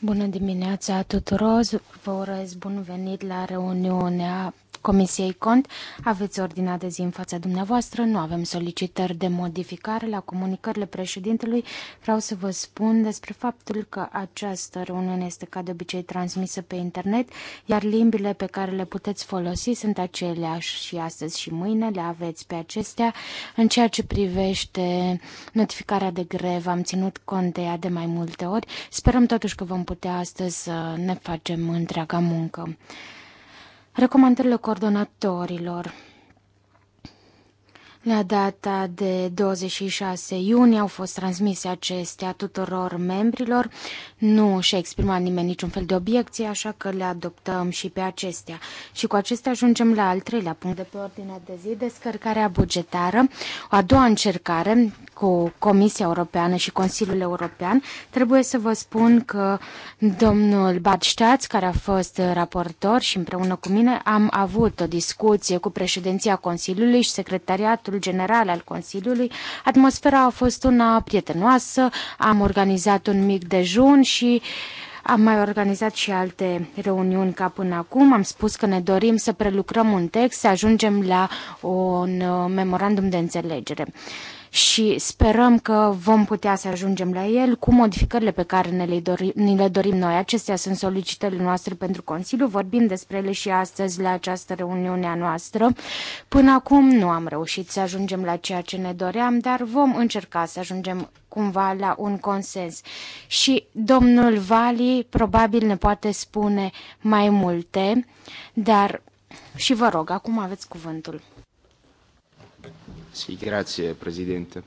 Bună dimineața tuturor, vă urez bun venit la reuniunea Comisiei Cont. Aveți ordinea de zi în fața dumneavoastră, nu avem solicitări de modificare la comunicările președintelui. Vreau să vă spun despre faptul că această reuniune este ca de obicei transmisă pe internet, iar limbile pe care le puteți folosi sunt aceleași și astăzi și mâine, le aveți pe acestea. În ceea ce privește notificarea de grevă, am ținut cont de ea de mai multe ori. Sperăm totuși că vom putea astăzi să ne facem întreaga muncă. Recomandările coordonatorilor la data de 26 iunie au fost transmise acestea tuturor membrilor. Nu și-a exprimat nimeni niciun fel de obiecție, așa că le adoptăm și pe acestea. Și cu acestea ajungem la al treilea punct de pe ordinea de zi, descărcarea bugetară. O a doua încercare cu Comisia Europeană și Consiliul European. Trebuie să vă spun că domnul Ștaț, care a fost raportor și împreună cu mine, am avut o discuție cu președinția Consiliului și secretariatul secretariatul general al Consiliului. Atmosfera a fost una prietenoasă, am organizat un mic dejun și am mai organizat și alte reuniuni ca până acum. Am spus că ne dorim să prelucrăm un text, să ajungem la un uh, memorandum de înțelegere și sperăm că vom putea să ajungem la el cu modificările pe care ne le, dori, ne le dorim noi. Acestea sunt solicitările noastre pentru Consiliu, vorbim despre ele și astăzi la această reuniune a noastră. Până acum nu am reușit să ajungem la ceea ce ne doream, dar vom încerca să ajungem cumva la un consens. Și domnul Vali probabil ne poate spune mai multe, dar și vă rog, acum aveți cuvântul. Sì, grazie Presidente.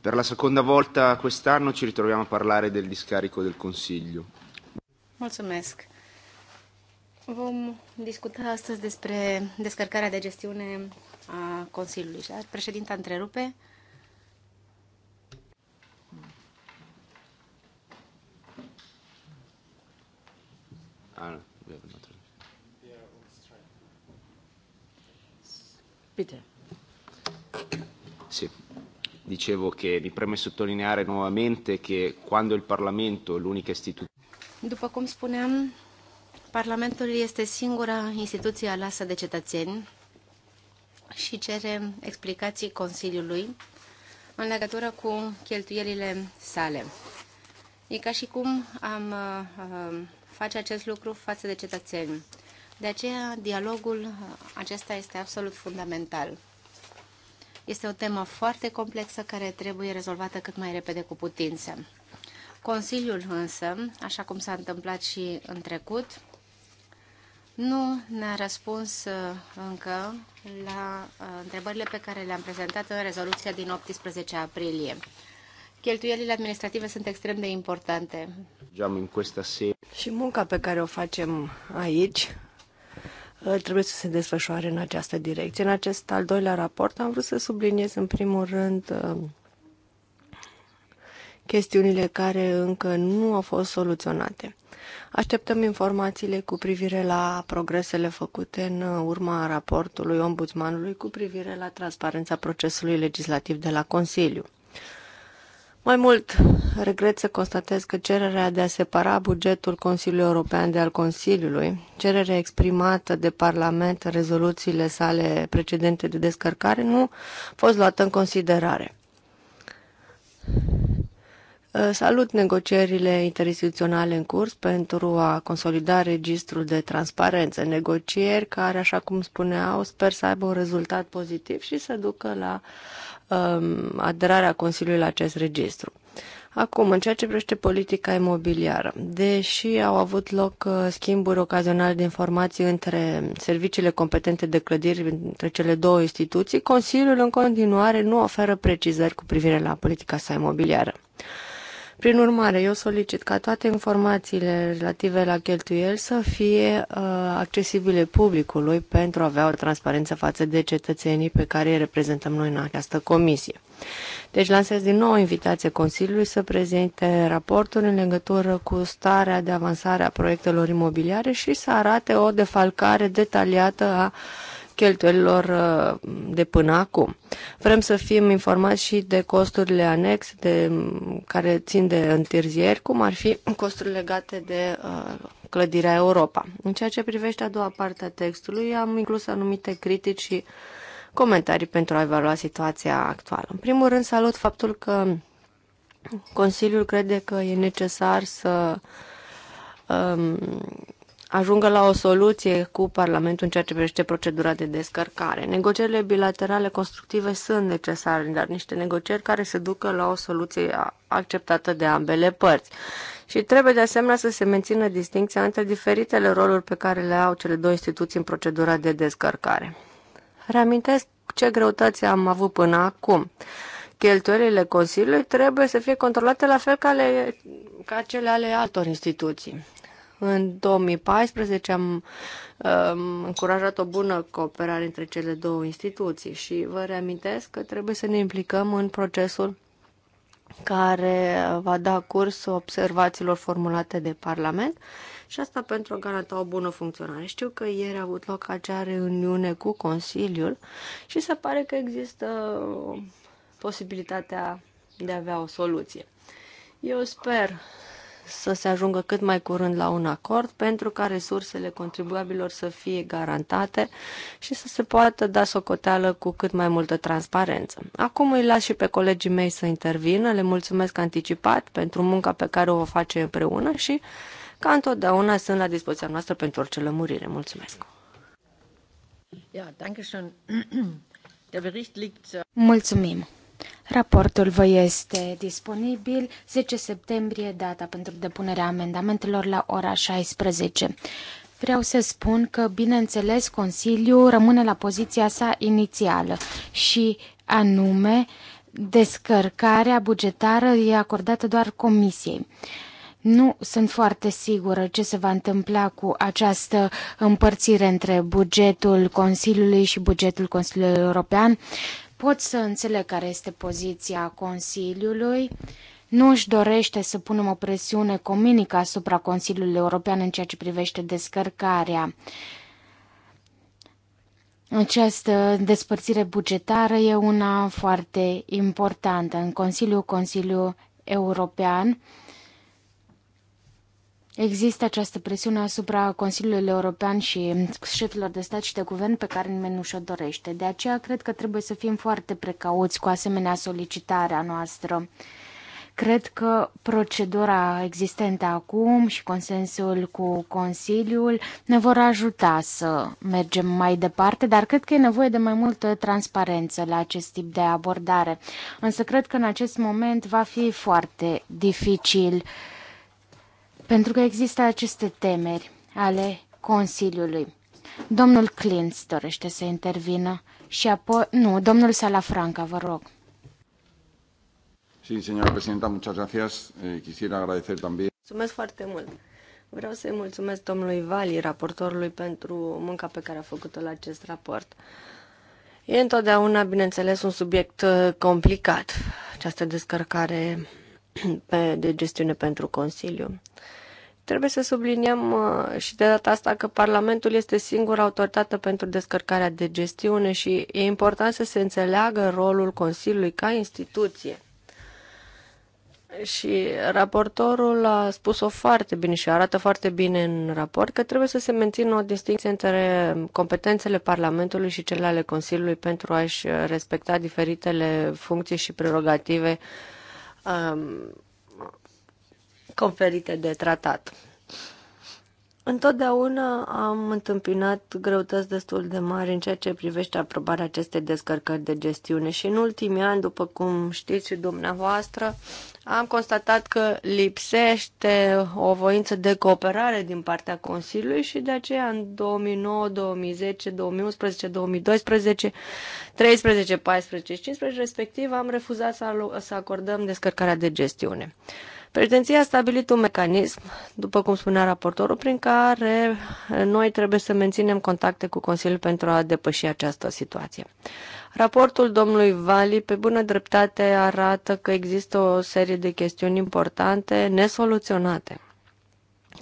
Per la seconda volta quest'anno ci ritroviamo a parlare del discarico del Consiglio. Mulțumesc. Vom discuta astăzi despre descărcarea de gestiune a Consiliului. Președinta întrerupe. Ah, în have another. Bitte. Sì. Dicevo che mi preme sottolineare nuovamente che quando il Parlamento, è l'unica istituzione... După cum spuneam, Parlamentul este singura instituție alasă de cetățeni și cere explicații Consiliului în legătură cu cheltuielile sale. E ca și cum am uh, uh face acest lucru față de cetățeni. De aceea, dialogul uh, acesta este absolut fundamental. Este o temă foarte complexă care trebuie rezolvată cât mai repede cu putință. Consiliul însă, așa cum s-a întâmplat și în trecut, nu ne-a răspuns uh, încă la uh, întrebările pe care le-am prezentat în rezoluția din 18 aprilie. Cheltuielile administrative sunt extrem de importante. Și munca pe care o facem aici Uh, trebuie să se desfășoare în această direcție. În acest al doilea raport am vrut să subliniez în primul rând uh, chestiunile care încă nu au fost soluționate. Așteptăm informațiile cu privire la progresele făcute în urma raportului ombudsmanului cu privire la transparența procesului legislativ de la Consiliu. Mai mult, regret să constatez că cererea de a separa bugetul Consiliului European de al Consiliului, cererea exprimată de Parlament în rezoluțiile sale precedente de descărcare, nu a fost luată în considerare. Ă, salut negocierile interinstituționale în curs pentru a consolida registrul de transparență, negocieri care, așa cum spuneau, sper să aibă un rezultat pozitiv și să ducă la uh, Um, aderarea Consiliului la acest registru. Acum, în ceea ce privește politica imobiliară, deși au avut loc uh, schimburi ocazionale de informații între serviciile competente de clădiri, între cele două instituții, Consiliul în continuare nu oferă precizări cu privire la politica sa imobiliară. Prin urmare, eu solicit ca toate informațiile relative la cheltuieli să fie uh, accesibile publicului pentru a avea o transparență față de cetățenii pe care îi reprezentăm noi în această comisie. Deci lansez din nou o invitație Consiliului să prezinte raportul în legătură cu starea de avansare a proiectelor imobiliare și să arate o defalcare detaliată a uh, cheltuielilor uh, de până acum. Vrem să fim informați și de costurile anexe de, care țin de întârzieri, cum ar fi costurile legate de uh, clădirea Europa. În ceea ce privește a doua parte a textului, am inclus anumite critici și comentarii pentru a evalua situația actuală. În primul rând, salut faptul că Consiliul crede că e necesar să um, ajungă la o soluție cu Parlamentul în ceea ce privește procedura de descărcare. Negocierile bilaterale constructive sunt necesare, dar niște negocieri care se ducă la o soluție acceptată de ambele părți. Și trebuie de asemenea să se mențină distinția între diferitele roluri pe care le au cele două instituții în procedura de descărcare. Reamintesc ce greutăți am avut până acum cheltuielile Consiliului trebuie să fie controlate la fel ca, ale, ca cele ale altor instituții. În 2014 am um, încurajat o bună cooperare între cele două instituții și vă reamintesc că trebuie să ne implicăm în procesul care va da curs observațiilor formulate de Parlament și asta pentru a garanta o bună funcționare. Știu că ieri a avut loc acea reuniune cu Consiliul și se pare că există posibilitatea de a avea o soluție. Eu sper să se ajungă cât mai curând la un acord pentru ca resursele contribuabilor să fie garantate și să se poată da socoteală cu cât mai multă transparență. Acum îi las și pe colegii mei să intervină, le mulțumesc anticipat pentru munca pe care o face împreună și ca întotdeauna sunt la dispoziția noastră pentru orice lămurire. Mulțumesc! Äh, Mulțumim! Raportul vă este disponibil 10 septembrie, data pentru depunerea amendamentelor la ora 16. Vreau să spun că, bineînțeles, Consiliul rămâne la poziția sa inițială și anume descărcarea bugetară e acordată doar Comisiei. Nu sunt foarte sigură ce se va întâmpla cu această împărțire între bugetul Consiliului și bugetul Consiliului European. Pot să înțeleg care este poziția Consiliului. Nu își dorește să punem o presiune cominică asupra Consiliului European în ceea ce privește descărcarea. Această despărțire bugetară e una foarte importantă în Consiliul Consiliul European. Există această presiune asupra Consiliului European și șefilor de stat și de guvern pe care nimeni nu și-o dorește. De aceea cred că trebuie să fim foarte precauți cu asemenea solicitarea noastră. Cred că procedura existentă acum și consensul cu Consiliul ne vor ajuta să mergem mai departe, dar cred că e nevoie de mai multă transparență la acest tip de abordare. Însă cred că în acest moment va fi foarte dificil uh, pentru că există aceste temeri ale Consiliului. Domnul Clintz dorește să intervină și apoi... Nu, domnul Salafranca, vă rog. Sí, señora presidenta, muchas gracias. Eh, quisiera agradecer también... Mulțumesc foarte mult. Vreau să-i mulțumesc domnului Vali, raportorului, pentru munca pe care a făcut-o la acest raport. E întotdeauna, bineînțeles, un subiect uh, complicat, această descărcare de gestiune pentru Consiliu. Trebuie să subliniem uh, și de data asta că Parlamentul este singura autoritate pentru descărcarea de gestiune și e important să se înțeleagă rolul Consiliului ca instituție. Și raportorul a spus-o foarte bine și arată foarte bine în raport că trebuie să se mențină o distinție între competențele Parlamentului și cele ale Consiliului pentru a-și respecta diferitele funcții și prerogative um, conferite de tratat. Întotdeauna am întâmpinat greutăți destul de mari în ceea ce privește aprobarea acestei descărcări de gestiune și în ultimii ani, după cum știți și dumneavoastră, am constatat că lipsește o voință de cooperare din partea Consiliului și de aceea în 2009, 2010, 2011, 2012, 13, 14 și 15 respectiv am refuzat să, să acordăm descărcarea de gestiune. Președinția a stabilit un mecanism, după cum spunea raportorul, prin care eh, noi trebuie să menținem contacte cu Consiliul pentru a depăși această situație. Raportul domnului Vali, pe bună dreptate, arată că există o serie de chestiuni importante nesoluționate.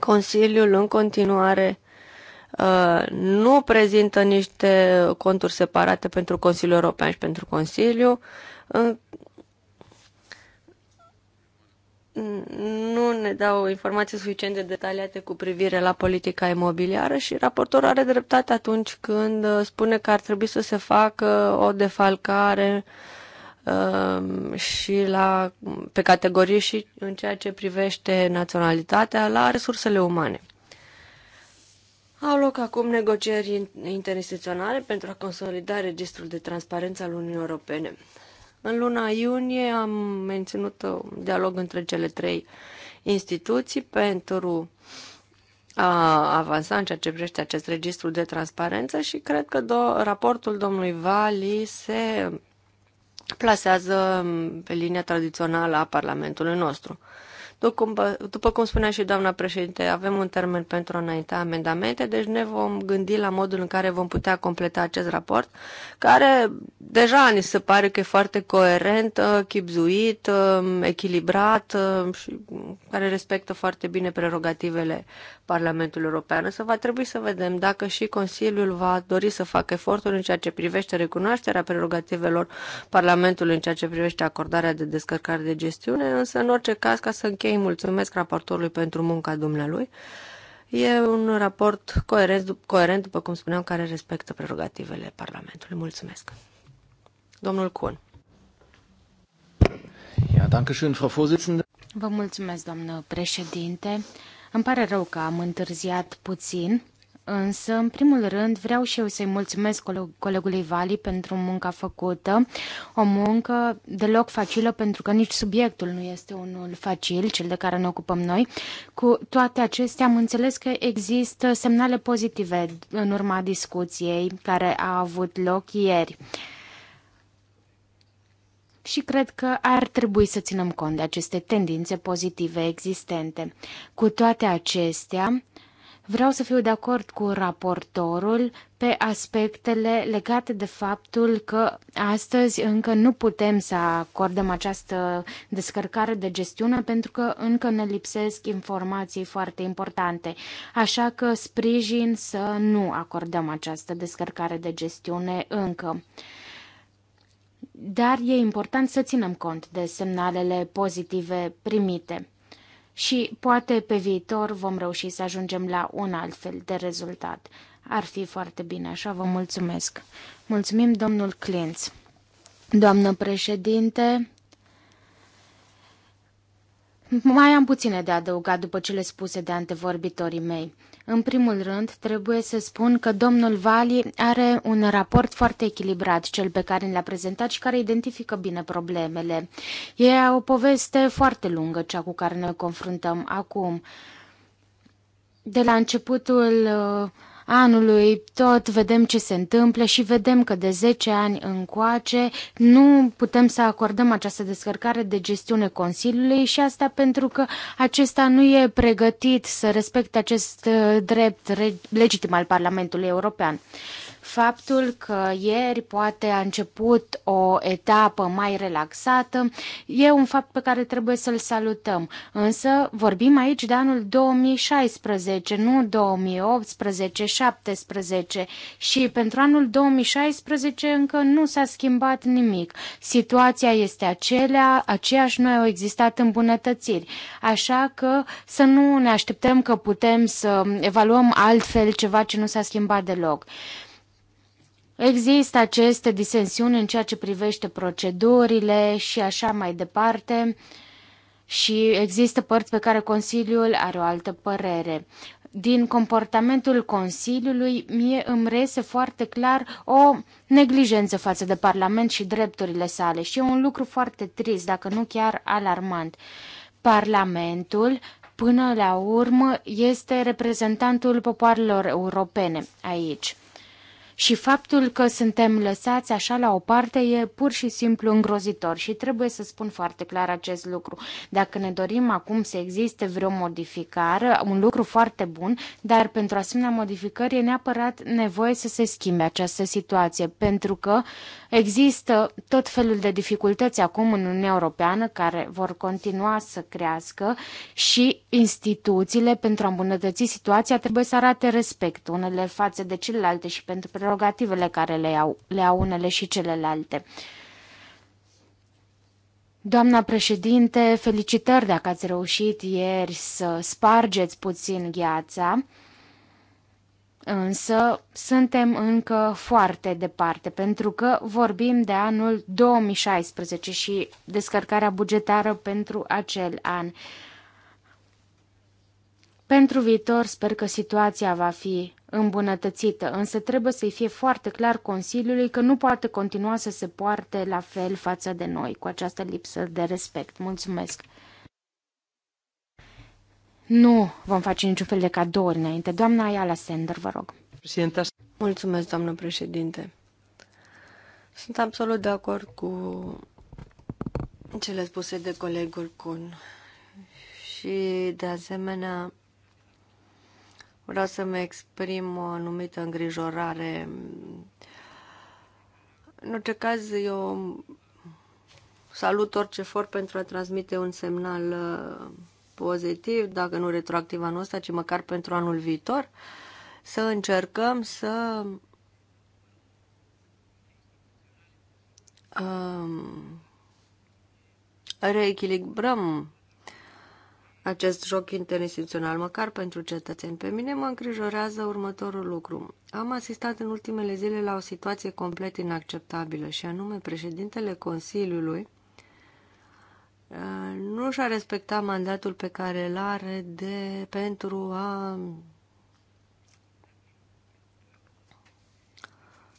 Consiliul, în continuare, eh, nu prezintă niște conturi separate pentru Consiliul European și pentru Consiliu, nu ne dau informații suficient de detaliate cu privire la politica imobiliară și raportorul are dreptate atunci când uh, spune că ar trebui să se facă o defalcare um, și la, pe categorii și în ceea ce privește naționalitatea la resursele umane. Au loc acum negocieri interinstituționale pentru a consolida registrul de transparență al Uniunii Europene. În luna iunie am menținut un dialog între cele trei instituții pentru a avansa în ceea ce privește acest registru de transparență și cred că do- raportul domnului Vali se plasează pe linia tradițională a Parlamentului nostru. După cum spunea și doamna președinte, avem un termen pentru a înainta amendamente, deci ne vom gândi la modul în care vom putea completa acest raport, care deja ni se pare că e foarte coerent, uh, chipzuit, um, echilibrat um, și care respectă foarte bine prerogativele Parlamentului European. Însă va trebui să vedem dacă și Consiliul va dori să facă eforturi în ceea ce privește recunoașterea prerogativelor Parlamentului, în ceea ce privește acordarea de descărcare de gestiune, însă în orice caz, ca să încheiem închei, mulțumesc raportorului pentru munca dumnealui. E un raport coerent, coerent, după cum spuneam, care respectă prerogativele Parlamentului. Mulțumesc. Domnul Kuhn. Ja, danke schön, Frau Vorsitzende. Vă mulțumesc, doamnă președinte. Îmi pare rău că am întârziat puțin. Însă, în primul rând, vreau și eu să-i mulțumesc colegului Vali pentru munca făcută, o muncă deloc facilă pentru că nici subiectul nu este unul facil, cel de care ne ocupăm noi. Cu toate acestea, am înțeles că există semnale pozitive în urma discuției care a avut loc ieri. Și cred că ar trebui să ținem cont de aceste tendințe pozitive existente. Cu toate acestea, Vreau să fiu de acord cu raportorul pe aspectele legate de faptul că astăzi încă nu putem să acordăm această descărcare de gestiune pentru că încă ne lipsesc informații foarte importante. Așa că sprijin să nu acordăm această descărcare de gestiune încă dar e important să ținem cont de semnalele pozitive primite și poate pe viitor vom reuși să ajungem la un alt fel de rezultat. Ar fi foarte bine, așa vă mulțumesc. Mulțumim, domnul Clinț. Doamnă președinte, mai am puține de adăugat după cele spuse de antevorbitorii mei. În primul rând, trebuie să spun că domnul Vali are un raport foarte echilibrat, cel pe care l-a prezentat și care identifică bine problemele. E o poveste foarte lungă, cea cu care ne confruntăm acum. De la începutul uh, anului tot vedem ce se întâmplă și vedem că de 10 ani încoace nu putem să acordăm această descărcare de gestiune Consiliului și asta pentru că acesta nu e pregătit să respecte acest uh, drept legitim al Parlamentului European. Faptul că ieri poate a început o etapă mai relaxată e un fapt pe care trebuie să-l salutăm. Însă vorbim aici de anul 2016, nu 2018-17 și pentru anul 2016 încă nu s-a schimbat nimic. Situația este acelea, aceeași, nu au existat îmbunătățiri. Așa că să nu ne așteptăm că putem să evaluăm altfel ceva ce nu s-a schimbat deloc. Există aceste disensiuni în ceea ce privește procedurile și așa mai departe și există părți pe care Consiliul are o altă părere. Din comportamentul Consiliului, mie îmi reiese foarte clar o neglijență față de Parlament și drepturile sale și e un lucru foarte trist, dacă nu chiar alarmant. Parlamentul, până la urmă, este reprezentantul popoarelor europene aici și faptul că suntem lăsați așa la o parte e pur și simplu îngrozitor și trebuie să spun foarte clar acest lucru. Dacă ne dorim acum să existe vreo modificare, un lucru foarte bun, dar pentru asemenea modificări e neapărat nevoie să se schimbe această situație, pentru că există tot felul de dificultăți acum în Uniunea Europeană care vor continua să crească și instituțiile pentru a îmbunătăți situația trebuie să arate respect unele față de celelalte și pentru prerogativele care le au, le au unele și celelalte. Doamna președinte, felicitări dacă ați reușit ieri să spargeți puțin gheața, însă suntem încă foarte departe, pentru că vorbim de anul 2016 și descărcarea bugetară pentru acel an. Pentru viitor sper că situația va fi îmbunătățită, însă trebuie să-i fie foarte clar Consiliului că nu poate continua să se poarte la fel față de noi, cu această lipsă de respect. Mulțumesc! Nu vom face niciun fel de cadouri înainte. Doamna Ayala Sender, vă rog. Președinte. Mulțumesc, doamnă președinte. Sunt absolut de acord cu cele spuse de colegul Kun și, de asemenea, Vreau să-mi exprim o anumită îngrijorare. În orice caz, eu salut orice efort pentru a transmite un semnal uh, pozitiv, dacă nu retroactiv anul ăsta, ci măcar pentru anul viitor, să încercăm să um, reechilibrăm acest joc interinstituțional, măcar pentru cetățeni. Pe mine mă îngrijorează următorul lucru. Am asistat în ultimele zile la o situație complet inacceptabilă și anume președintele Consiliului uh, nu și-a respectat mandatul pe care îl are de, pentru a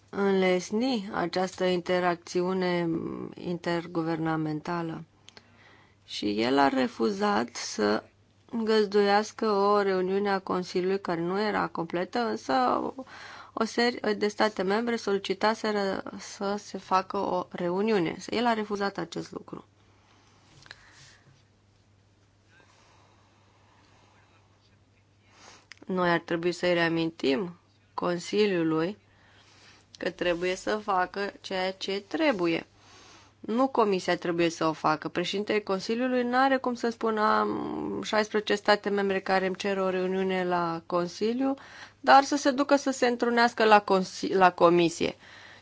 înlesni această interacțiune interguvernamentală și el a refuzat să găzduiască o reuniune a Consiliului care nu era completă, însă o serie de state membre solicitaseră să se facă o reuniune. El a refuzat acest lucru. Noi ar trebui să-i reamintim Consiliului că trebuie să facă ceea ce trebuie. Nu comisia trebuie să o facă. Președintele Consiliului nu are cum să spună am 16 state membre care îmi cer o reuniune la Consiliu, dar să se ducă să se întrunească la, la comisie.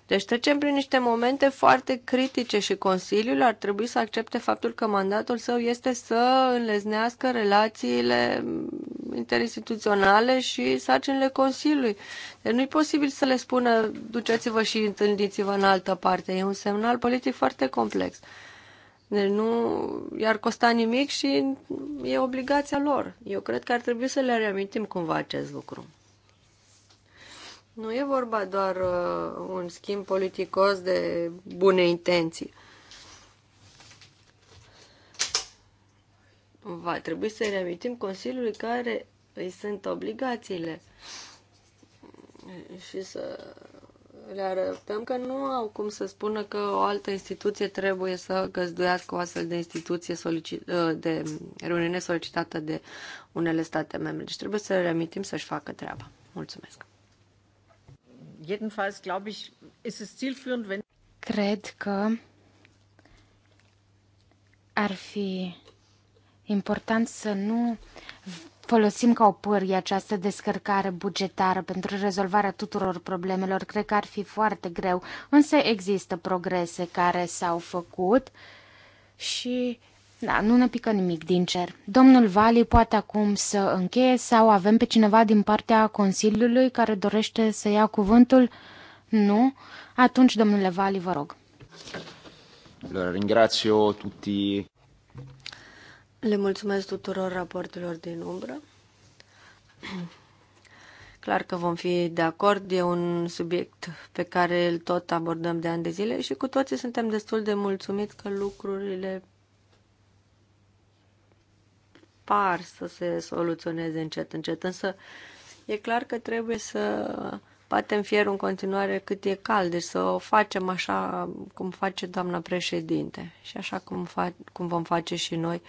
Deci trecem prin niște momente foarte critice și Consiliul ar trebui să accepte faptul că mandatul său este să înleznească relațiile interinstituționale și sarcinile Consiliului. Deci nu e posibil să le spună duceți-vă și întâlniți-vă în altă parte. E un semnal politic foarte complex. Deci nu i-ar costa nimic și e obligația lor. Eu cred că ar trebui să le reamintim cumva acest lucru. Nu e vorba doar uh, un schimb politicos de bune intenții. Va trebui să reamintim Consiliului care îi sunt obligațiile și să le arătăm că nu au cum să spună că o altă instituție trebuie să găzduiască o astfel de instituție uh, de reuniune solicitată de unele state membre. Deci trebuie să le reamintim să-și facă treaba. Mulțumesc! Jedenfalls, glaube ich, ist es zielführend, wenn Cred că ar fi important să nu folosim ca o pârghie această descărcare bugetară pentru rezolvarea tuturor problemelor. Cred că ar fi foarte greu, însă există progrese care s-au făcut și da, nu ne pică nimic din cer. Domnul Vali poate acum să încheie sau avem pe cineva din partea Consiliului care dorește să ia cuvântul? Nu? Atunci, domnule Vali, vă rog. ringrazio tutti. Le mulțumesc tuturor raportelor din umbră. Clar că vom fi de acord, e un subiect pe care îl tot abordăm de ani de zile și cu toții suntem destul de mulțumit că lucrurile par să se soluționeze încet, încet, însă e clar că trebuie să batem fierul în continuare cât e cald, deci să o facem așa cum face doamna președinte și așa cum, fa- cum vom face și noi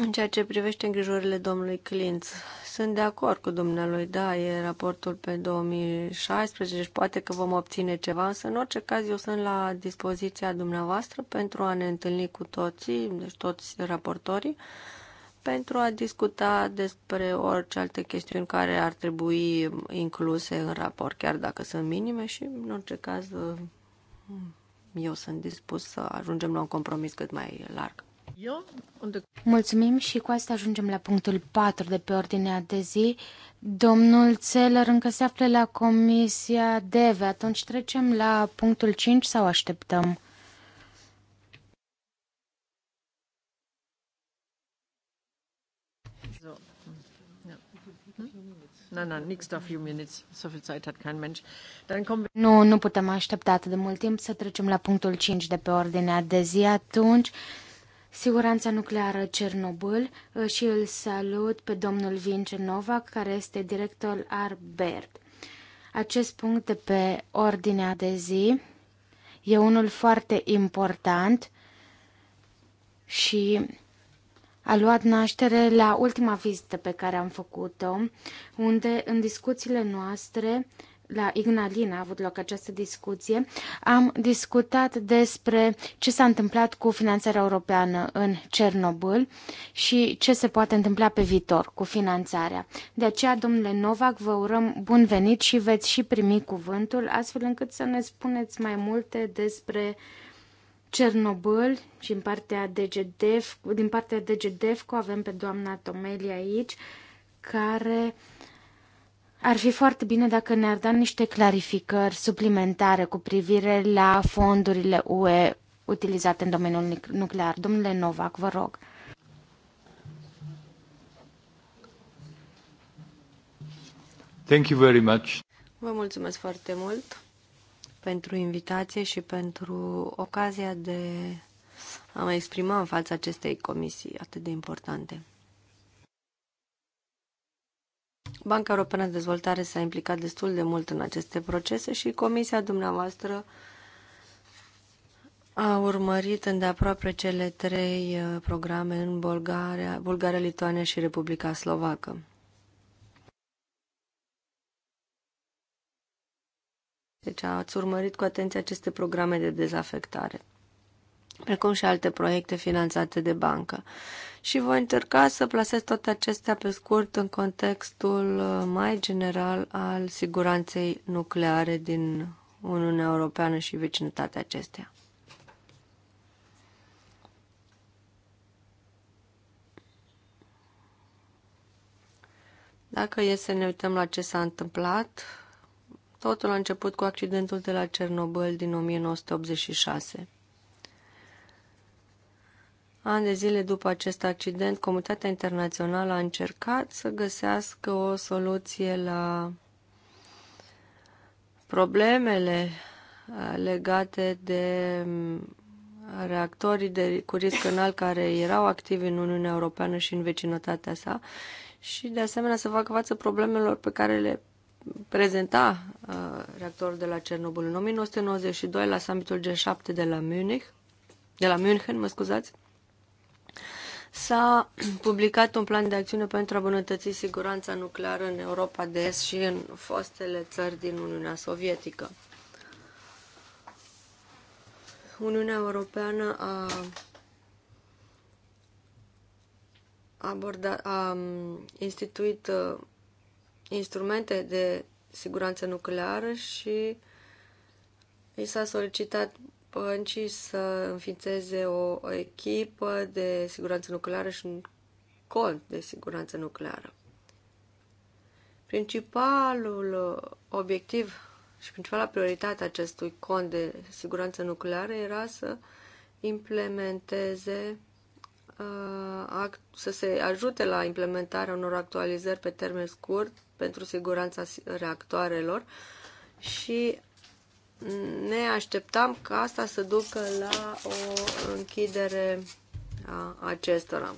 în ceea ce privește îngrijorările domnului Clint, sunt de acord cu dumnealui, da, e raportul pe 2016 și poate că vom obține ceva, însă în orice caz eu sunt la dispoziția dumneavoastră pentru a ne întâlni cu toții, deci toți raportorii, pentru a discuta despre orice alte chestiuni care ar trebui incluse în raport, chiar dacă sunt minime și în orice caz eu sunt dispus să ajungem la un compromis cât mai larg. Mulțumim și cu asta ajungem la punctul 4 de pe ordinea de zi. Domnul Țeler încă se află la Comisia DEVE, atunci trecem la punctul 5 sau așteptăm? Nu, nu putem aștepta atât de mult timp să trecem la punctul 5 de pe ordinea de zi atunci. Siguranța nucleară Cernobâl uh, și îl salut pe domnul Vince Novak, care este director al BERD. Acest punct de pe ordinea de zi e unul foarte important și a luat naștere la ultima vizită pe care am făcut-o, unde în discuțiile noastre la Ignalina a avut loc această discuție, am discutat despre ce s-a întâmplat cu finanțarea europeană în Cernobâl și ce se poate întâmpla pe viitor cu finanțarea. De aceea, domnule Novak, vă urăm bun venit și veți și primi cuvântul, astfel încât să ne spuneți mai multe despre Cernobâl și în partea DGDF, din partea DGDF, avem pe doamna Tomeli aici, care uh, ar fi foarte bine dacă ne-ar da niște clarificări suplimentare cu privire la fondurile UE utilizate în domeniul nuclear. Domnule Novak, vă rog. Thank you very much. Vă mulțumesc foarte mult pentru invitație și pentru ocazia de a mă exprima în fața acestei comisii atât de importante. Banca Europeană de Dezvoltare s-a implicat destul de mult în aceste procese și comisia dumneavoastră a urmărit îndeaproape cele trei uh, programe în Bulgaria, Bulgaria, Lituania și Republica Slovacă. Deci ați urmărit cu atenție aceste programe de dezafectare precum și alte proiecte finanțate de bancă. Și voi încerca să plasez toate acestea pe scurt în contextul uh, mai general al siguranței nucleare din Uniunea Europeană și vecinătatea acesteia. Dacă e să ne uităm la ce s-a întâmplat, totul a început cu accidentul de la Cernobâl din 1986. Ani de zile după acest accident, comunitatea internațională a încercat să găsească o soluție la problemele uh, legate de mm, reactorii de, cu risc înalt care erau activi în Uniunea Europeană și în vecinătatea sa și de asemenea să facă față problemelor pe care le prezenta uh, reactorul de la Cernobâl în 1992 la summitul G7 de la Munich, de la München, mă scuzați, s-a publicat un plan de acțiune pentru a îmbunătăți siguranța nucleară în Europa de Est și în fostele țări din Uniunea Sovietică. Uniunea Europeană a abordat, a instituit uh, instrumente de siguranță nucleară și i s-a solicitat băncii să înființeze o echipă de siguranță nucleară și un cont de siguranță nucleară. Principalul uh, obiectiv și principala prioritate a acestui cont de siguranță nucleară era să implementeze uh, să se ajute la implementarea unor actualizări pe termen scurt pentru siguranța reactoarelor și ne așteptam ca asta să ducă la o închidere a acestora.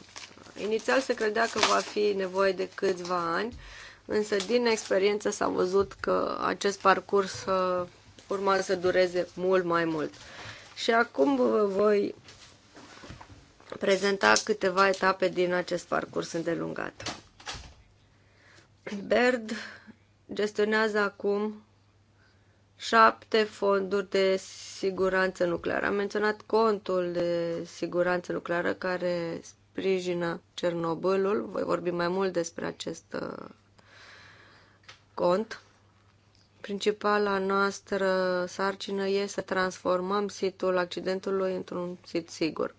Inițial se credea că va fi nevoie de câțiva ani, însă din experiență s-a văzut că acest parcurs uh, urma să dureze mult mai mult. Și acum vă voi prezenta câteva etape din acest parcurs îndelungat. BERD gestionează acum șapte fonduri de siguranță nucleară. Am menționat contul de siguranță nucleară care sprijină Cernobâlul. Voi vorbi mai mult despre acest uh, cont. Principala noastră sarcină e să transformăm situl accidentului într-un sit sigur.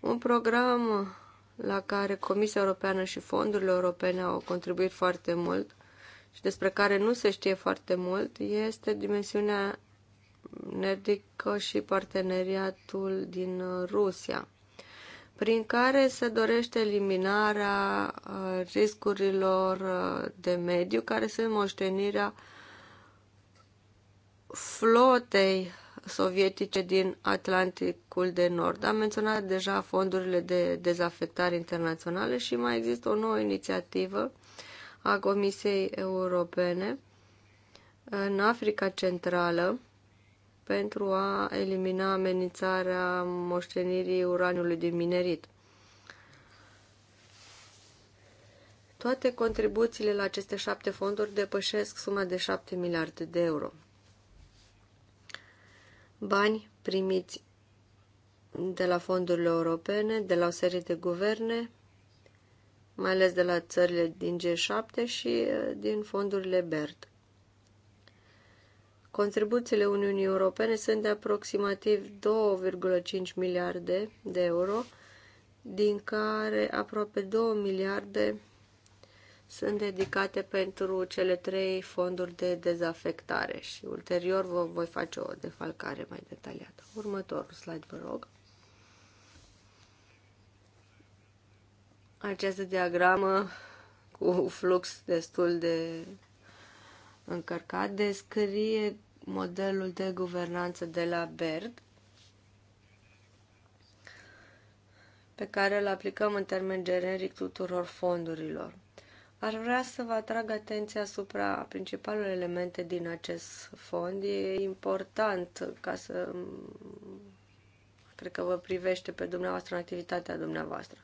Un program la care Comisia Europeană și fondurile europene au contribuit foarte mult și despre care nu se știe foarte mult este dimensiunea nerdică și parteneriatul din uh, Rusia, prin care se dorește eliminarea uh, riscurilor uh, de mediu, care sunt moștenirea flotei sovietice din Atlanticul de Nord. Am menționat deja fondurile de dezafectare internaționale și mai există o nouă inițiativă a Comisiei Europene în Africa Centrală pentru a elimina amenințarea moștenirii uraniului din minerit. Toate contribuțiile la aceste șapte fonduri depășesc suma de 7 miliarde de euro. Bani primiți de la fondurile europene, de la o serie de guverne, mai ales de la țările din G7 și uh, din fondurile BERT. Contribuțiile Uniunii Europene sunt de aproximativ 2,5 miliarde de euro, din care aproape 2 miliarde sunt dedicate pentru cele trei fonduri de dezafectare și ulterior vă voi face o defalcare mai detaliată. Următorul slide, vă rog. această diagramă cu flux destul de încărcat descrie modelul de guvernanță de la BERD pe care îl aplicăm în termen generic tuturor fondurilor. Aș vrea să vă atrag atenția asupra principalul elemente din acest fond. E important ca să cred că vă privește pe dumneavoastră în activitatea dumneavoastră.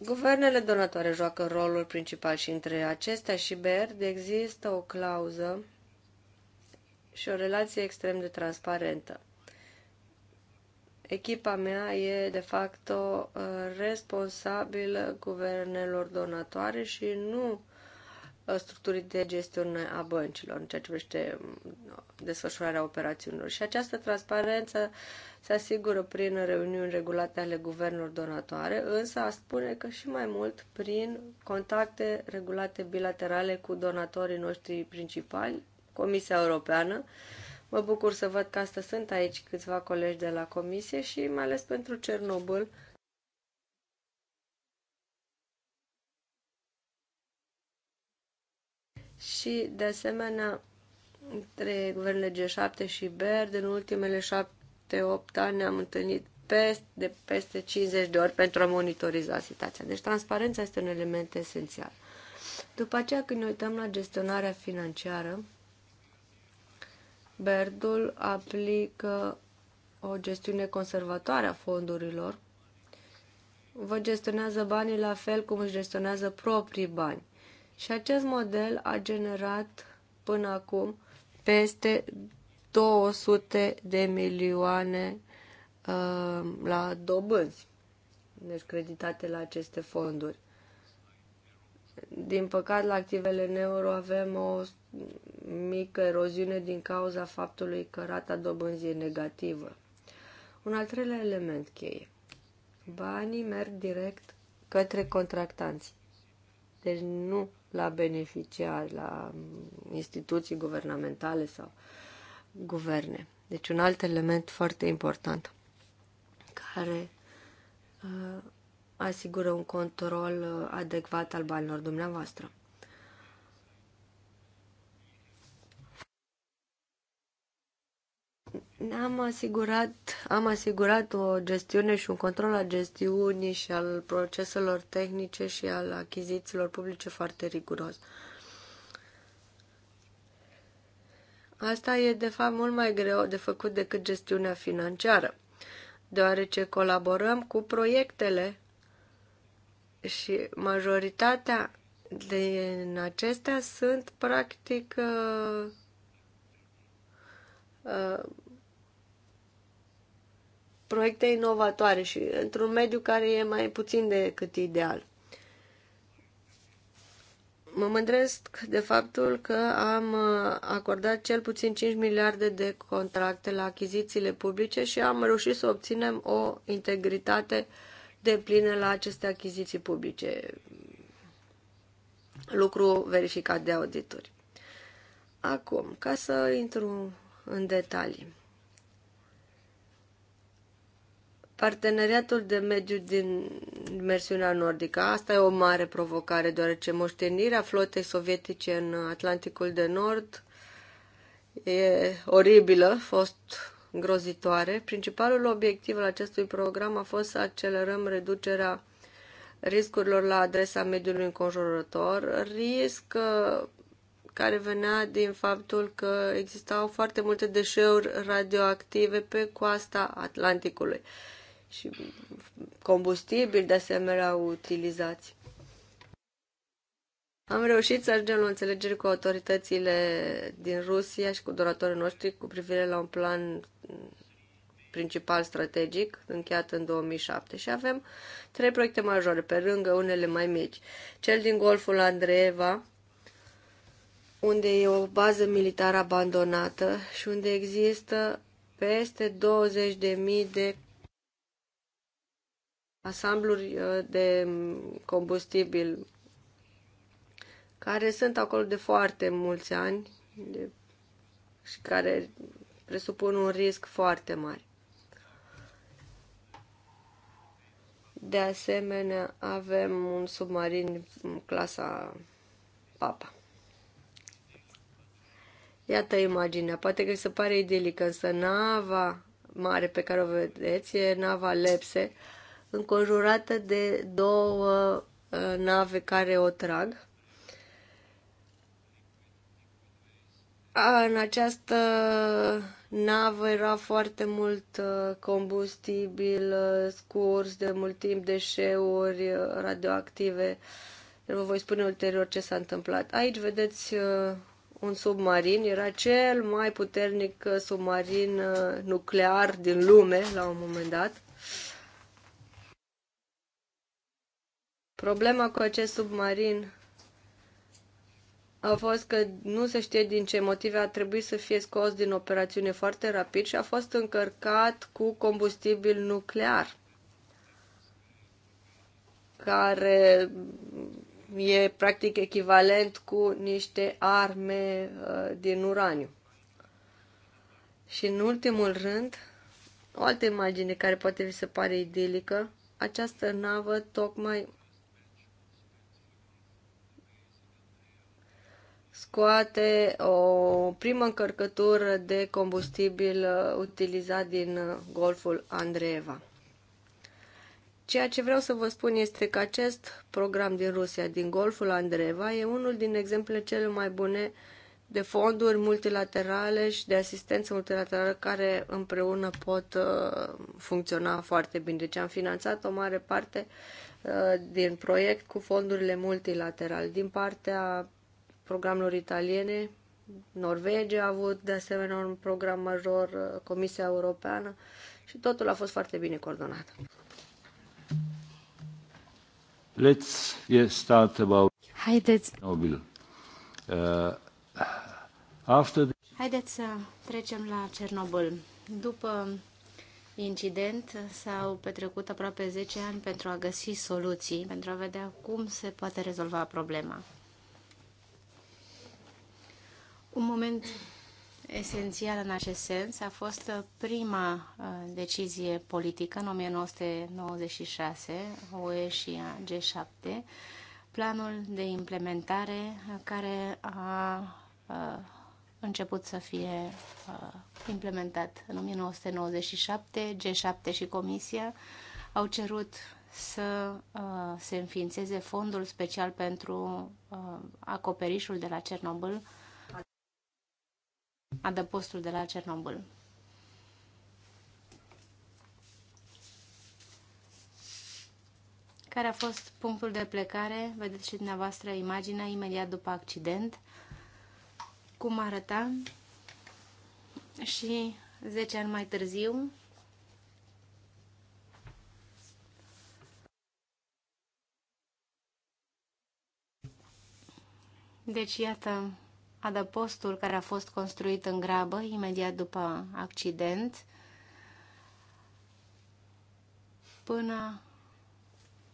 Guvernele donatoare joacă rolul principal și între acestea și BERD există o clauză și o relație extrem de transparentă. Echipa mea e de facto uh, responsabilă guvernelor donatoare și nu Uh, structurii de gestiune a băncilor în ceea ce privește mm, desfășurarea operațiunilor. Și această transparență se asigură prin reuniuni regulate ale guvernelor donatoare, însă a spune că și mai mult prin contacte regulate bilaterale cu donatorii noștri principali, Comisia Europeană. Mă bucur să văd că astăzi sunt aici câțiva colegi de la Comisie și mai ales pentru Cernobâl, și, de asemenea, între guvernele G7 și BERD, în ultimele 7 opt ani ne-am întâlnit peste, de peste 50 de ori pentru a monitoriza situația. Deci transparența este un element esențial. După aceea, când ne uităm la gestionarea financiară, Berdul aplică o gestiune conservatoare a fondurilor. Vă gestionează banii la fel cum își gestionează proprii bani. Și acest model a generat până acum peste 200 de milioane uh, la dobânzi, deci creditate la aceste fonduri. Din păcate, la activele în euro avem o mică eroziune din cauza faptului că rata dobânzii e negativă. Un al treilea element cheie. Banii merg direct către contractanți. Deci nu la beneficiari, la instituții guvernamentale sau guverne. Deci un alt element foarte important care uh, asigură un control uh, adecvat al banilor dumneavoastră. Ne-am asigurat, am asigurat o gestiune și un control al gestiunii și al proceselor tehnice și al achizițiilor publice foarte riguros. Asta e, de fapt, mult mai greu de făcut decât gestiunea financiară, deoarece colaborăm cu proiectele și majoritatea din acestea sunt, practic, uh, uh, proiecte inovatoare și într-un mediu care e mai puțin decât ideal. Mă mândresc de faptul că am uh, acordat cel puțin 5 miliarde de contracte la achizițiile publice și am reușit să obținem o integritate de plină la aceste achiziții publice, lucru verificat de auditori. Acum, ca să intru în detalii. Parteneriatul de mediu din dimensiunea nordică. Asta e o mare provocare, deoarece moștenirea flotei sovietice în Atlanticul de Nord e oribilă, fost grozitoare. Principalul obiectiv al acestui program a fost să accelerăm reducerea riscurilor la adresa mediului înconjurător, risc uh, care venea din faptul că existau foarte multe deșeuri radioactive pe coasta Atlanticului și combustibili de asemenea utilizați. Am reușit să ajungem la înțelegeri înțelegere cu autoritățile din Rusia și cu doratorii noștri cu privire la un plan principal strategic, încheiat în 2007 și avem trei proiecte majore, pe lângă unele mai mici. Cel din Golful Andreeva, unde e o bază militară abandonată și unde există peste 20.000 de asambluri uh, de combustibil care sunt acolo de foarte mulți ani de, și care presupun un risc foarte mare. De asemenea, avem un submarin um, clasa Papa. Iată imaginea. Poate că se pare idilică, însă nava mare pe care o vedeți e nava Lepse, înconjurată de două uh, nave care o trag. În această navă era foarte mult uh, combustibil uh, scurs, de mult timp deșeuri radioactive. Vă voi spune ulterior ce s-a întâmplat. Aici vedeți un submarin, era cel mai puternic submarin nuclear din lume la un moment dat. Problema cu acest submarin a fost că nu se știe din ce motive a trebuit să fie scos din operațiune foarte rapid și a fost încărcat cu combustibil nuclear, care e practic echivalent cu niște arme uh, din uraniu. Și în ultimul rând, o altă imagine care poate vi se pare idilică, această navă tocmai scoate o primă încărcătură de combustibil uh, utilizat din uh, golful Andreeva. Ceea ce vreau să vă spun este că acest program din Rusia, din Golful Andreeva, e unul din exemplele cele mai bune de fonduri multilaterale și de asistență multilaterală care împreună pot uh, funcționa foarte bine. Deci am finanțat o mare parte din proiect cu fondurile multilaterale. Din partea programelor italiene. Norvegia a avut de asemenea un program major, uh, Comisia Europeană și totul a fost foarte bine coordonat. Let's start about Haideți. Nobel. Uh, after the... Haideți să trecem la Cernobâl. După incident s-au petrecut aproape 10 ani pentru a găsi soluții, pentru a vedea cum se poate rezolva problema. Un moment esențial în acest sens a fost uh, prima uh, decizie politică în 1996, OE și G7, planul de implementare uh, care a început să fie implementat în 1997. G7 și Comisia au cerut să se înființeze fondul special pentru acoperișul de la Cernobâl, adăpostul de la Cernobâl. Care a fost punctul de plecare? Vedeți și dumneavoastră imaginea imediat după accident, cum arăta și 10 ani mai târziu, Deci, iată adăpostul care a fost construit în grabă, imediat după accident, până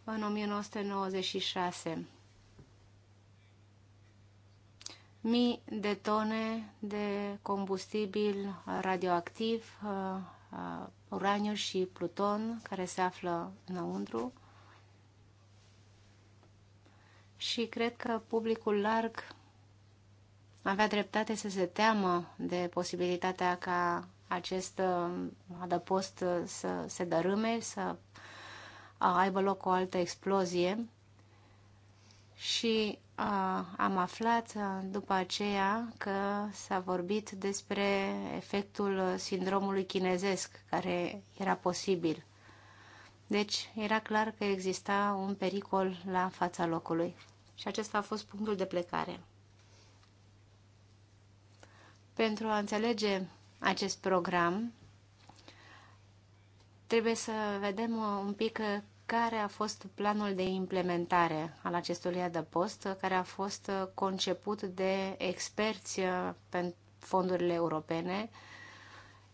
în 1996. Mii de tone de combustibil radioactiv, uh, uh, uraniu și pluton, care se află înăuntru. Și cred că publicul larg avea dreptate să se teamă de posibilitatea ca acest uh, adăpost uh, să se dărâme, să uh, aibă loc o altă explozie și a, am aflat după aceea că s-a vorbit despre efectul sindromului chinezesc care era posibil. Deci era clar că exista un pericol la fața locului. Și acesta a fost punctul de plecare. Pentru a înțelege acest program, trebuie să vedem uh, un pic uh, care a fost planul de implementare al acestui adăpost, uh, care a fost conceput de experți pentru fondurile europene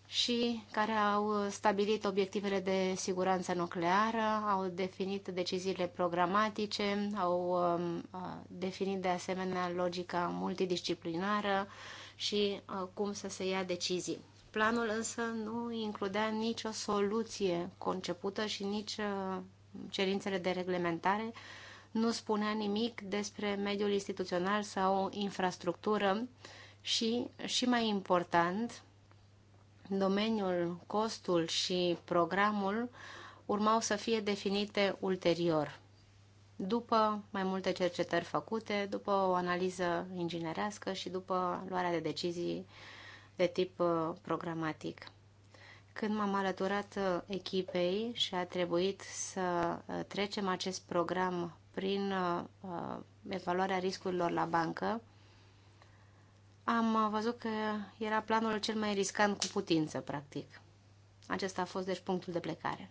și care au stabilit obiectivele de siguranță nucleară, au definit deciziile programatice, au um, definit de asemenea logica multidisciplinară și uh, cum să se ia decizii. Planul însă nu includea nicio soluție concepută și nici uh, cerințele de reglementare, nu spunea nimic despre mediul instituțional sau infrastructură și, și mai important, domeniul, costul și programul urmau să fie definite ulterior după mai multe cercetări făcute, după o analiză inginerească și după luarea de decizii de tip uh, programatic. Când m-am alăturat uh, echipei și a trebuit să uh, trecem acest program prin evaluarea riscurilor la bancă, am văzut că era planul cel mai riscant cu putință, practic. Acesta a fost, deci, punctul de plecare.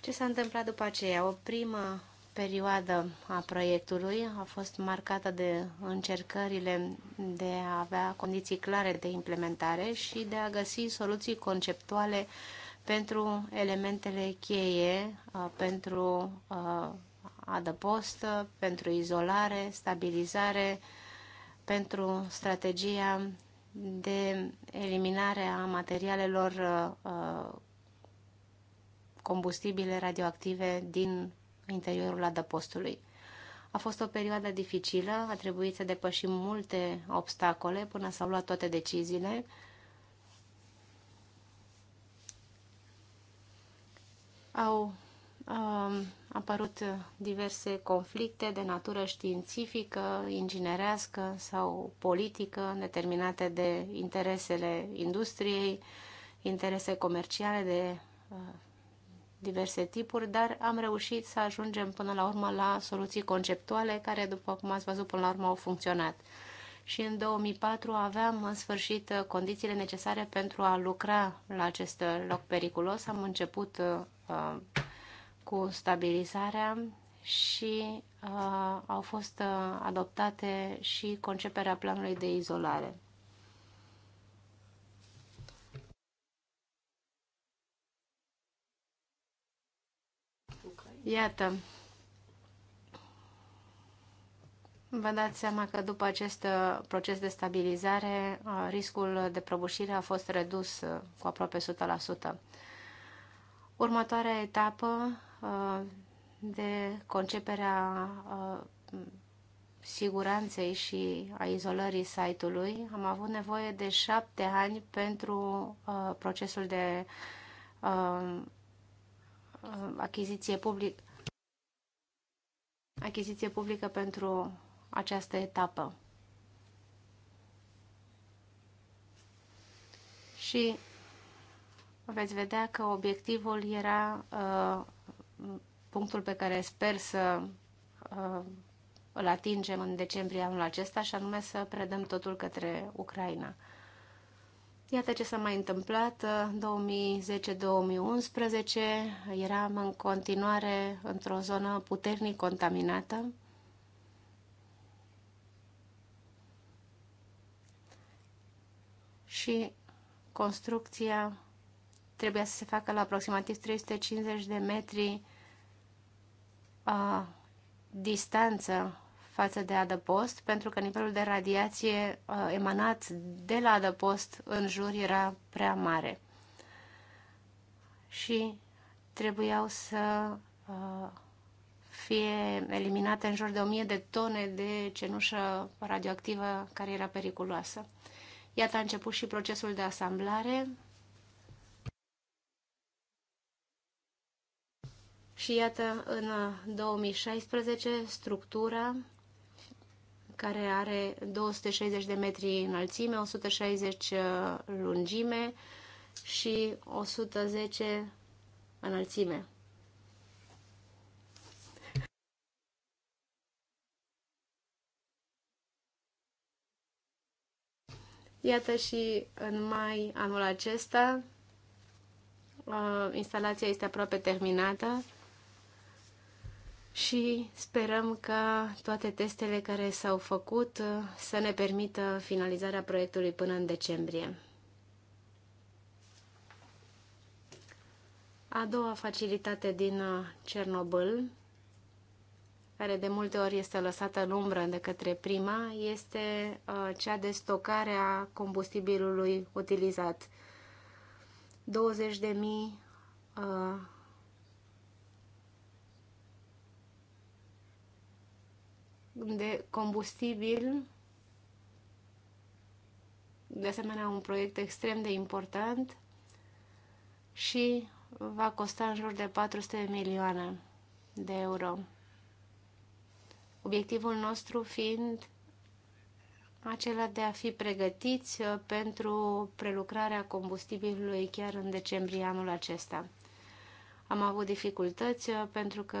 Ce s-a întâmplat după aceea? O primă perioadă a proiectului a fost marcată de încercările de a avea condiții clare de implementare și de a găsi soluții conceptuale pentru elementele cheie, uh, pentru uh, adăpost, pentru izolare, stabilizare, pentru strategia de eliminare a materialelor uh, combustibile radioactive din interiorul adăpostului. A fost o perioadă dificilă, a trebuit să depășim multe obstacole până s-au luat toate deciziile. Au uh, apărut diverse conflicte de natură științifică, inginerească sau politică, determinate de interesele industriei, interese comerciale, de uh, diverse tipuri, dar am reușit să ajungem până la urmă la soluții conceptuale care, după cum ați văzut, până la urmă au funcționat. Și în 2004 aveam în sfârșit condițiile necesare pentru a lucra la acest loc periculos. Am început uh, cu stabilizarea și uh, au fost uh, adoptate și conceperea planului de izolare. Iată, Vă dați seama că după acest uh, proces de stabilizare, uh, riscul de prăbușire a fost redus uh, cu aproape 100%. Următoarea etapă de conceperea siguranței și a izolării site-ului, am avut nevoie de șapte ani pentru procesul de Uh, achiziție, public, achiziție publică pentru această etapă. Și veți vedea că obiectivul era uh, punctul pe care sper să uh, îl atingem în decembrie anul acesta și anume să predăm totul către Ucraina. Iată ce s-a mai întâmplat, 2010-2011 eram în continuare într-o zonă puternic contaminată. Și construcția trebuia să se facă la aproximativ 350 de metri a, distanță față de adăpost, pentru că nivelul de radiație uh, emanat de la adăpost în jur era prea mare. Și trebuiau să uh, fie eliminate în jur de 1000 de tone de cenușă radioactivă care era periculoasă. Iată a început și procesul de asamblare. Și iată, în 2016, uh, structura care are 260 de metri înălțime, 160 uh, lungime și 110 înălțime. Iată și în mai anul acesta uh, instalația este aproape terminată și sperăm ca toate testele care s-au făcut uh, să ne permită finalizarea proiectului până în decembrie. A doua facilitate din uh, Cernobâl, care de multe ori este lăsată în umbră de către prima, este uh, cea de stocare a combustibilului utilizat. 20.000 de combustibil, de asemenea un proiect extrem de important și va costa în jur de 400 de milioane de euro. Obiectivul nostru fiind acela de a fi pregătiți uh, pentru prelucrarea combustibilului chiar în decembrie anul acesta. Am avut dificultăți uh, pentru că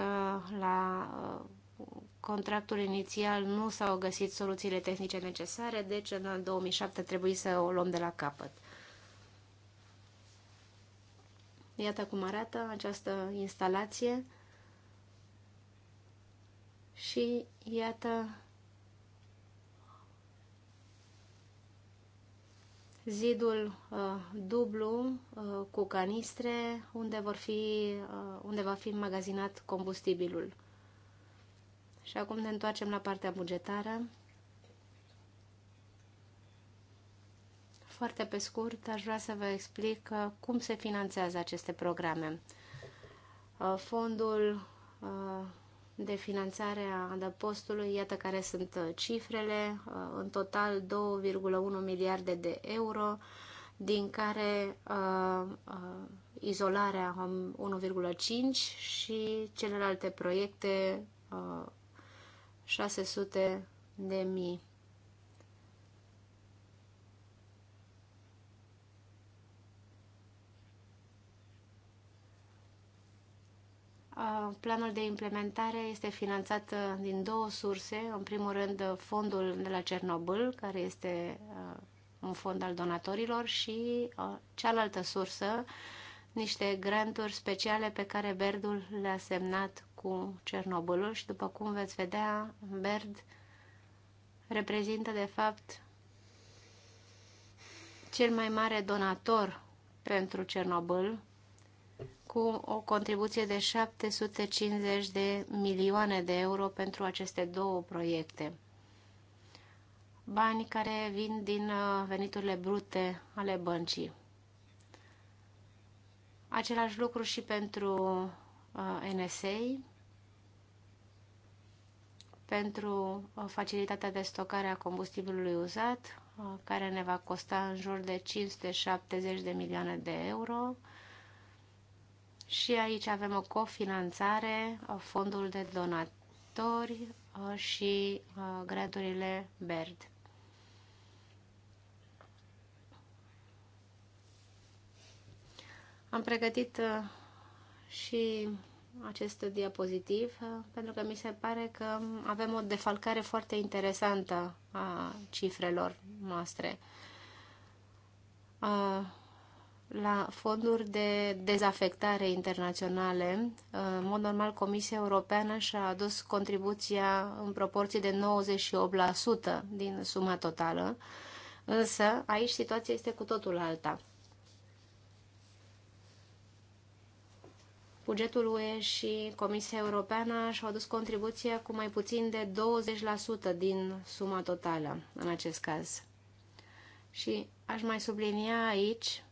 la uh, contractul inițial nu s-au găsit soluțiile tehnice necesare, deci în 2007 trebuie să o luăm de la capăt. Iată cum arată această instalație și iată zidul uh, dublu uh, cu canistre unde, vor fi, uh, unde va fi magazinat combustibilul. Și acum ne întoarcem la partea bugetară. Foarte pe scurt, aș vrea să vă explic uh, cum se finanțează aceste programe. Uh, fondul uh, de finanțare a adăpostului, iată care sunt cifrele, în total 2,1 miliarde de euro, din care izolarea 1,5 și celelalte proiecte 600 de mii. Planul de implementare este finanțat uh, din două surse. În primul rând, uh, fondul de la Cernobâl, care este uh, un fond al donatorilor, și cealaltă sursă, niște granturi speciale pe care Berdul le-a semnat cu Cernobâlul și după cum veți vedea, verd reprezintă de fapt cel mai mare donator pentru Cernobâl cu o contribuție de 750 de milioane de euro pentru aceste două proiecte. Bani care vin din uh, veniturile brute ale băncii. Același lucru și pentru uh, NSA, pentru uh, facilitatea de stocare a combustibilului uzat, uh, care ne va costa în jur de 570 de milioane de euro. Și aici avem o cofinanțare, uh, fondul de donatori și gradurile BERD. Am pregătit și acest diapozitiv pentru că mi se pare că avem o defalcare foarte interesantă a cifrelor noastre. La fonduri de dezafectare internaționale, în mod normal Comisia Europeană și-a adus contribuția în proporție de 98% din suma totală, însă aici situația este cu totul alta. bugetul UE și Comisia Europeană și-au adus contribuția cu mai puțin de 20% din suma totală în acest caz. Și aș mai sublinia aici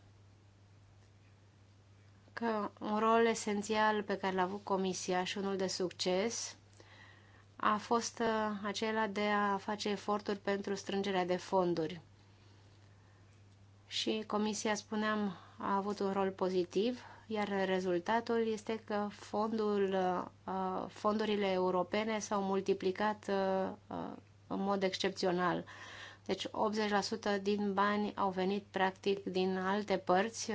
că un rol esențial pe care l-a avut Comisia și unul de succes a fost uh, acela de a face eforturi pentru strângerea de fonduri. Și Comisia, spuneam, a avut un rol pozitiv iar rezultatul este că fondul, uh, fondurile europene s-au multiplicat uh, uh, în mod excepțional. Deci 80% din bani au venit practic din alte părți,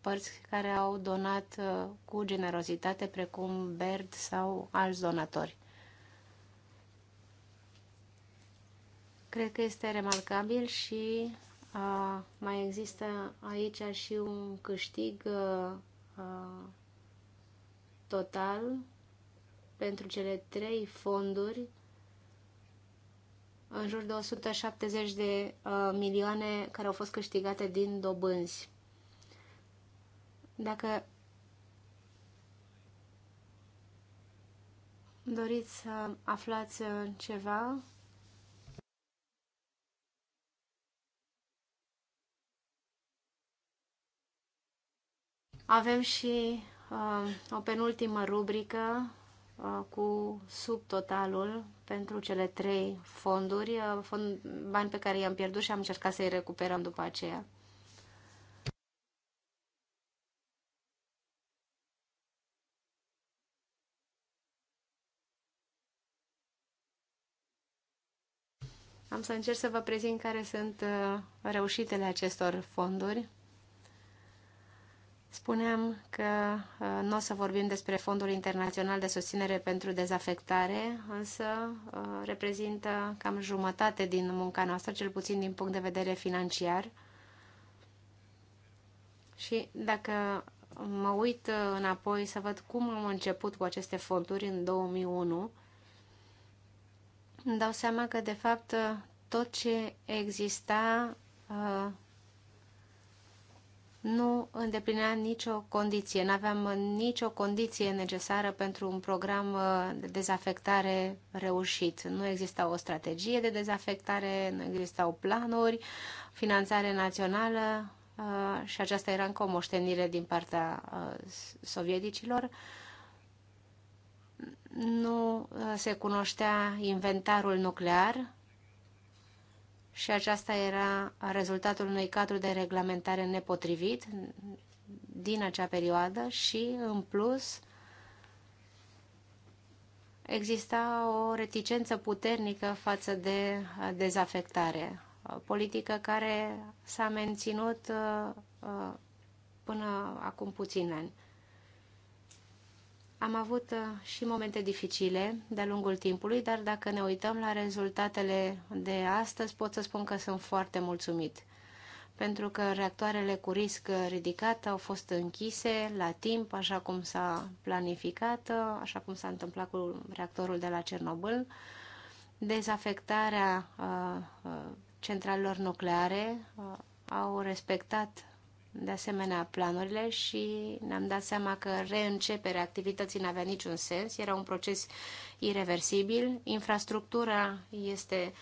părți care au donat cu generozitate, precum BERD sau alți donatori. Cred că este remarcabil și mai există aici și un câștig total pentru cele trei fonduri în jur de 170 de milioane care au fost câștigate din dobânzi. Dacă doriți să aflați ceva, Avem și uh, o penultimă rubrică uh, cu subtotalul pentru cele trei fonduri, uh, fond, bani pe care i-am pierdut și am încercat să-i recuperăm după aceea. Am să încerc să vă prezint care sunt uh, reușitele acestor fonduri. Spuneam că uh, nu o să vorbim despre Fondul Internațional de Susținere pentru Dezafectare, însă uh, reprezintă cam jumătate din munca noastră, cel puțin din punct de vedere financiar. Și dacă mă uit uh, înapoi să văd cum am început cu aceste fonduri în 2001, îmi dau seama că, de fapt, tot ce exista nu îndeplinea nicio condiție, nu aveam nicio condiție necesară pentru un program uh, de dezafectare reușit. Nu exista o strategie de dezafectare, nu existau planuri, finanțare națională uh, și aceasta era încă o moștenire din partea uh, sovieticilor. Nu se cunoștea inventarul nuclear, și aceasta era rezultatul unui cadru de reglementare nepotrivit din acea perioadă și, în plus, exista o reticență puternică față de dezafectare, politică care s-a menținut uh, uh, până acum puțini ani. Am avut uh, și momente dificile de-a lungul timpului, dar dacă ne uităm la rezultatele de astăzi, pot să spun că sunt foarte mulțumit. Pentru că reactoarele cu risc ridicat au fost închise la timp, așa cum s-a planificat, uh, așa cum s-a întâmplat cu reactorul de la Cernobâl. Dezafectarea uh, centralelor nucleare au respectat de asemenea planurile și ne-am dat seama că reînceperea activității n-avea niciun sens, era un proces irreversibil, infrastructura este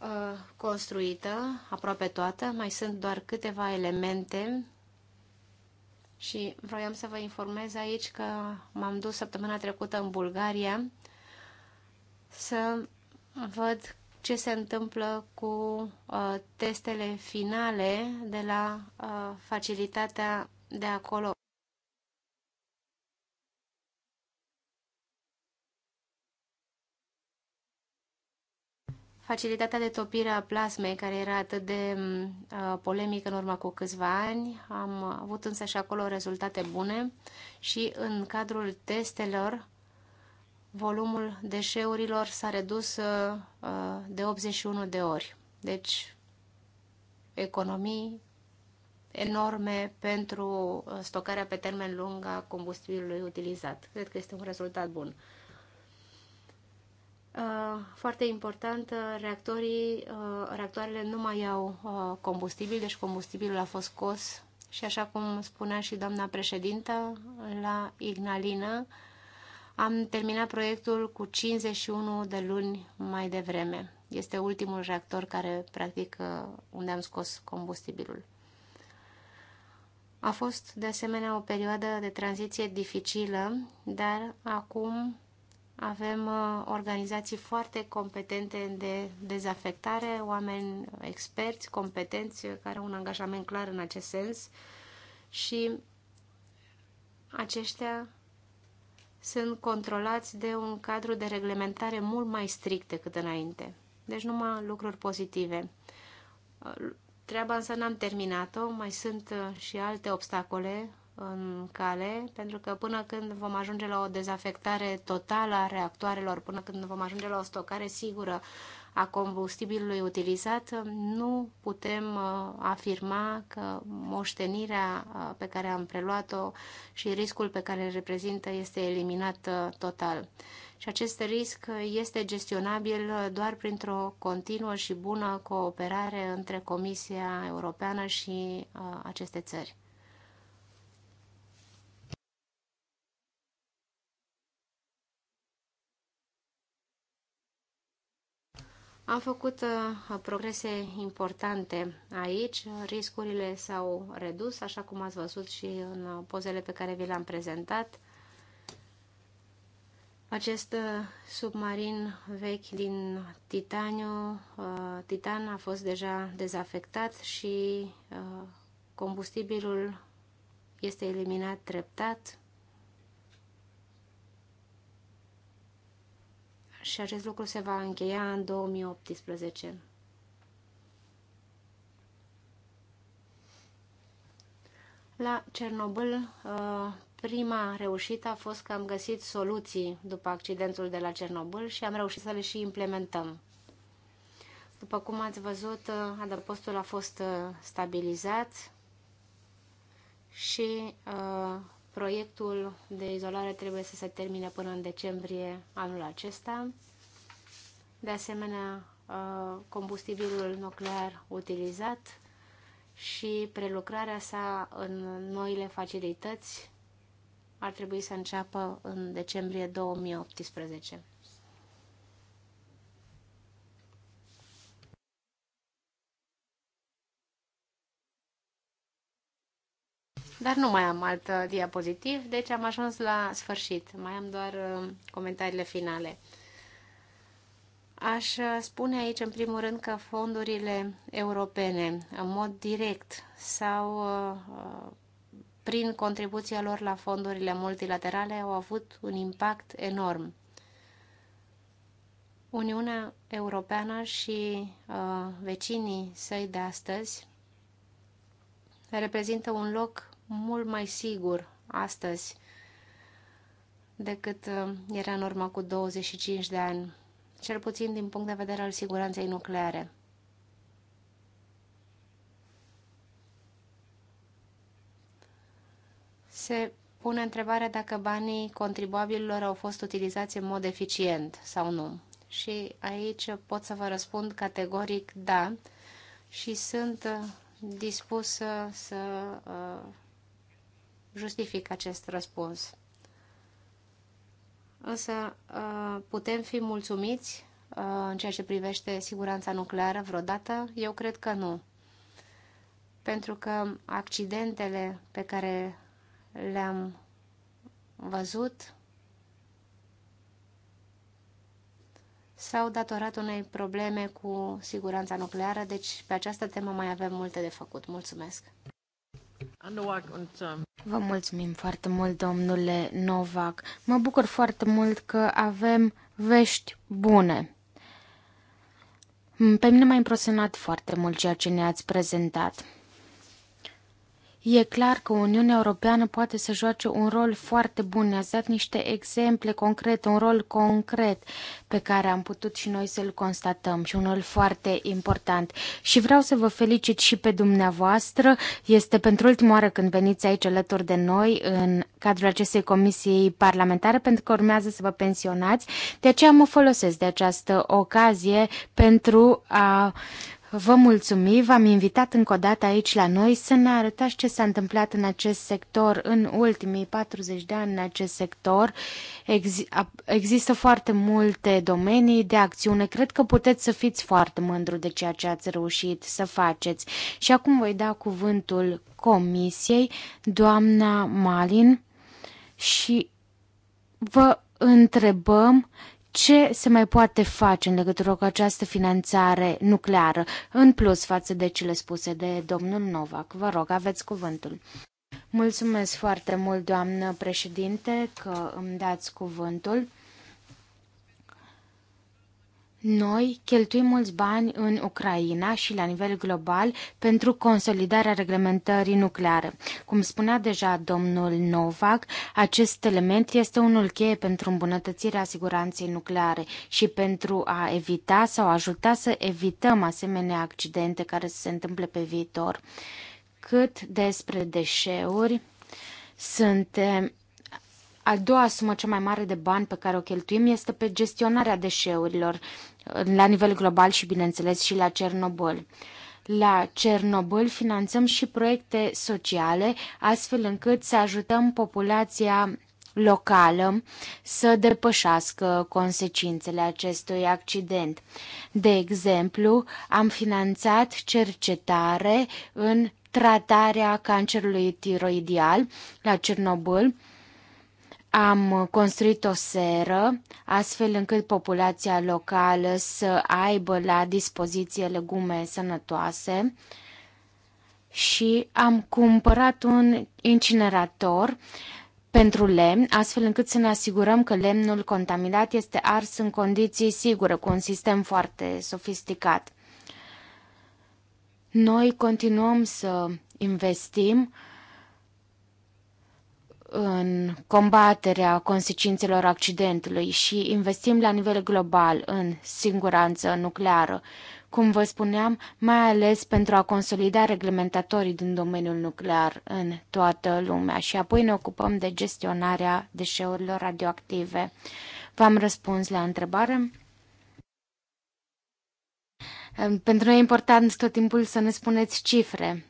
uh, construită, aproape toată, mai sunt doar câteva elemente și vroiam să vă informez aici că m-am dus săptămâna trecută în Bulgaria să văd ce se întâmplă cu uh, testele finale de la uh, facilitatea de acolo. Facilitatea de topire a plasmei, care era atât de mm, uh, polemică în urmă cu câțiva ani, am avut însă și acolo rezultate bune și în cadrul testelor volumul deșeurilor s-a redus uh, uh, de 81 de ori. Deci, economii enorme pentru uh, stocarea pe termen lung a combustibilului utilizat. Cred că este un rezultat bun. Foarte important, reactorii, reactoarele nu mai au combustibil, deci combustibilul a fost scos și așa cum spunea și doamna președintă, la Ignalina, am terminat proiectul cu 51 de luni mai devreme. Este ultimul reactor care, practic, uh, unde am scos combustibilul. A fost, de asemenea, o perioadă de tranziție dificilă, dar acum avem uh, organizații foarte competente de dezafectare, oameni experți, competenți, uh, care au un angajament clar în acest sens și aceștia sunt controlați de un cadru de reglementare mult mai strict decât înainte. Deci numai lucruri pozitive. Treaba însă n-am terminat-o, mai sunt uh, și alte obstacole în cale, pentru că până când vom ajunge la o dezafectare totală a reactoarelor, până când vom ajunge la o stocare sigură a combustibilului utilizat, nu putem uh, afirma că moștenirea uh, pe care am preluat-o și riscul pe care îl reprezintă este eliminat uh, total. Și acest risc este gestionabil doar printr-o continuă și bună cooperare între Comisia Europeană și aceste țări. Am făcut uh, progrese importante aici, riscurile s-au redus, așa cum ați văzut și în uh, pozele pe care vi le-am prezentat. Acest uh, submarin vechi din titaniu, titan a fost deja dezafectat și combustibilul este eliminat treptat. și acest lucru se va încheia în 2018. La Cernobâl, uh, prima reușită a fost că am găsit soluții după accidentul de la Cernobâl și am reușit să le și implementăm. După cum ați văzut, uh, adăpostul a fost uh, stabilizat și Proiectul de izolare trebuie să se termine până în decembrie anul acesta. De asemenea, uh, combustibilul nuclear utilizat și prelucrarea sa în noile facilități ar trebui să înceapă în decembrie 2018. Dar nu mai am alt uh, diapozitiv, deci am ajuns la sfârșit. Mai am doar uh, comentariile finale. Aș uh, spune aici, în primul rând, că fondurile europene, în mod direct sau prin contribuția lor la fondurile multilaterale, au avut un impact enorm. Uniunea Europeană și vecinii săi de astăzi reprezintă un loc mult mai sigur astăzi decât uh, era în urmă cu 25 de ani, cel puțin din punct de vedere al siguranței nucleare. Se pune întrebarea dacă banii contribuabililor au fost utilizați în mod eficient sau nu. Și aici pot să vă răspund categoric da și sunt uh, dispusă uh, să justific acest răspuns. Însă uh, putem fi mulțumiți uh, în ceea ce privește siguranța nucleară vreodată? Eu cred că nu. Pentru că accidentele pe care le-am văzut s-au datorat unei probleme cu siguranța nucleară, deci pe această temă mai avem multe de făcut. Mulțumesc! Uh, Vă mulțumim foarte mult, domnule Novak. Mă bucur foarte mult că avem vești bune. Pe mine m-a impresionat foarte mult ceea ce ne-ați prezentat. E clar că Uniunea Europeană poate să joace un rol foarte bun. Ne-ați dat niște exemple concrete, un rol concret pe care am putut și noi să-l constatăm și un rol foarte important. Și vreau să vă felicit și pe dumneavoastră. Este pentru ultima oară când veniți aici alături de noi în cadrul acestei comisii parlamentare pentru că urmează să vă pensionați. De aceea mă folosesc de această ocazie pentru a uh, Vă mulțumim, v-am invitat încă o dată aici la noi să ne arătați ce s-a întâmplat în acest sector în ultimii 40 de ani în acest sector. Ex există foarte multe domenii de acțiune. Cred că puteți să fiți foarte mândru de ceea ce ați reușit să faceți. Și acum voi da cuvântul comisiei, doamna Malin, și vă întrebăm ce se mai poate face în legătură cu această finanțare nucleară, în plus față de cele spuse de domnul Novak. Vă rog, aveți cuvântul. Mulțumesc foarte mult, doamnă președinte, că îmi dați cuvântul. Noi cheltuim mulți bani în Ucraina și la nivel global pentru consolidarea reglementării nucleare. Cum spunea deja domnul Novak, acest element este unul cheie pentru îmbunătățirea siguranței nucleare și pentru a evita sau ajuta să evităm asemenea accidente care se întâmple pe viitor. Cât despre deșeuri, suntem a doua sumă cea mai mare de bani pe care o cheltuim este pe gestionarea deșeurilor la nivel global și, bineînțeles, și la Cernobâl. La Cernobâl finanțăm și proiecte sociale, astfel încât să ajutăm populația locală să depășească consecințele acestui accident. De exemplu, am finanțat cercetare în tratarea cancerului tiroidial la Cernobâl, am construit o seră astfel încât populația locală să aibă la dispoziție legume sănătoase și am cumpărat un incinerator pentru lemn, astfel încât să ne asigurăm că lemnul contaminat este ars în condiții sigure, cu un sistem foarte sofisticat. Noi continuăm să investim în combaterea consecințelor accidentului și investim la nivel global în siguranță nucleară, cum vă spuneam, mai ales pentru a consolida reglementatorii din domeniul nuclear în toată lumea și apoi ne ocupăm de gestionarea deșeurilor radioactive. V-am răspuns la întrebare? Pentru noi e important tot timpul să ne spuneți cifre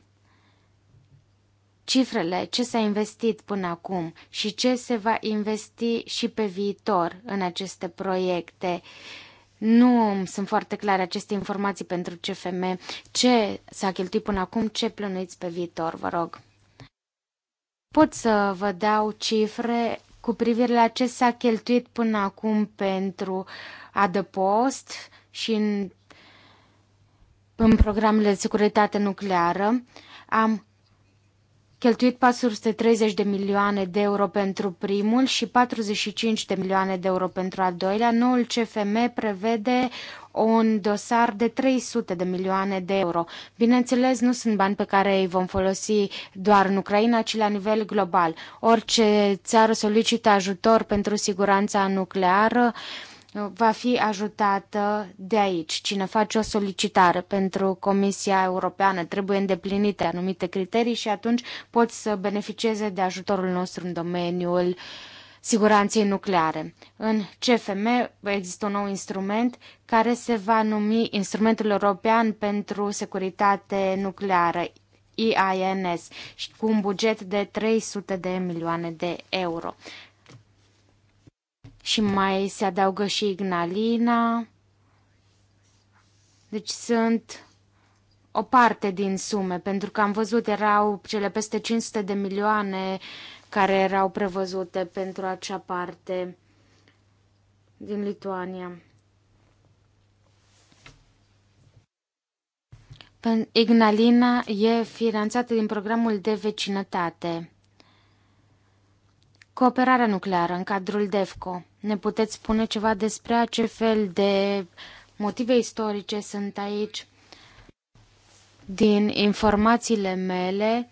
cifrele ce s-a investit până acum și ce se va investi și pe viitor în aceste proiecte. Nu sunt foarte clare aceste informații pentru CFM. Ce s-a cheltuit până acum, ce plănuiți pe viitor, vă rog. Pot să vă dau cifre cu privire la ce s-a cheltuit până acum pentru adăpost și în, în programele de securitate nucleară. Am cheltuit 430 de milioane de euro pentru primul și 45 de milioane de euro pentru al doilea. Noul CFM prevede un dosar de 300 de milioane de euro. Bineînțeles, nu sunt bani pe care îi vom folosi doar în Ucraina, ci la nivel global. Orice țară solicită ajutor pentru siguranța nucleară, uh, va fi ajutată de aici. Cine face o solicitare pentru Comisia Europeană trebuie îndeplinite anumite criterii și atunci poți să beneficieze de ajutorul nostru în domeniul siguranței nucleare. În CFM există un nou instrument care se va numi Instrumentul European pentru Securitate Nucleară, IANS, cu un buget de 300 de milioane de euro și mai se adaugă și Ignalina. Deci sunt o parte din sume, pentru că am văzut erau cele peste 500 de milioane care erau prevăzute pentru acea parte din Lituania. Ignalina e finanțată din programul de vecinătate. Cooperarea nucleară în cadrul DEFCO. Ne puteți spune ceva despre ce fel de motive istorice sunt aici? Din informațiile mele,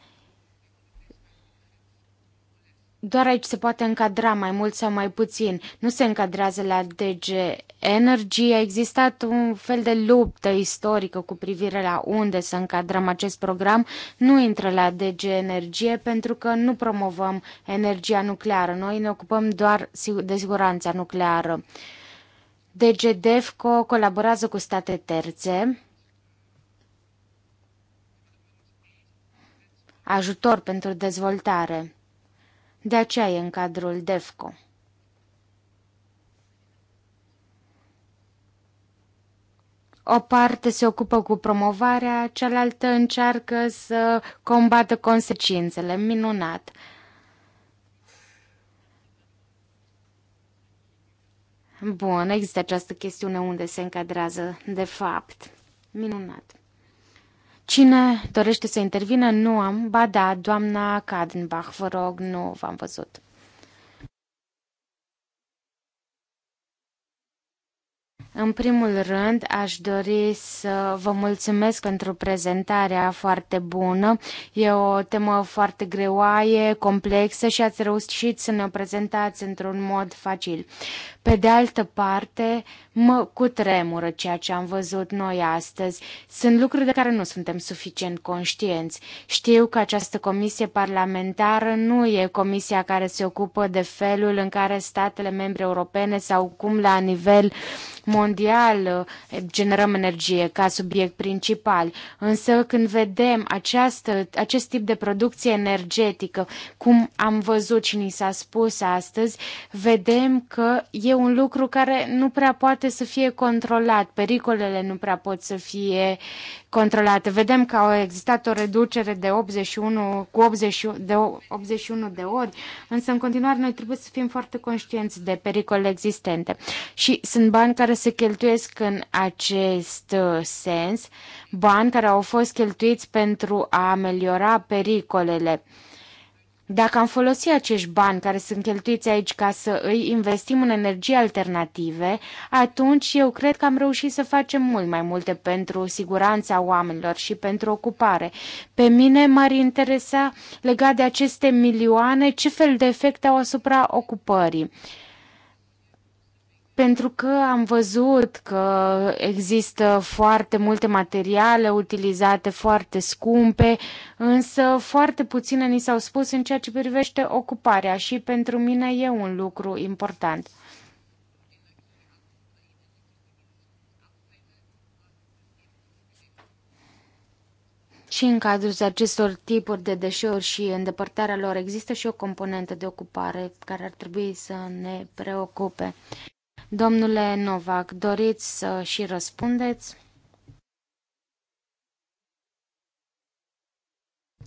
doar aici se poate încadra mai mult sau mai puțin. Nu se încadrează la DG Energy. A existat un fel de luptă istorică cu privire la unde să încadrăm acest program. Nu intră la DG Energie pentru că nu promovăm energia nucleară. Noi ne ocupăm doar de siguranța nucleară. DG DEFCO colaborează cu state terțe. Ajutor pentru dezvoltare. De aceea e în cadrul DEFCO. O parte se ocupă cu promovarea, cealaltă încearcă să combată consecințele. Minunat! Bun, există această chestiune unde se încadrează, de fapt. Minunat! Cine dorește să intervină? Nu am. Ba da, doamna Kadenbach, vă rog, nu v-am văzut. În primul rând, aș dori să vă mulțumesc pentru prezentarea foarte bună. E o temă foarte greoaie, complexă și ați reușit să ne o prezentați într-un mod facil. Pe de altă parte, mă cutremură ceea ce am văzut noi astăzi. Sunt lucruri de care nu suntem suficient conștienți. Știu că această comisie parlamentară nu e comisia care se ocupă de felul în care statele membre europene sau cum la nivel uh, mondial eh, generăm energie ca subiect principal, însă când vedem această, acest tip de producție energetică, cum am văzut și ni s-a spus astăzi, vedem că e un lucru care nu prea poate să fie controlat, pericolele nu prea pot să fie controlate. Vedem că au existat o reducere de 81, cu 80, de 81 de ori, însă în continuare noi trebuie să fim foarte conștienți de pericolele existente. Și sunt bani care se cheltuiesc în acest uh, sens, bani care au fost cheltuiți pentru a ameliora pericolele. Dacă am folosit acești bani care sunt cheltuiți aici ca să îi investim în energii alternative, atunci eu cred că am reușit să facem mult mai multe pentru siguranța oamenilor și pentru ocupare. Pe mine m-ar interesa legat de aceste milioane ce fel de efecte au asupra ocupării. Uh, pentru că am văzut că există foarte multe materiale utilizate, foarte scumpe, însă foarte puține ni s-au spus în ceea ce privește ocuparea și pentru mine e un lucru important. Și în cadrul acestor tipuri de deșeuri și îndepărtarea lor există și o componentă de ocupare care ar trebui să ne preocupe. Domnule Novak, doriți să și răspundeți?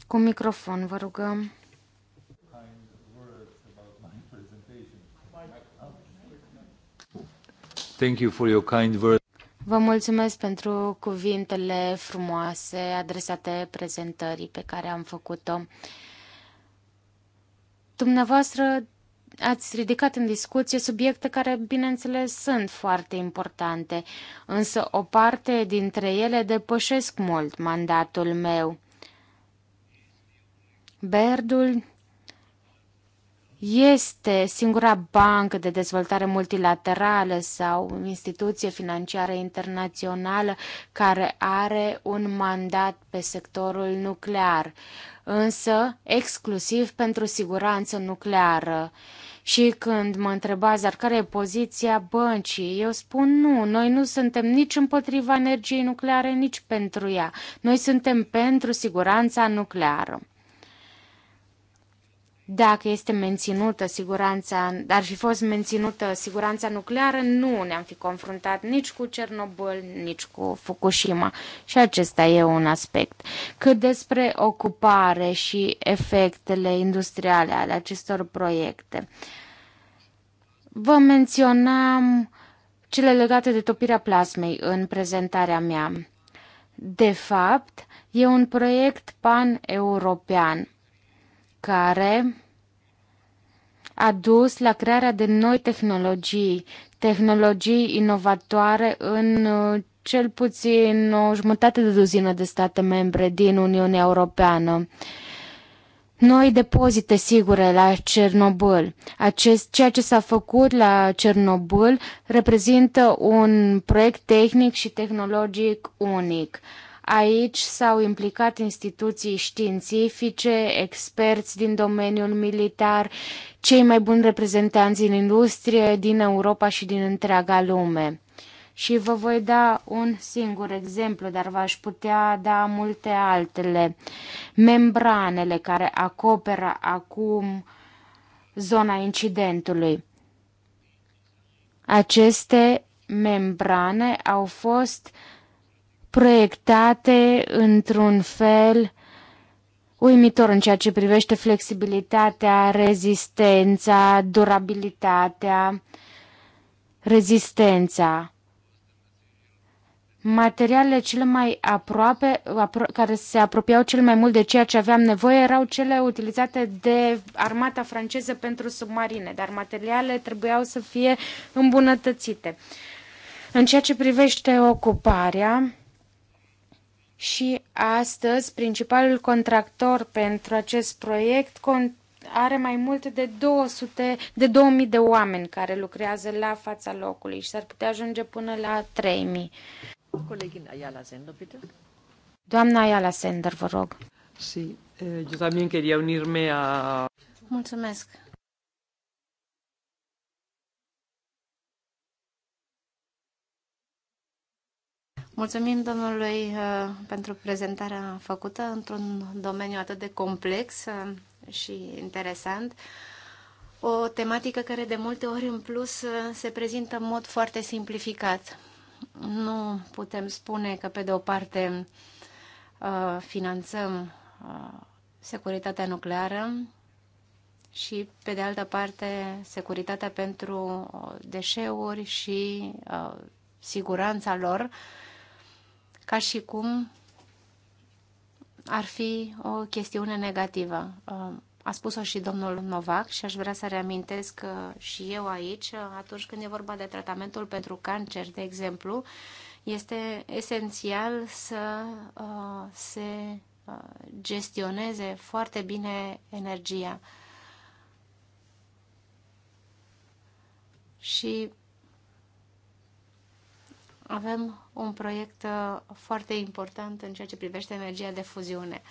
Cu microfon, vă rugăm. Thank you for your kind words. Vă mulțumesc pentru cuvintele frumoase adresate prezentării pe care am făcut-o. Dumneavoastră ați ridicat în discuție subiecte care, bineînțeles, sunt foarte importante, însă o parte dintre ele depășesc mult mandatul meu. Berdul este singura bancă de dezvoltare multilaterală sau instituție financiară internațională care are un mandat pe sectorul nuclear, însă exclusiv pentru siguranță nucleară. Și când mă întrebați, dar care e poziția băncii, eu spun nu, noi nu suntem nici împotriva energiei nucleare, nici pentru ea. Noi suntem pentru siguranța nucleară dacă este menținută siguranța, ar fi fost menținută siguranța nucleară, nu ne-am fi confruntat nici cu Cernobâl, nici cu Fukushima. Și acesta e un aspect. Cât despre ocupare și efectele industriale ale acestor proiecte. Vă menționam cele legate de topirea plasmei în prezentarea mea. De fapt, e un proiect pan-european care a dus la crearea de noi tehnologii, tehnologii inovatoare în uh, cel puțin o jumătate de duzină de state membre din Uniunea Europeană. Noi depozite sigure la Cernobâl. Acest, ceea ce s-a făcut la Cernobâl reprezintă un proiect tehnic și tehnologic unic. Aici s-au implicat instituții științifice, experți din domeniul militar, cei mai buni reprezentanți din industrie din Europa și din întreaga lume. Și vă voi da un singur exemplu, dar v-aș putea da multe altele. Membranele care acoperă acum zona incidentului. Aceste membrane au fost uh, proiectate într-un fel uimitor în ceea ce privește flexibilitatea, rezistența, durabilitatea, rezistența. Materialele cele mai aproape, apro care se apropiau cel mai mult de ceea ce aveam nevoie, erau cele utilizate de armata franceză pentru submarine, dar materialele trebuiau să fie îmbunătățite. În ceea ce privește ocuparea, și astăzi principalul contractor pentru acest proiect are mai mult de 200, de 2000 de oameni care lucrează la fața locului și s-ar putea ajunge până la 3000. Colegin Ayala Sender, bitte. Doamna Ayala Sender, vă rog. Sí, eu eh, también quería unirme a... Mulțumesc. Mulțumim domnului uh, pentru prezentarea făcută într-un domeniu atât de complex uh, și interesant. O tematică care de multe ori în plus uh, se prezintă în mod foarte simplificat. Nu putem spune că pe de o parte finanțăm securitatea nucleară și pe de altă parte securitatea pentru deșeuri și siguranța lor, ca și cum ar fi o chestiune negativă. Uh, a spus-o și domnul Novac și aș vrea să reamintesc uh, și eu aici, uh, atunci când e vorba de tratamentul pentru cancer, de exemplu, este esențial să se gestioneze foarte bine energia. Și avem un proiect uh, foarte important în ceea ce privește energia de fuziune.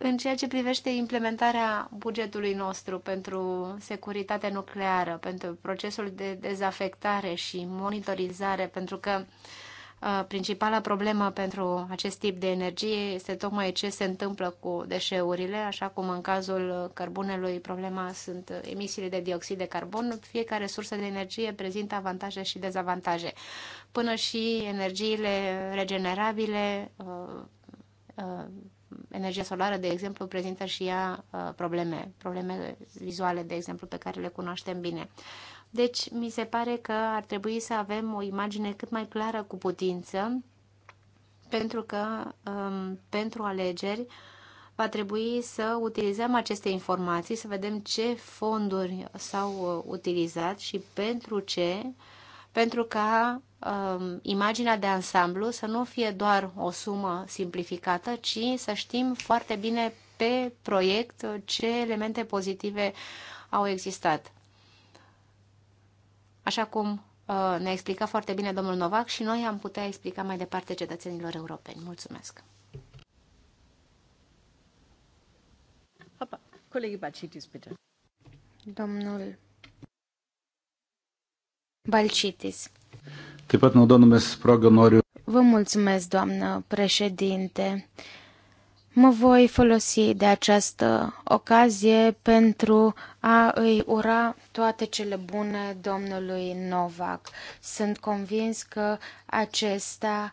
În ceea ce privește implementarea bugetului nostru pentru securitate nucleară, pentru procesul de dezafectare și monitorizare, pentru că uh, principala problemă pentru acest tip de energie este tocmai ce se întâmplă cu deșeurile, așa cum în cazul cărbunelui problema sunt emisiile de dioxid de carbon. Fiecare sursă de energie prezintă avantaje și dezavantaje. Până și energiile regenerabile, energia solară, de exemplu, prezintă și ea probleme, probleme vizuale, de exemplu, pe care le cunoaștem bine. Deci, mi se pare că ar trebui să avem o imagine cât mai clară cu putință, pentru că um, pentru alegeri va trebui să utilizăm aceste informații, să vedem ce fonduri s-au uh, utilizat și pentru ce, pentru ca um, imaginea de ansamblu să nu fie doar o sumă simplificată, ci să știm foarte bine pe proiect ce elemente pozitive au existat așa cum uh, ne-a explicat foarte bine domnul Novac și noi am putea explica mai departe cetățenilor europeni. Mulțumesc! colegii Bacitis, bitte. Domnul Balcitis. Vă mulțumesc, doamnă președinte. Mă voi folosi de această ocazie pentru a îi ura toate cele bune domnului Novak. Sunt convins că acesta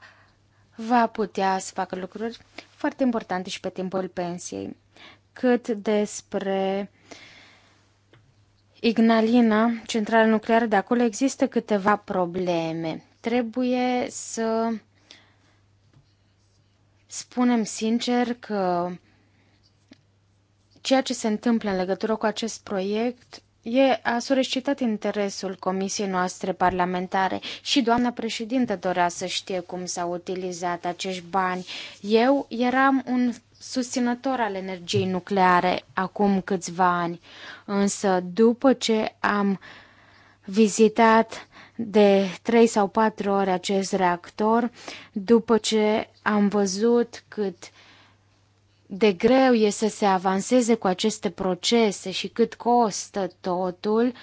va putea să facă lucruri foarte importante și pe timpul pensiei. Cât despre Ignalina, centrala nucleară de acolo, există câteva probleme. Trebuie să spunem sincer că ceea ce se întâmplă în legătură cu acest proiect e, a solicitat interesul comisiei noastre parlamentare și doamna președintă dorea să știe cum s-au utilizat acești bani. Eu eram un susținător al energiei nucleare acum câțiva ani, însă după ce am vizitat de 3 sau 4 ore acest reactor, după ce am văzut cât de greu e să se avanseze cu aceste procese și cât costă totul.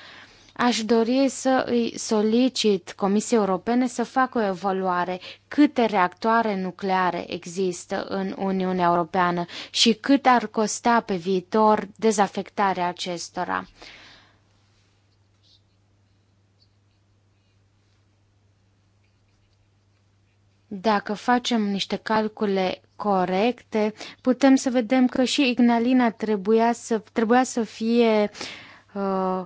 Aș dori să îi solicit Comisiei Europene să facă o evaluare câte reactoare nucleare există în Uniunea Europeană și cât ar costa pe viitor dezafectarea acestora. Dacă facem niște calcule corecte, putem să vedem că și Ignalina trebuia să, trebuia să fie uh,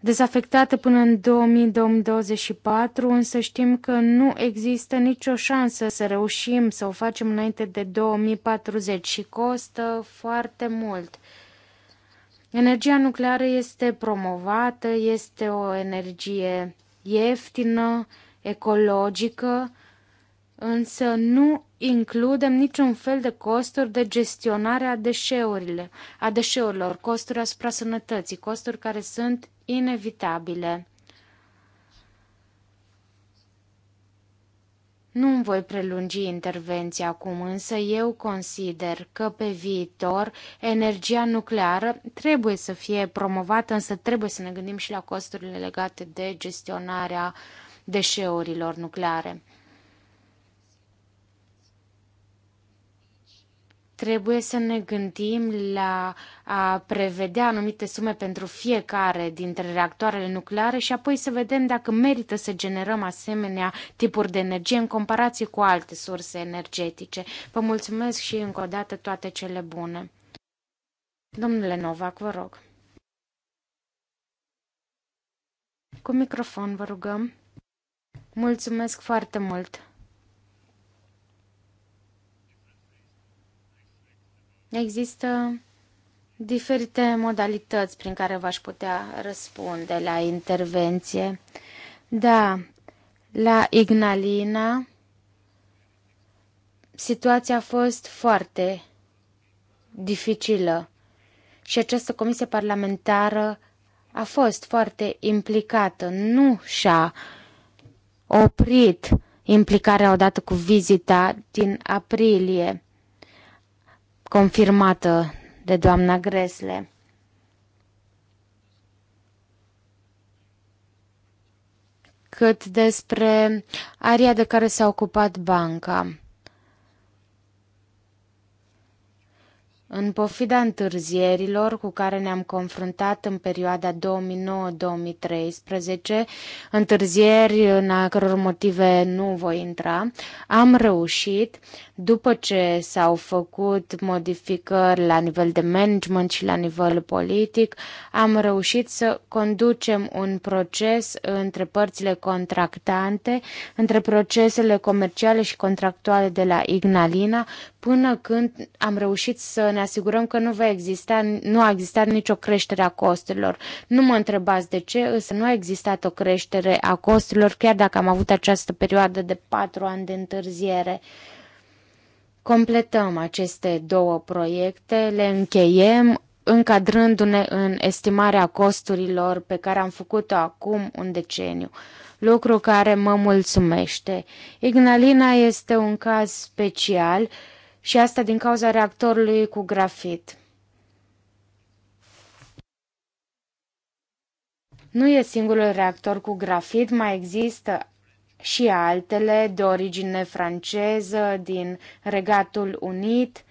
dezafectată până în 2024, însă știm că nu există nicio șansă să reușim să o facem înainte de 2040 și costă foarte mult. Energia nucleară este promovată, este o energie ieftină, ecologică, însă nu includem niciun fel de costuri de gestionare a, deșeurile, a deșeurilor, costuri asupra sănătății, costuri care sunt inevitabile. Nu îmi voi prelungi intervenția acum, însă eu consider că pe viitor energia nucleară trebuie să fie promovată, însă trebuie să ne gândim și la costurile legate de gestionarea deșeurilor nucleare. Trebuie să ne gândim la a prevedea anumite sume pentru fiecare dintre reactoarele nucleare și apoi să vedem dacă merită să generăm asemenea tipuri de energie în comparație cu alte surse energetice. Vă mulțumesc și încă o dată toate cele bune. Domnule Novak, vă rog. Cu microfon, vă rugăm. Mulțumesc foarte mult. Există diferite modalități prin care v-aș putea răspunde la intervenție. Da, la Ignalina situația a fost foarte dificilă și această comisie parlamentară a fost foarte implicată, nu și-a oprit implicarea odată cu vizita din aprilie confirmată de doamna Gresle. Cât despre aria de care s-a ocupat banca. În pofida întârzierilor cu care ne-am confruntat în perioada 2009-2013, întârzieri în a căror motive nu voi intra, am reușit după ce s-au făcut modificări la nivel de management și la nivel politic, am reușit să conducem un proces între părțile contractante, între procesele comerciale și contractuale de la Ignalina, până când am reușit să ne asigurăm că nu va exista, nu a existat nicio creștere a costurilor. Nu mă întrebați de ce, însă nu a existat o creștere a costurilor, chiar dacă am avut această perioadă de patru ani de întârziere completăm aceste două proiecte, le încheiem încadrându-ne în estimarea costurilor pe care am făcut-o acum un deceniu, lucru care mă mulțumește. Ignalina este un caz special și asta din cauza reactorului cu grafit. Nu e singurul reactor cu grafit, mai există și altele de origine franceză, din Regatul Unit.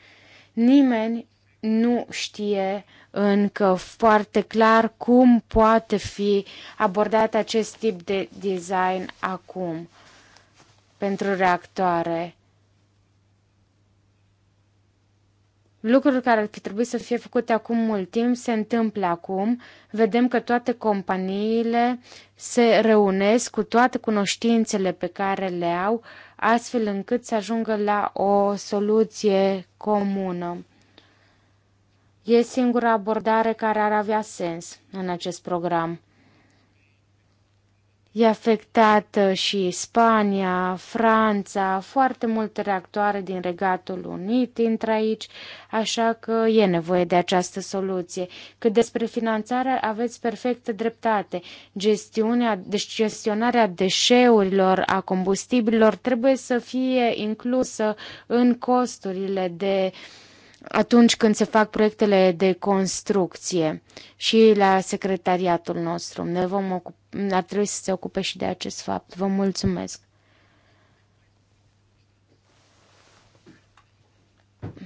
Nimeni nu știe încă foarte clar cum poate fi abordat acest tip de design acum pentru reactoare. Lucruri care ar fi trebuit să fie făcute acum mult timp se întâmplă acum. Vedem că toate companiile se reunesc cu toate cunoștințele pe care le au, astfel încât să ajungă la o soluție comună. E singura abordare care ar avea sens în acest program. E afectată și Spania, Franța, foarte multe reactoare din Regatul Unit intră aici, așa că e nevoie de această soluție. Cât despre finanțare, aveți perfectă dreptate. Gestiunea, deci gestionarea deșeurilor, a combustibililor trebuie să fie inclusă în costurile de uh, atunci când se fac proiectele de construcție și la secretariatul nostru. Ne vom ocup- ar trebui să se ocupe și de acest fapt. Vă mulțumesc!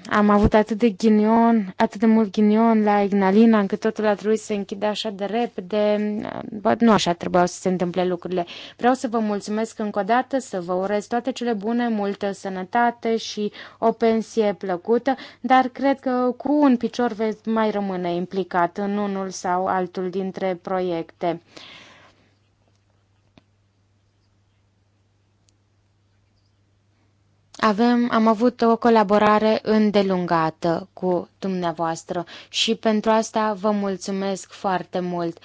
Am avut atât de ghinion, atât de mult ghinion la Ignalina, încât totul a trebuit să se închide așa de repede. Bă, nu așa trebuiau să se întâmple lucrurile. Vreau să vă mulțumesc încă o dată, să vă urez toate cele bune, multă sănătate și o pensie plăcută, dar cred că cu un picior veți mai rămâne implicat în unul sau altul dintre proiecte. Avem, am avut o colaborare îndelungată cu dumneavoastră și pentru asta vă mulțumesc foarte mult.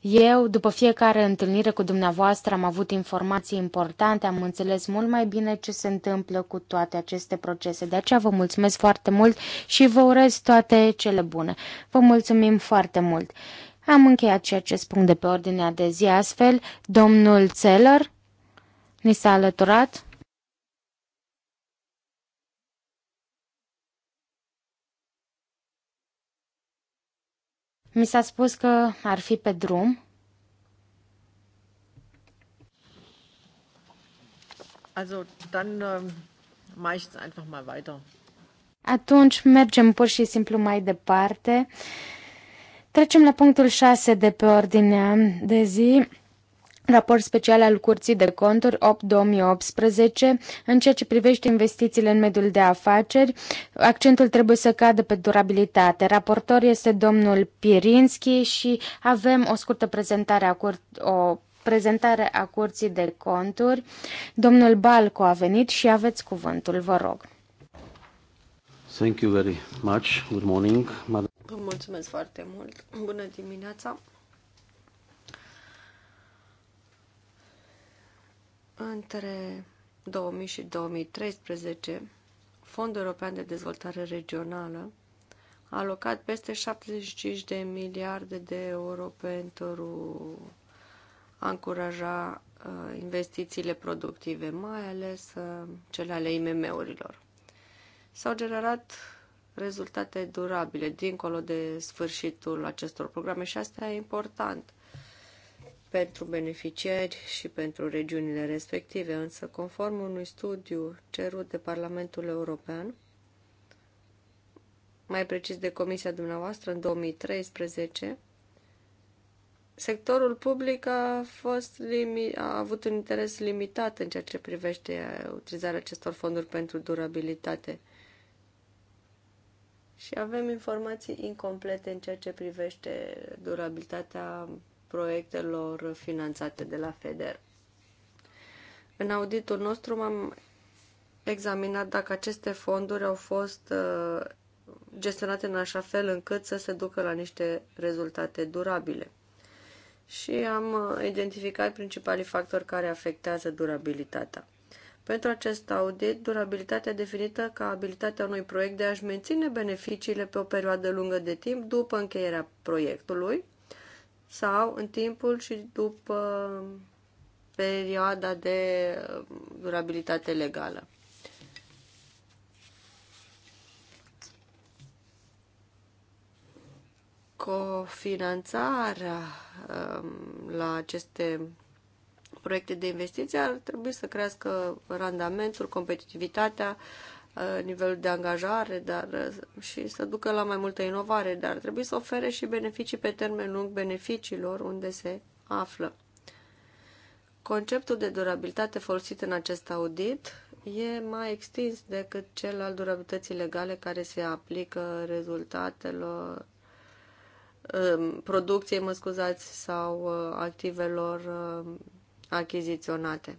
Eu, după fiecare întâlnire cu dumneavoastră, am avut informații importante, am înțeles mult mai bine ce se întâmplă cu toate aceste procese. De aceea vă mulțumesc foarte mult și vă urez toate cele bune. Vă mulțumim foarte mult. Am încheiat și acest punct de pe ordinea de zi astfel. Domnul Țeller ni s-a alăturat. Mi s-a spus că ar fi pe drum. Also, dann uh, ähm, mache ich einfach mal weiter. Atunci mergem pur și simplu mai departe. Trecem la punctul 6 de pe ordinea de zi raport special al Curții de Conturi 8-2018 în ceea ce privește investițiile în mediul de afaceri. Accentul trebuie să cadă pe durabilitate. Raportor este domnul Pirinski și avem o scurtă prezentare a cur- o prezentare a Curții de Conturi. Domnul Balco a venit și aveți cuvântul, vă rog. Thank you very much. Good morning. Vă mulțumesc foarte mult. Bună dimineața. Între 2000 și 2013, Fondul European de Dezvoltare Regională a alocat peste 75 de miliarde de euro pentru a încuraja uh, investițiile productive, mai ales uh, cele ale IMM-urilor. S-au generat rezultate durabile dincolo de sfârșitul acestor programe și asta e important pentru beneficiari și pentru regiunile respective, însă conform unui studiu cerut de Parlamentul European, mai precis de comisia dumneavoastră în 2013, sectorul public a, fost limi- a avut un interes limitat în ceea ce privește utilizarea acestor fonduri pentru durabilitate. Și avem informații incomplete în ceea ce privește durabilitatea proiectelor finanțate de la FEDER. În auditul nostru m-am examinat dacă aceste fonduri au fost uh, gestionate în așa fel încât să se ducă la niște rezultate durabile. Și am uh, identificat principalii factori care afectează durabilitatea. Pentru acest audit, durabilitatea definită ca abilitatea unui proiect de a-și menține beneficiile pe o perioadă lungă de timp după încheierea proiectului, sau în timpul și după uh, perioada de uh, durabilitate legală. Cofinanțarea um, la aceste proiecte de investiții ar trebui să crească randamentul, competitivitatea, Uh, nivelul de angajare dar, uh, și să ducă la mai multă inovare, dar trebuie să ofere și beneficii pe termen lung beneficiilor unde se află. Conceptul de durabilitate folosit în acest audit e mai extins decât cel al durabilității legale care se aplică rezultatelor um, producției, mă scuzați, sau uh, activelor um, achiziționate.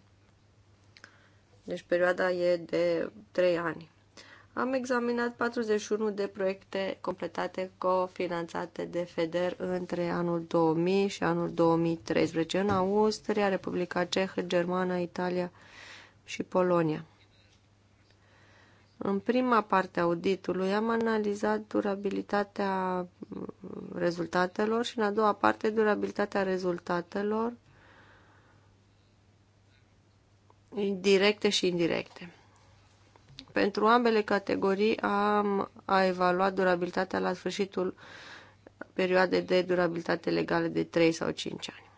Deci perioada e de 3 ani. Am examinat 41 de proiecte completate cofinanțate de FEDER între anul 2000 și anul 2013 în Austria, Republica Cehă, Germana, Italia și Polonia. În prima parte a auditului am analizat durabilitatea rezultatelor și în a doua parte durabilitatea rezultatelor directe și indirecte. Pentru ambele categorii am a evaluat durabilitatea la sfârșitul perioadei de durabilitate legală de 3 sau 5 ani.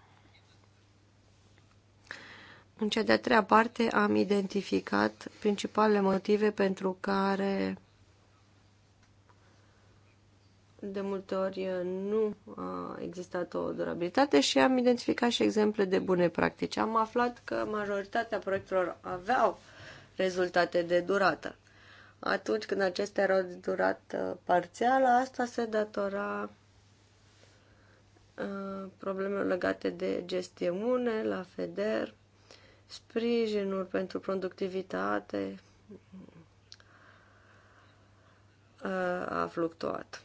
În cea de-a treia parte am identificat principalele motive pentru care de multe ori eh, nu a existat o durabilitate și am identificat și exemple de bune practici. Am aflat că majoritatea proiectelor aveau rezultate de durată. Atunci când acestea erau de durată parțială, asta se datora eh, problemelor legate de gestiune la FEDER, sprijinul pentru productivitate eh, a fluctuat.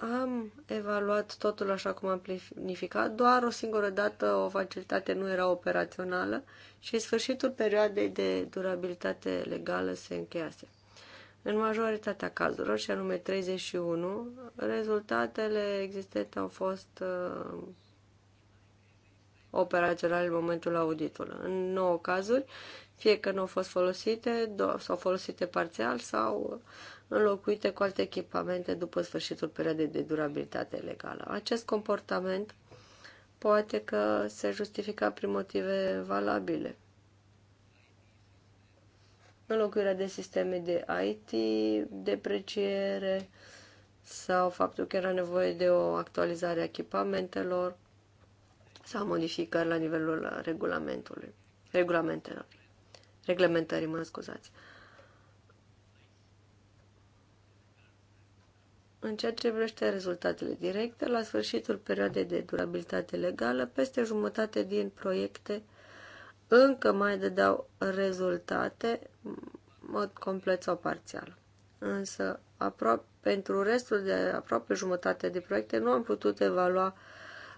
Am evaluat totul așa cum am planificat, doar o singură dată o facilitate nu era operațională și sfârșitul perioadei de durabilitate legală se încheiase. În majoritatea cazurilor, și anume 31, rezultatele existente au fost uh, operaționale în momentul auditului. În 9 cazuri, fie că nu au fost folosite, sau folosite parțial sau înlocuite cu alte echipamente după sfârșitul perioadei de durabilitate legală. Acest comportament poate că se justifica prin motive valabile. Înlocuirea de sisteme de IT, depreciere sau faptul că era nevoie de o actualizare a echipamentelor sau modificări la nivelul regulamentului, regulamentelor, reglementării, mă scuzați. În ceea ce privește rezultatele directe, la sfârșitul perioadei de durabilitate legală, peste jumătate din proiecte încă mai dădeau rezultate, mod complet sau parțial. Însă, aproape, pentru restul de aproape jumătate de proiecte nu am putut evalua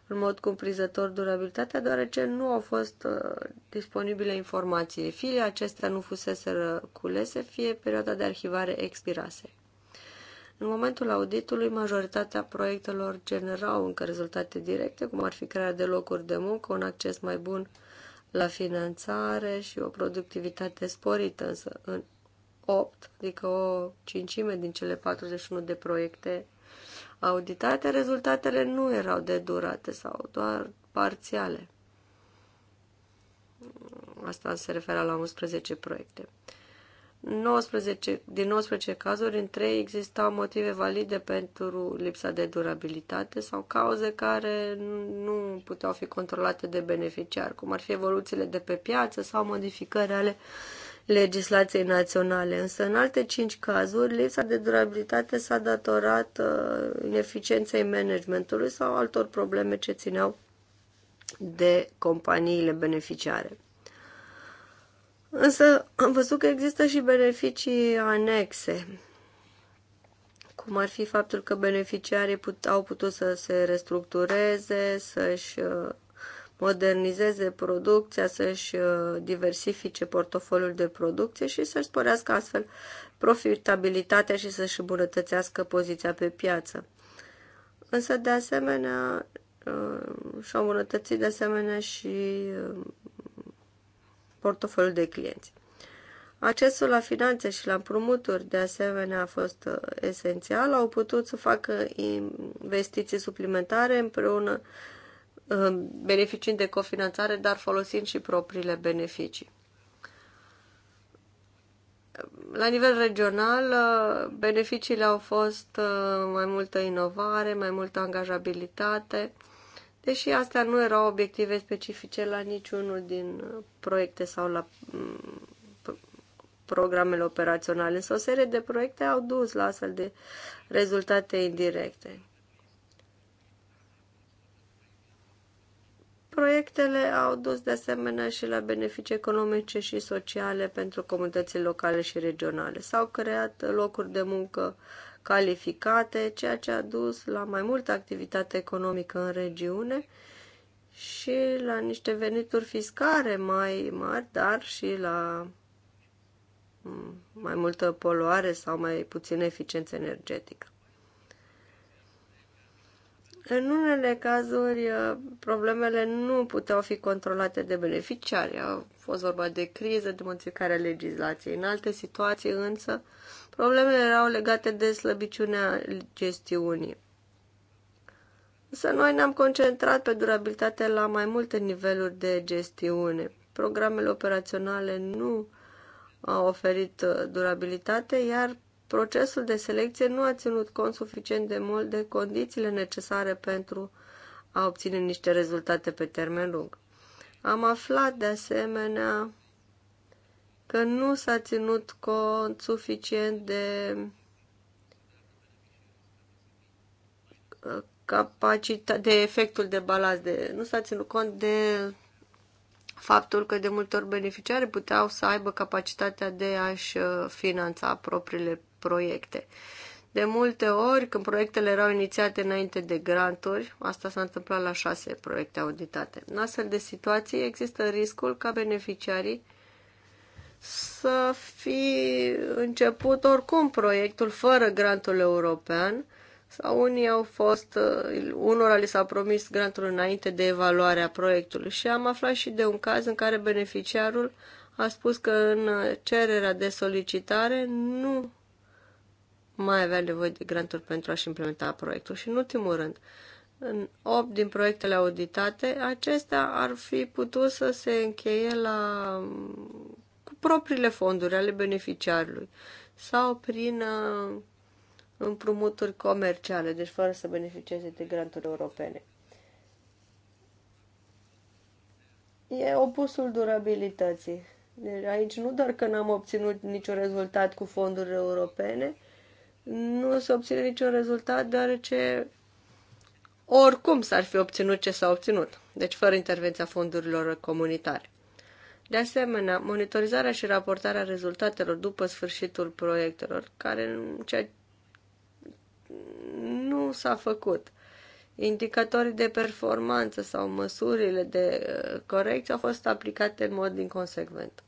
în mod cumprizător durabilitatea, deoarece nu au fost uh, disponibile informații. Fie acestea nu fusese culese, fie perioada de arhivare expirase. În momentul auditului, majoritatea proiectelor generau încă rezultate directe, cum ar fi crearea de locuri de muncă, un acces mai bun la finanțare și o productivitate sporită, însă în 8, adică o cincime din cele 41 de proiecte auditate, rezultatele nu erau de durate sau doar parțiale. Asta se referă la 11 proiecte. 19, din 19 cazuri, în 3 existau motive valide pentru lipsa de durabilitate sau cauze care nu puteau fi controlate de beneficiar, cum ar fi evoluțiile de pe piață sau modificări ale legislației naționale. Însă, în alte 5 cazuri, lipsa de durabilitate s-a datorat uh, ineficienței managementului sau altor probleme ce țineau de companiile beneficiare. Însă am văzut că există și beneficii anexe, cum ar fi faptul că beneficiarii put- au putut să se restructureze, să-și uh, modernizeze producția, să-și uh, diversifice portofoliul de producție și să-și sporească astfel profitabilitatea și să-și îmbunătățească poziția pe piață. Însă, de asemenea, uh, și-au îmbunătățit de asemenea și portofoliul de clienți. Accesul la finanțe și la împrumuturi, de asemenea, a fost uh, esențial. Au putut să facă investiții suplimentare împreună uh, beneficiind de cofinanțare, dar folosind și propriile beneficii. La nivel regional, uh, beneficiile au fost mai multă inovare, mai multă angajabilitate, deși astea nu erau obiective specifice la niciunul din proiecte sau la mm, programele operaționale, însă o serie de proiecte au dus la astfel de rezultate indirecte. Proiectele au dus de asemenea și la beneficii economice și sociale pentru comunitățile locale și regionale. S-au creat locuri de muncă uh, calificate, ceea ce a dus la mai multă activitate economică în regiune și la niște venituri fiscare mai mari, dar și la mm, mai multă poluare sau mai puțină eficiență energetică. În unele cazuri, uh, problemele nu puteau fi controlate de beneficiari. A fost vorba de criză, de modificarea legislației. În alte situații, însă, Problemele erau legate de slăbiciunea gestiunii. Însă noi ne-am concentrat pe durabilitate la mai multe niveluri de gestiune. Programele operaționale nu au oferit uh, durabilitate, iar procesul de selecție nu a ținut cont suficient de mult de condițiile necesare pentru a obține niște rezultate pe termen lung. Am aflat de asemenea că nu s-a ținut cont suficient de uh, capacita- de efectul de balans, de, nu s-a ținut cont de faptul că de multe ori beneficiare puteau să aibă capacitatea de a-și uh, finanța propriile proiecte. De multe ori, când proiectele erau inițiate înainte de granturi, asta s-a întâmplat la șase proiecte auditate. În astfel de situații există riscul ca beneficiarii să fi început oricum proiectul fără grantul european sau unii au fost, unora li s-a promis grantul înainte de evaluarea proiectului și am aflat și de un caz în care beneficiarul a spus că în cererea de solicitare nu mai avea nevoie de granturi pentru a-și implementa proiectul. Și în ultimul rând, în 8 din proiectele auditate, acestea ar fi putut să se încheie la propriile fonduri ale beneficiarului sau prin uh, împrumuturi comerciale, deci fără să beneficieze de granturi europene. E opusul durabilității. Deci aici nu doar că n-am obținut niciun rezultat cu fondurile europene, nu se obține niciun rezultat deoarece oricum s-ar fi obținut ce s-a obținut, deci fără intervenția fondurilor comunitare. De asemenea, monitorizarea și raportarea rezultatelor după sfârșitul proiectelor, care ceea nu s-a făcut. Indicatorii de performanță sau măsurile de uh, corecție au fost aplicate în mod inconsecvent.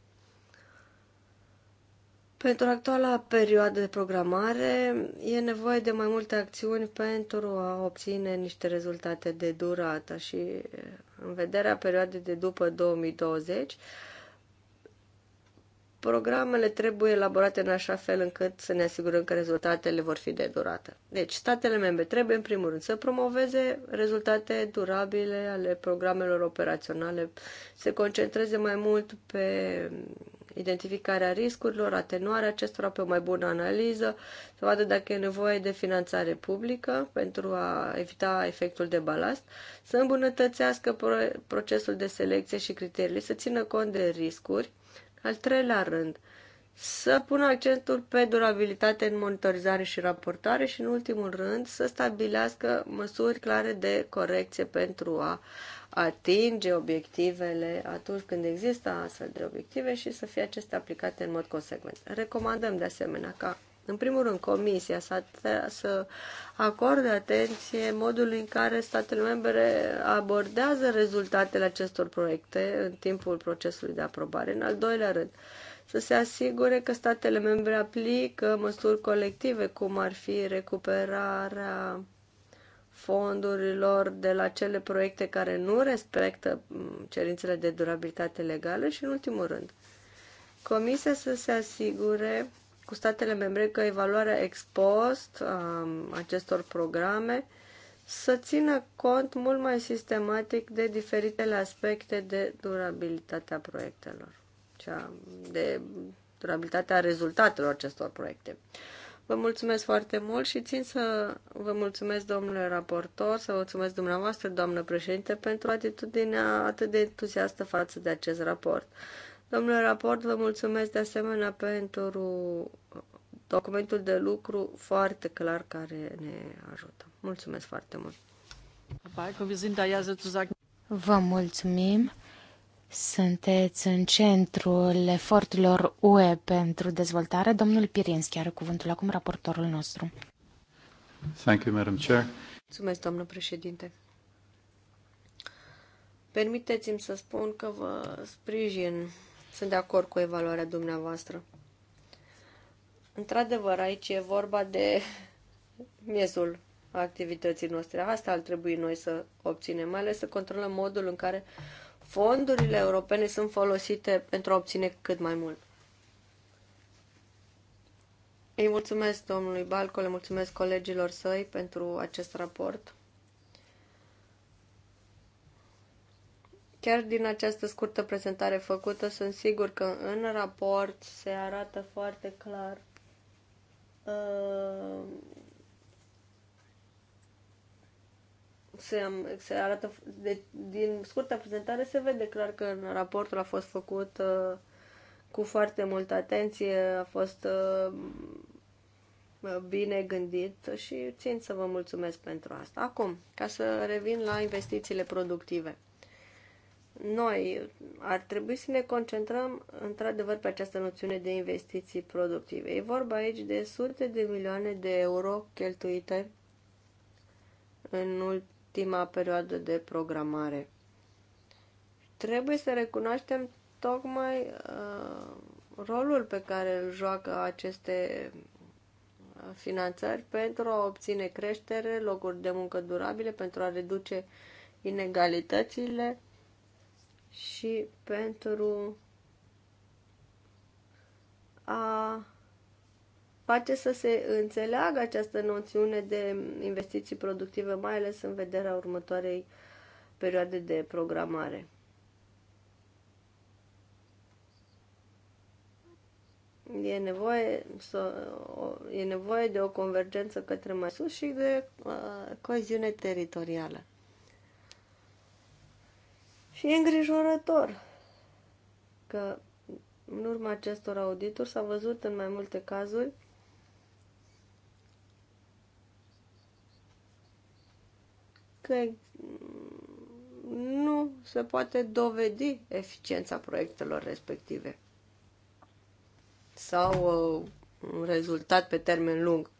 Pentru actuala perioadă de programare e nevoie de mai multe acțiuni pentru a obține niște rezultate de durată și uh, în vederea perioadei de după 2020 programele trebuie elaborate în așa fel încât să ne asigurăm că rezultatele vor fi de durată. Deci, statele membre trebuie, în primul rând, să promoveze rezultate durabile ale programelor operaționale, se concentreze mai mult pe identificarea riscurilor, atenuarea acestora pe o mai bună analiză, să vadă dacă e nevoie de finanțare publică pentru a evita efectul de balast, să îmbunătățească procesul de selecție și criteriile, să țină cont de riscuri, al treilea rând, să pună accentul pe durabilitate în monitorizare și raportare și, în ultimul rând, să stabilească măsuri clare de corecție pentru a atinge obiectivele atunci când există astfel de obiective și să fie acestea aplicate în mod consecvent. Recomandăm, de asemenea, ca în primul rând, Comisia să, să acorde atenție modului în care statele membre abordează rezultatele acestor proiecte în timpul procesului de aprobare. În al doilea rând, să se asigure că statele membre aplică măsuri colective, cum ar fi recuperarea fondurilor de la cele proiecte care nu respectă mm, cerințele de durabilitate legală și, în ultimul rând, Comisia să se asigure cu statele membre că evaluarea ex post a um, acestor programe să țină cont mult mai sistematic de diferitele aspecte de durabilitatea proiectelor, cea de durabilitatea rezultatelor acestor proiecte. Vă mulțumesc foarte mult și țin să vă mulțumesc, domnule raportor, să vă mulțumesc dumneavoastră, doamnă președinte, pentru atitudinea atât de entuziastă față de acest raport. Domnule raport, vă mulțumesc de asemenea pentru documentul de lucru foarte clar care ne ajută. Mulțumesc foarte mult! Vă mulțumim! Sunteți în centrul eforturilor UE pentru dezvoltare. Domnul Pirinski are cuvântul acum, raportorul nostru. Thank you, Madam Chair. Mulțumesc, domnul președinte. Permiteți-mi să spun că vă sprijin sunt de acord cu evaluarea dumneavoastră. Într-adevăr, aici e vorba de miezul activității noastre. Asta ar trebui noi să obținem, mai ales să controlăm modul în care fondurile europene sunt folosite pentru a obține cât mai mult. Îi mulțumesc domnului Balco, le mulțumesc colegilor săi pentru acest raport. Chiar din această scurtă prezentare făcută, sunt sigur că în raport se arată foarte clar uh, se, se arată de, din scurta prezentare se vede clar că în raportul a fost făcut uh, cu foarte multă atenție, a fost uh, bine gândit și țin să vă mulțumesc pentru asta. Acum, ca să revin la investițiile productive noi ar trebui să ne concentrăm într-adevăr pe această noțiune de investiții productive. E vorba aici de sute de milioane de euro cheltuite în ultima perioadă de programare. Trebuie să recunoaștem tocmai uh, rolul pe care îl joacă aceste uh, finanțări pentru a obține creștere, locuri de muncă durabile, pentru a reduce inegalitățile și pentru a face să se înțeleagă această noțiune de investiții productive, mai ales în vederea următoarei perioade de programare. E nevoie, să, e nevoie de o convergență către mai sus și de uh, coeziune teritorială. Și e îngrijorător că în urma acestor audituri s-a văzut în mai multe cazuri că nu se poate dovedi eficiența proiectelor respective sau uh, un rezultat pe termen lung.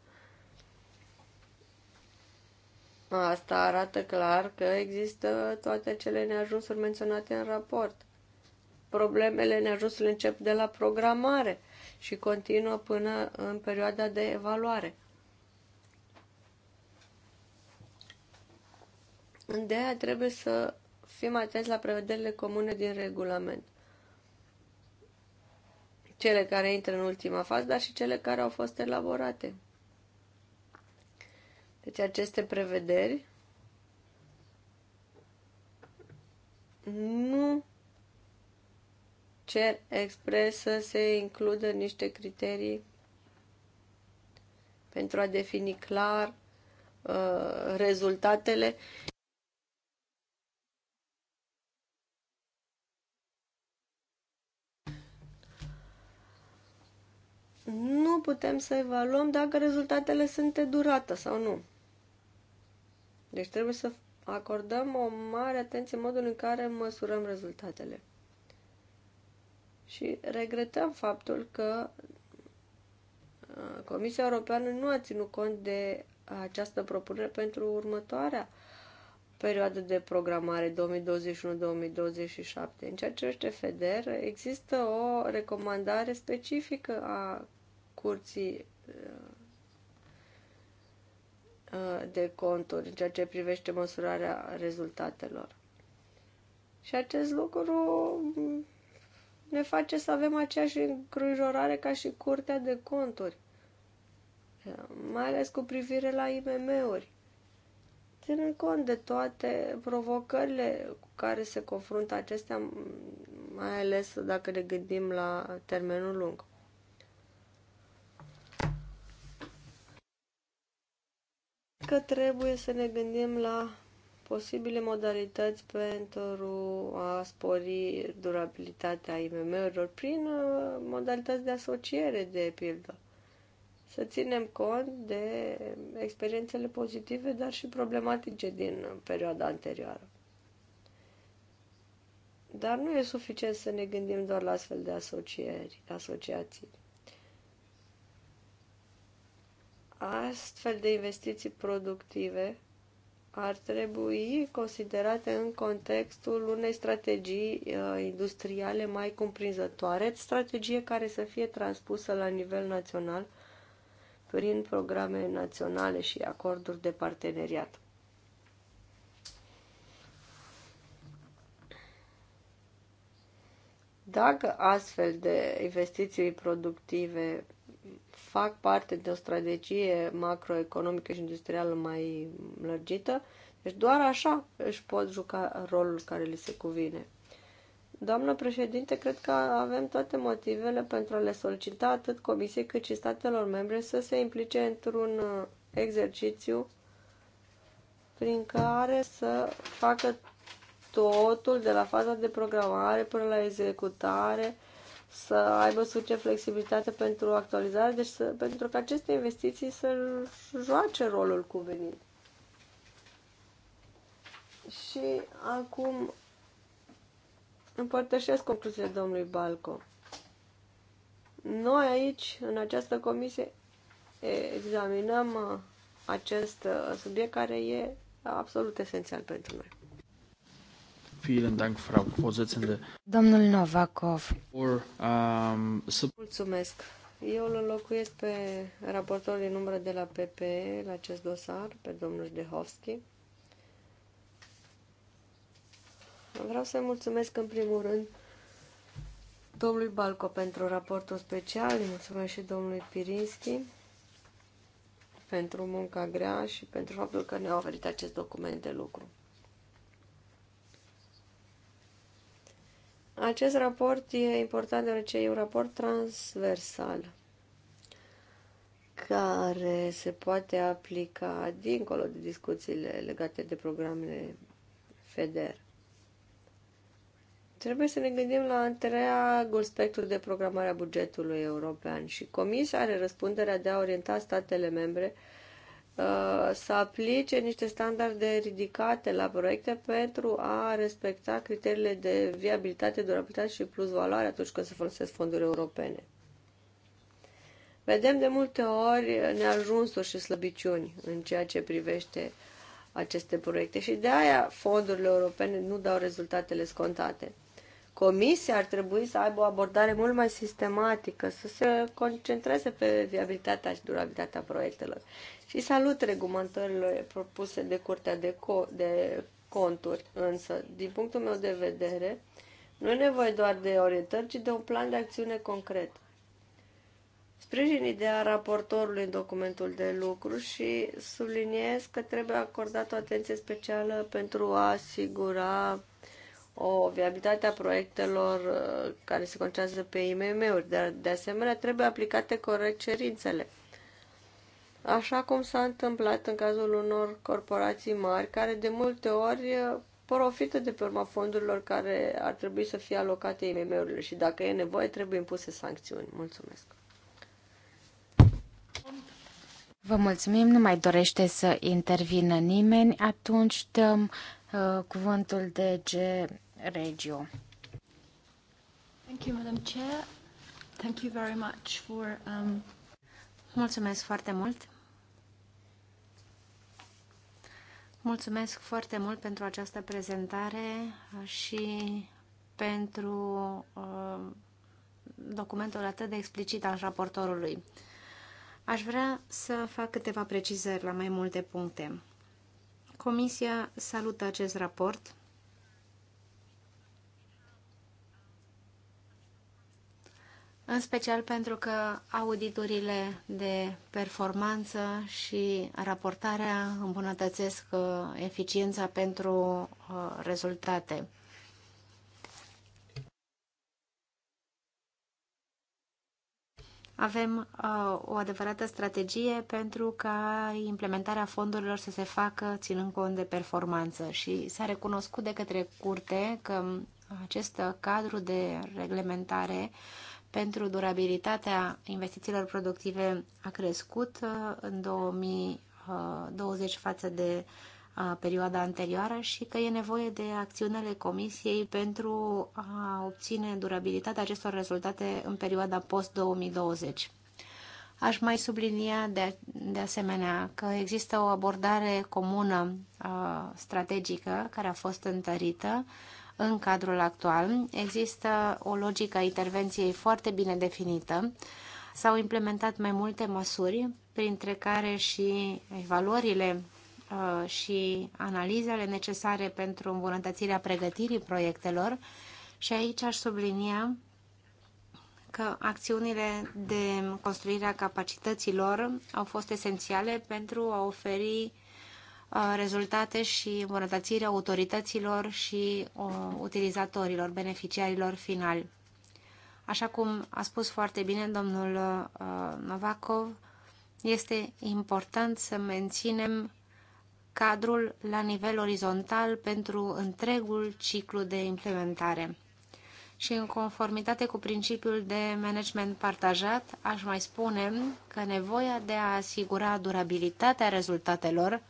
Asta arată clar că există toate cele neajunsuri menționate în raport. Problemele neajunsurile încep de la programare și continuă până în perioada de evaluare. De aia trebuie să fim atenți la prevederile comune din regulament. Cele care intră în ultima fază, dar și cele care au fost elaborate deci aceste prevederi nu cer expres să se includă niște criterii pentru a defini clar uh, rezultatele. Nu putem să evaluăm dacă rezultatele sunt de durată sau nu. Deci trebuie să acordăm o mare atenție modul în care măsurăm rezultatele. Și regretăm faptul că uh, Comisia Europeană nu a ținut cont de această propunere pentru următoarea perioadă de programare 2021-2027. În ceea ce este FEDER, există o recomandare specifică a Curții uh, Uh, de conturi în ceea ce privește măsurarea rezultatelor. Și acest lucru mm, ne face să avem aceeași îngrijorare ca și curtea de conturi, uh, mai ales cu privire la IMM-uri. Ținând cont de toate provocările cu care se confruntă acestea, mai ales dacă ne gândim la termenul lung. că trebuie să ne gândim la posibile modalități pentru a spori durabilitatea IMM-urilor prin uh, modalități de asociere, de pildă. Să ținem cont de experiențele pozitive, dar și problematice din perioada anterioară. Dar nu e suficient să ne gândim doar la astfel de asocieri, asociații. astfel de investiții productive ar trebui considerate în contextul unei strategii uh, industriale mai cuprinzătoare, strategie care să fie transpusă la nivel național prin programe naționale și acorduri de parteneriat. Dacă astfel de investiții productive fac parte de o strategie macroeconomică și industrială mai lărgită, deci doar așa își pot juca rolul care li se cuvine. Doamnă președinte, cred că avem toate motivele pentru a le solicita atât Comisiei cât și statelor membre să se implice într-un uh, exercițiu prin care să facă totul de la faza de programare până la executare, să aibă suficient flexibilitate pentru actualizare, deci să, pentru că aceste investiții să joace rolul cuvenit. Și acum împărtășesc concluziile domnului Balco. Noi aici, în această comisie, examinăm uh, acest uh, subiect care e absolut esențial pentru noi. Domnul Novakov. Um, mulțumesc. Eu îl înlocuiesc pe raportorul din umbră de la PPE la acest dosar, pe domnul Dehovski. Vreau să mulțumesc în primul rând domnului Balco pentru raportul special, îi mulțumesc și domnului Pirinski pentru munca grea și pentru faptul că ne-a oferit acest document de lucru. Acest raport e important deoarece e un raport transversal care se poate aplica dincolo de discuțiile legate de programele FEDER. Trebuie să ne gândim la întreagul spectru de programare a bugetului european și Comisia are răspunderea de a orienta statele membre Uh, să aplice niște standarde ridicate la proiecte pentru a respecta criteriile de viabilitate, durabilitate și plus valoare atunci când se folosesc fonduri europene. Vedem de multe ori neajunsuri și slăbiciuni în ceea ce privește aceste proiecte și de aia fondurile europene nu dau rezultatele scontate. Comisia ar trebui să aibă o abordare mult mai sistematică, să se concentreze pe viabilitatea și durabilitatea proiectelor. Și salut regumăntările propuse de Curtea de, co- de Conturi, însă, din punctul meu de vedere, nu e nevoie doar de orientări, ci de un plan de acțiune concret. Sprijin ideea raportorului în documentul de lucru și subliniez că trebuie acordată o atenție specială pentru a asigura o viabilitate a proiectelor uh, care se concentrează pe IMM-uri, dar de asemenea trebuie aplicate corect cerințele. Așa cum s-a întâmplat în cazul unor corporații mari care de multe ori uh, profită de pe urma fondurilor care ar trebui să fie alocate IMM-urile și dacă e nevoie trebuie impuse sancțiuni. Mulțumesc! Vă mulțumim, nu mai dorește să intervină nimeni, atunci dăm Uh, cuvântul DG Regio. Thank you, Madam Chair. Thank you very much for, um... Mulțumesc foarte mult. Mulțumesc foarte mult pentru această prezentare și pentru uh, documentul atât de explicit al raportorului. Aș vrea să fac câteva precizări la mai multe puncte. Comisia salută acest raport în special pentru că auditurile de performanță și raportarea îmbunătățesc uh, eficiența pentru uh, rezultate. avem uh, o adevărată strategie pentru ca implementarea fondurilor să se facă ținând cont de performanță și s-a recunoscut de către curte că acest cadru de reglementare pentru durabilitatea investițiilor productive a crescut uh, în 2020 uh, față de perioada anterioară și că e nevoie de acțiunile Comisiei pentru a obține durabilitatea acestor rezultate în perioada post-2020. Aș mai sublinia de, de asemenea că există o abordare comună a, strategică care a fost întărită în cadrul actual. Există o logică a intervenției foarte bine definită. S-au implementat mai multe măsuri, printre care și evaluările Uh, și analizele necesare pentru îmbunătățirea pregătirii proiectelor și aici aș sublinia că acțiunile de construire a capacităților au fost esențiale pentru a oferi uh, rezultate și îmbunătățirea autorităților și uh, utilizatorilor, beneficiarilor finali. Așa cum a spus foarte bine domnul Novakov, este important să menținem cadrul la nivel orizontal pentru întregul ciclu de implementare. Și în conformitate cu principiul de management partajat, aș mai spune că nevoia de a asigura durabilitatea rezultatelor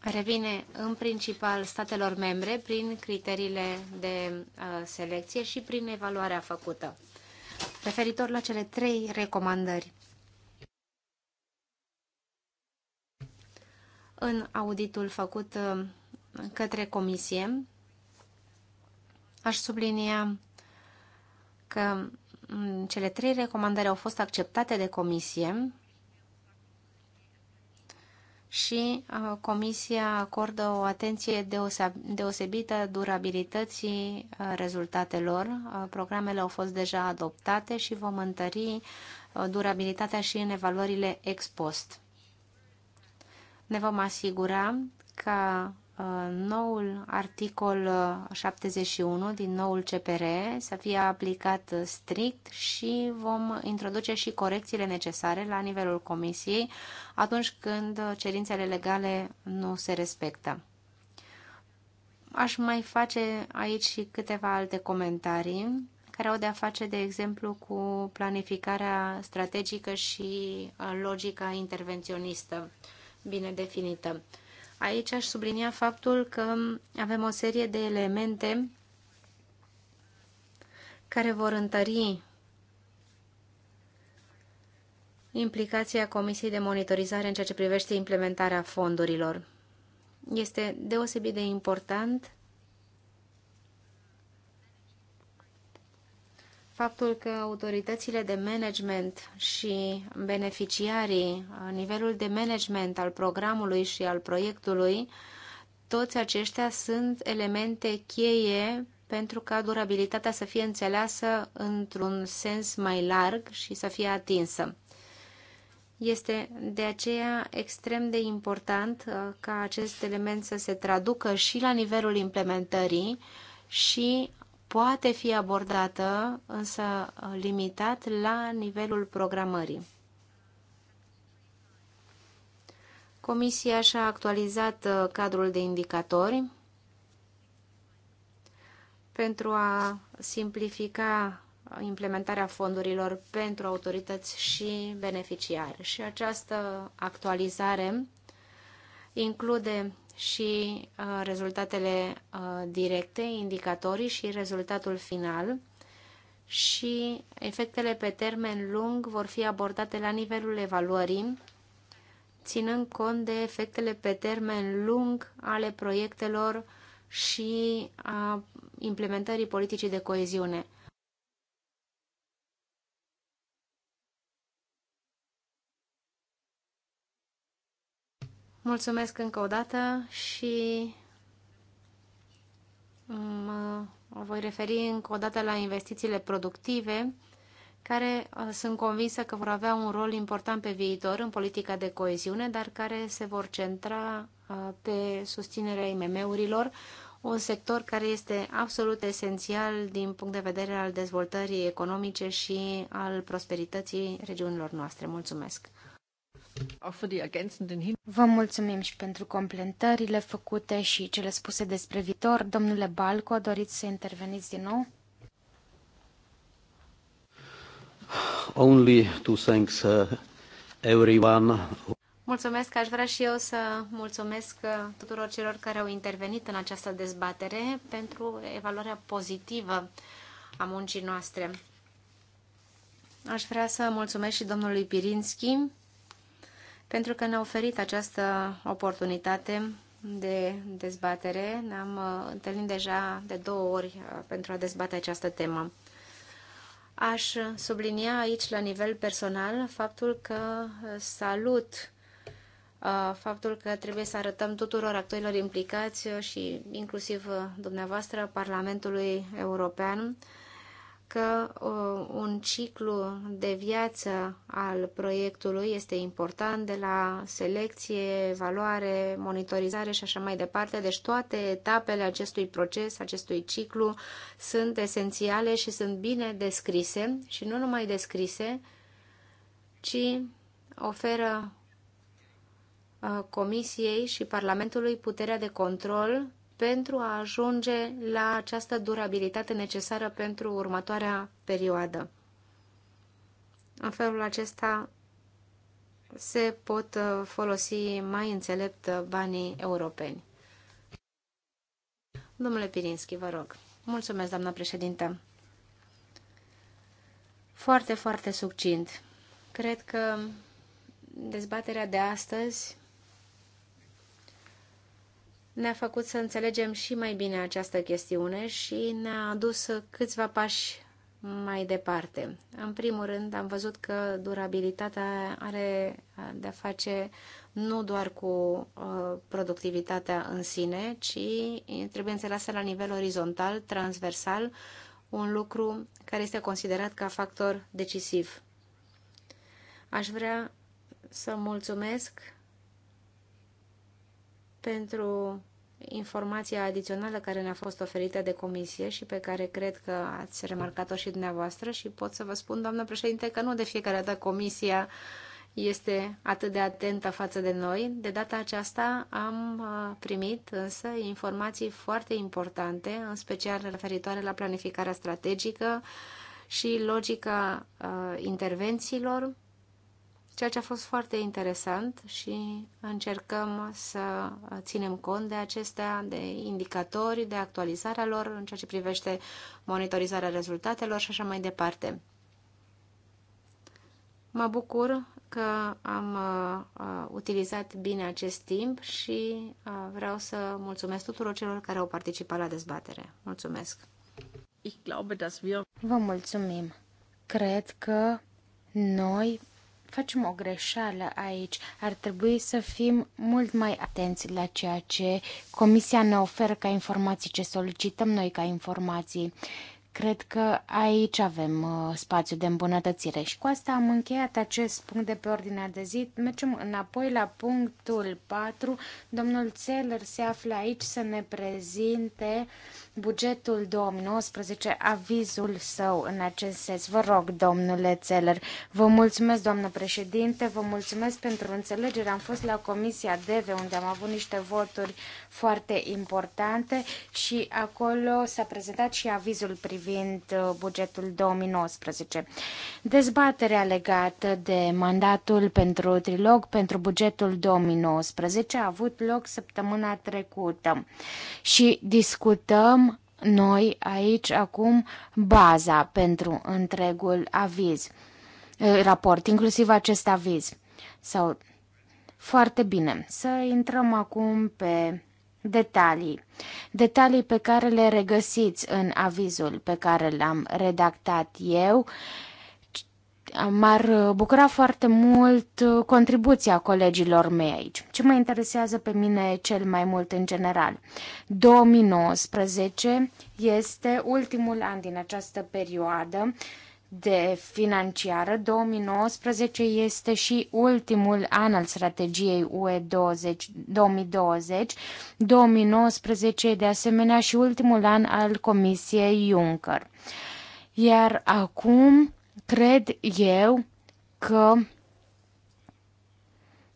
revine în principal statelor membre prin criteriile de uh, selecție și prin evaluarea făcută. Referitor la cele trei recomandări, în auditul făcut uh, către comisie. Aș sublinia că mm, cele trei recomandări au fost acceptate de comisie și uh, comisia acordă o atenție deosebită durabilității uh, rezultatelor. Programele au fost deja adoptate și vom întări durabilitatea și în evaluările ex post ne vom asigura că uh, noul articol 71 uh, din noul CPR să fie aplicat strict și vom introduce și corecțiile necesare la nivelul comisiei atunci când cerințele legale nu se respectă. Aș mai face aici și câteva alte comentarii care au de-a face, de exemplu, cu planificarea strategică și uh, logica intervenționistă bine definită. Aici aș sublinia faptul că avem o serie de elemente care vor întări implicația Comisiei de Monitorizare în ceea ce privește implementarea fondurilor. Este deosebit de important faptul că autoritățile de management și beneficiarii, nivelul de management al programului și al proiectului, toți aceștia sunt elemente cheie pentru ca durabilitatea să fie înțeleasă într-un sens mai larg și să fie atinsă. Este de aceea extrem de important uh, ca acest element să se traducă și la nivelul implementării și poate fi abordată, însă limitat la nivelul programării. Comisia și-a actualizat uh, cadrul de indicatori pentru a simplifica implementarea fondurilor pentru autorități și beneficiari. Și această actualizare include și uh, rezultatele uh, directe, indicatorii și rezultatul final și efectele pe termen lung vor fi abordate la nivelul evaluării, ținând cont de efectele pe termen lung ale proiectelor și a implementării politicii de coeziune. Mulțumesc încă o dată și mm, mă voi referi încă o dată la investițiile productive, care uh, sunt convinsă că vor avea un rol important pe viitor în politica de coeziune, dar care se vor centra uh, pe susținerea IMM-urilor, un sector care este absolut esențial din punct de vedere al dezvoltării economice și al prosperității regiunilor noastre. Mulțumesc! Vă mulțumim și pentru completările făcute și cele spuse despre viitor. Domnule Balco, doriți să interveniți din nou? Only to thanks uh, everyone. Mulțumesc, aș vrea și eu să mulțumesc uh, tuturor celor care au intervenit în această dezbatere pentru evaluarea pozitivă a muncii noastre. Aș vrea să mulțumesc și domnului Pirinski pentru că ne-a oferit această oportunitate de dezbatere. Ne-am uh, întâlnit deja de două ori uh, pentru a dezbate această temă. Aș sublinia aici, la nivel personal, faptul că uh, salut faptul că trebuie să arătăm tuturor actorilor implicați și inclusiv dumneavoastră Parlamentului European că uh, un ciclu de viață al proiectului este important, de la selecție, evaluare, monitorizare și așa mai departe. Deci toate etapele acestui proces, acestui ciclu sunt esențiale și sunt bine descrise și nu numai descrise, ci oferă uh, Comisiei și Parlamentului puterea de control pentru a ajunge la această durabilitate necesară pentru următoarea perioadă. În felul acesta se pot uh, folosi mai înțelept uh, banii europeni. Domnule Pirinski, vă rog. Mulțumesc, doamna președintă. Foarte, foarte succint. Cred că dezbaterea de astăzi ne-a făcut să înțelegem și mai bine această chestiune și ne-a adus câțiva pași mai departe. În primul rând, am văzut că durabilitatea are de-a face nu doar cu uh, productivitatea în sine, ci trebuie înțeleasă la nivel orizontal, transversal, un lucru care este considerat ca factor decisiv. Aș vrea să mulțumesc pentru informația adițională care ne-a fost oferită de comisie și pe care cred că ați remarcat-o și dumneavoastră și pot să vă spun, doamnă președinte, că nu de fiecare dată comisia este atât de atentă față de noi. De data aceasta am uh, primit însă informații foarte importante, în special referitoare la planificarea strategică și logica uh, intervențiilor ceea ce a fost foarte interesant și încercăm să ținem cont de acestea, de indicatori, de actualizarea lor în ceea ce privește monitorizarea rezultatelor și așa mai departe. Mă bucur că am uh, uh utilizat bine acest timp și uh, vreau să mulțumesc tuturor celor care au participat la dezbatere. Mulțumesc! Vă mulțumim! Cred că noi facem o greșeală aici. Ar trebui să fim mult mai atenți la ceea ce Comisia ne oferă ca informații, ce solicităm noi ca informații. Cred că aici avem uh, spațiu de îmbunătățire și cu asta am încheiat acest punct de pe ordinea de zi. Mergem înapoi la punctul 4. Domnul Țeler se află aici să ne prezinte uh, bugetul 2019, avizul său în acest sens. Vă rog, domnule Țeler, vă mulțumesc, doamnă președinte, vă mulțumesc pentru înțelegere. Am fost la Comisia DEVE, unde am avut niște voturi foarte importante și acolo s-a prezentat și avizul privind uh, bugetul 2019. Dezbaterea legată de mandatul pentru trilog pentru bugetul 2019 a avut loc săptămâna trecută și discutăm noi aici acum baza pentru întregul aviz, eh, raport, inclusiv acest aviz. Sau foarte bine, să intrăm acum pe detalii. Detalii pe care le regăsiți în avizul pe care l-am redactat eu M-ar uh, bucura foarte mult uh, contribuția colegilor mei aici. Ce mă interesează pe mine cel mai mult în general? 2019 este ultimul an din această perioadă de financiară. 2019 este și ultimul an al strategiei UE 20, 2020. 2019 de asemenea și ultimul an al Comisiei Juncker. Iar acum Cred eu că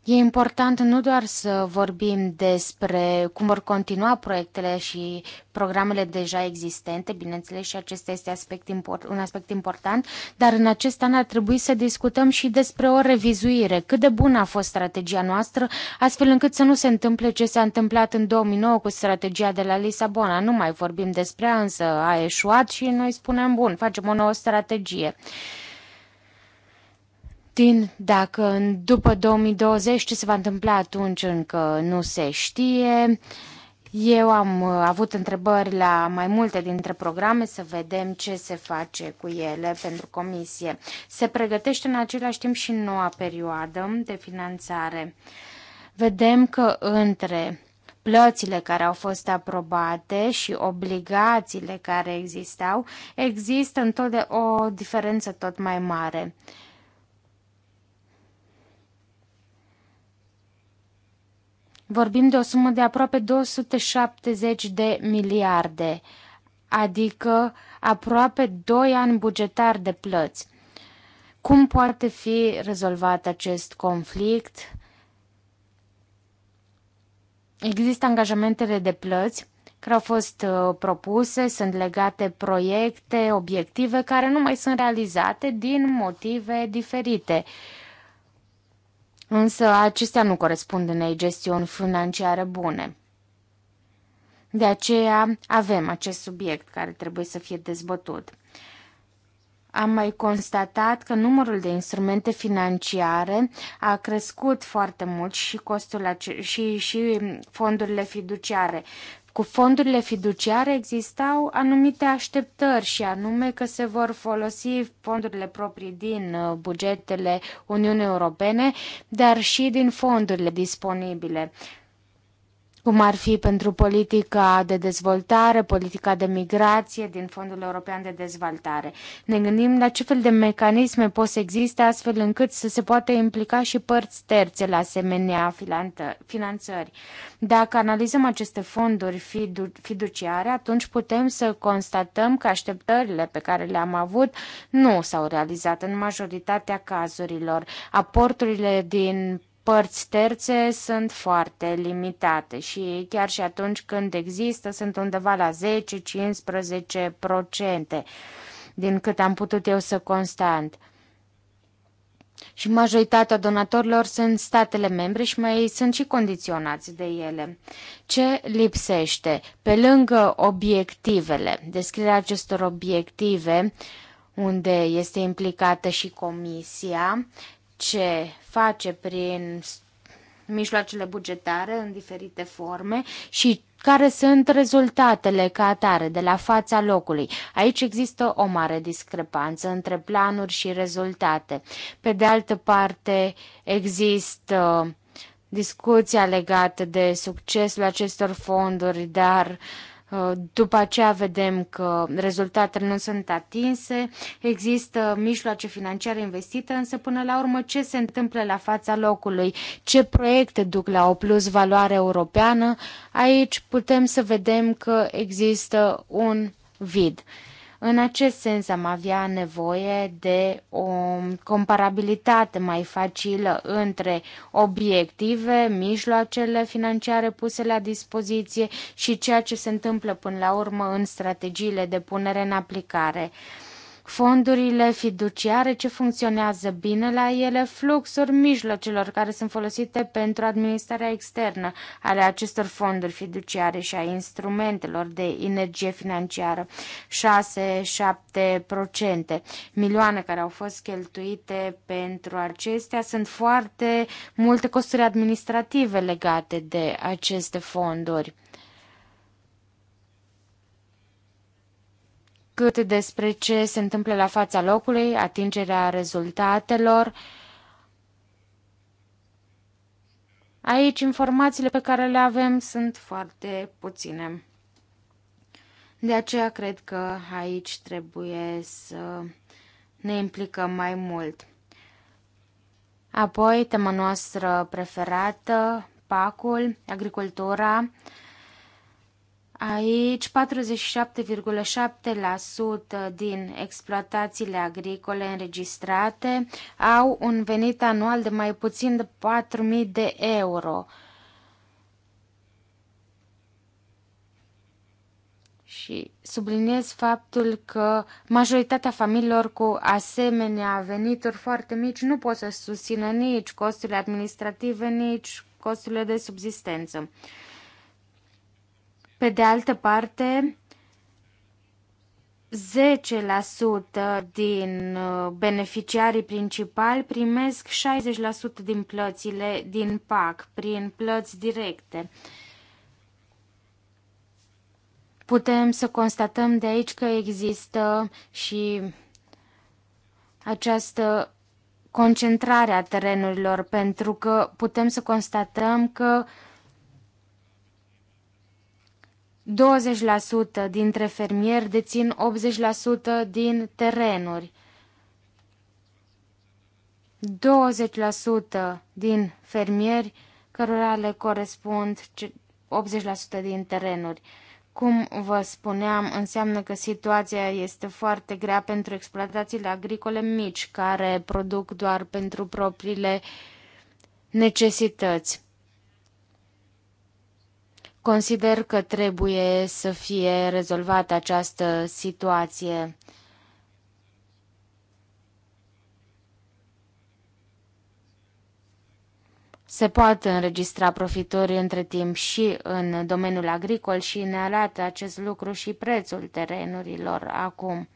E important nu doar să vorbim despre cum vor continua proiectele și programele deja existente, bineînțeles și acesta este aspect import, un aspect important, dar în acest an ar trebui să discutăm și despre o revizuire, cât de bună a fost strategia noastră, astfel încât să nu se întâmple ce s-a întâmplat în 2009 cu strategia de la Lisabona. Nu mai vorbim despre ea, însă a eșuat și noi spunem, bun, facem o nouă strategie. Uh, din dacă după 2020 ce se va întâmpla atunci încă nu se știe. Eu am uh, avut întrebări la mai multe dintre programe să vedem ce se face cu ele pentru comisie. Se pregătește în același timp și noua perioadă de finanțare. Vedem că între plățile care au fost aprobate și obligațiile care existau, există întotdeauna o diferență tot mai mare. Vorbim de o sumă de aproape 270 de miliarde, adică aproape 2 ani bugetar de plăți. Cum poate fi rezolvat acest conflict? Există angajamentele de plăți care au fost uh, propuse, sunt legate proiecte, obiective care nu mai sunt realizate din motive diferite însă acestea nu corespund unei gestiuni financiare bune. De aceea avem acest subiect care trebuie să fie dezbătut. Am mai constatat că numărul de instrumente financiare a crescut foarte mult și costul și, și fondurile fiduciare. Cu fondurile fiduciare existau anumite așteptări și anume că se vor folosi fondurile proprii din uh, bugetele Uniunii Europene, dar și din fondurile disponibile cum ar fi pentru politica de dezvoltare, politica de migrație din Fondul European de Dezvoltare. Ne gândim la ce fel de mecanisme pot să existe astfel încât să se poată implica și părți terțe la asemenea finanțări. Dacă analizăm aceste fonduri fiduciare, atunci putem să constatăm că așteptările pe care le-am avut nu s-au realizat în majoritatea cazurilor. Aporturile din părți terțe sunt foarte limitate și chiar și atunci când există sunt undeva la 10-15% din cât am putut eu să constant. Și majoritatea donatorilor sunt statele membre și mai sunt și condiționați de ele. Ce lipsește? Pe lângă obiectivele, descrierea acestor obiective, unde este implicată și comisia, ce face prin mijloacele bugetare în diferite forme și care sunt rezultatele ca atare de la fața locului. Aici există o mare discrepanță între planuri și rezultate. Pe de altă parte, există discuția legată de succesul acestor fonduri, dar uh, după aceea vedem că rezultatele nu sunt atinse, există mijloace financiare investite, însă până la urmă ce se întâmplă la fața locului, ce proiecte duc la o plus valoare europeană, aici putem să vedem că există un vid. În acest sens am avea nevoie de o comparabilitate mai facilă între obiective, mijloacele financiare puse la dispoziție și ceea ce se întâmplă până la urmă în strategiile de punere în aplicare fondurile fiduciare, ce funcționează bine la ele, fluxul mijlocelor care sunt folosite pentru administrarea externă ale acestor fonduri fiduciare și a instrumentelor de energie financiară, 6-7%. Milioane care au fost cheltuite pentru acestea sunt foarte multe costuri administrative legate de aceste fonduri. cât despre ce se întâmplă la fața locului, atingerea rezultatelor. Aici informațiile pe care le avem sunt foarte puține. De aceea cred că aici trebuie să ne implicăm mai mult. Apoi, tema noastră preferată, pacul, agricultura, Aici 47,7% din exploatațiile agricole înregistrate au un venit anual de mai puțin de 4.000 de euro. Și subliniez faptul că majoritatea familiilor cu asemenea venituri foarte mici nu pot să susțină nici costurile administrative, nici costurile de subsistență. Pe de altă parte, 10% din uh, beneficiarii principali primesc 60% din plățile din PAC prin plăți directe. Putem să constatăm de aici că există și această concentrare a terenurilor, pentru că putem să constatăm că 20% dintre fermieri dețin 80% din terenuri. 20% din fermieri cărora le corespund 80% din terenuri. Cum vă spuneam, înseamnă că situația este foarte grea pentru exploatațiile agricole mici, care produc doar pentru propriile necesități. Consider că trebuie să fie rezolvată această situație. Se pot înregistra profituri între timp și în domeniul agricol și ne arată acest lucru și prețul terenurilor acum.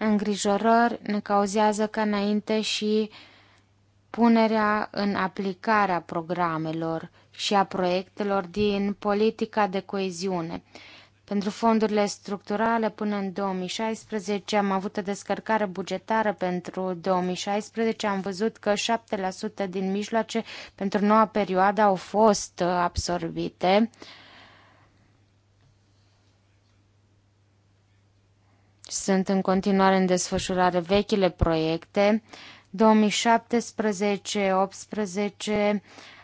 Îngrijorări ne cauzează ca înainte și punerea în a programelor și a proiectelor din politica de coeziune. Pentru fondurile structurale, până în 2016 am avut o descărcare bugetară pentru 2016. Am văzut că 7% din mijloace pentru noua perioadă au fost absorbite. Sunt în continuare în desfășurare vechile proiecte. 2017-18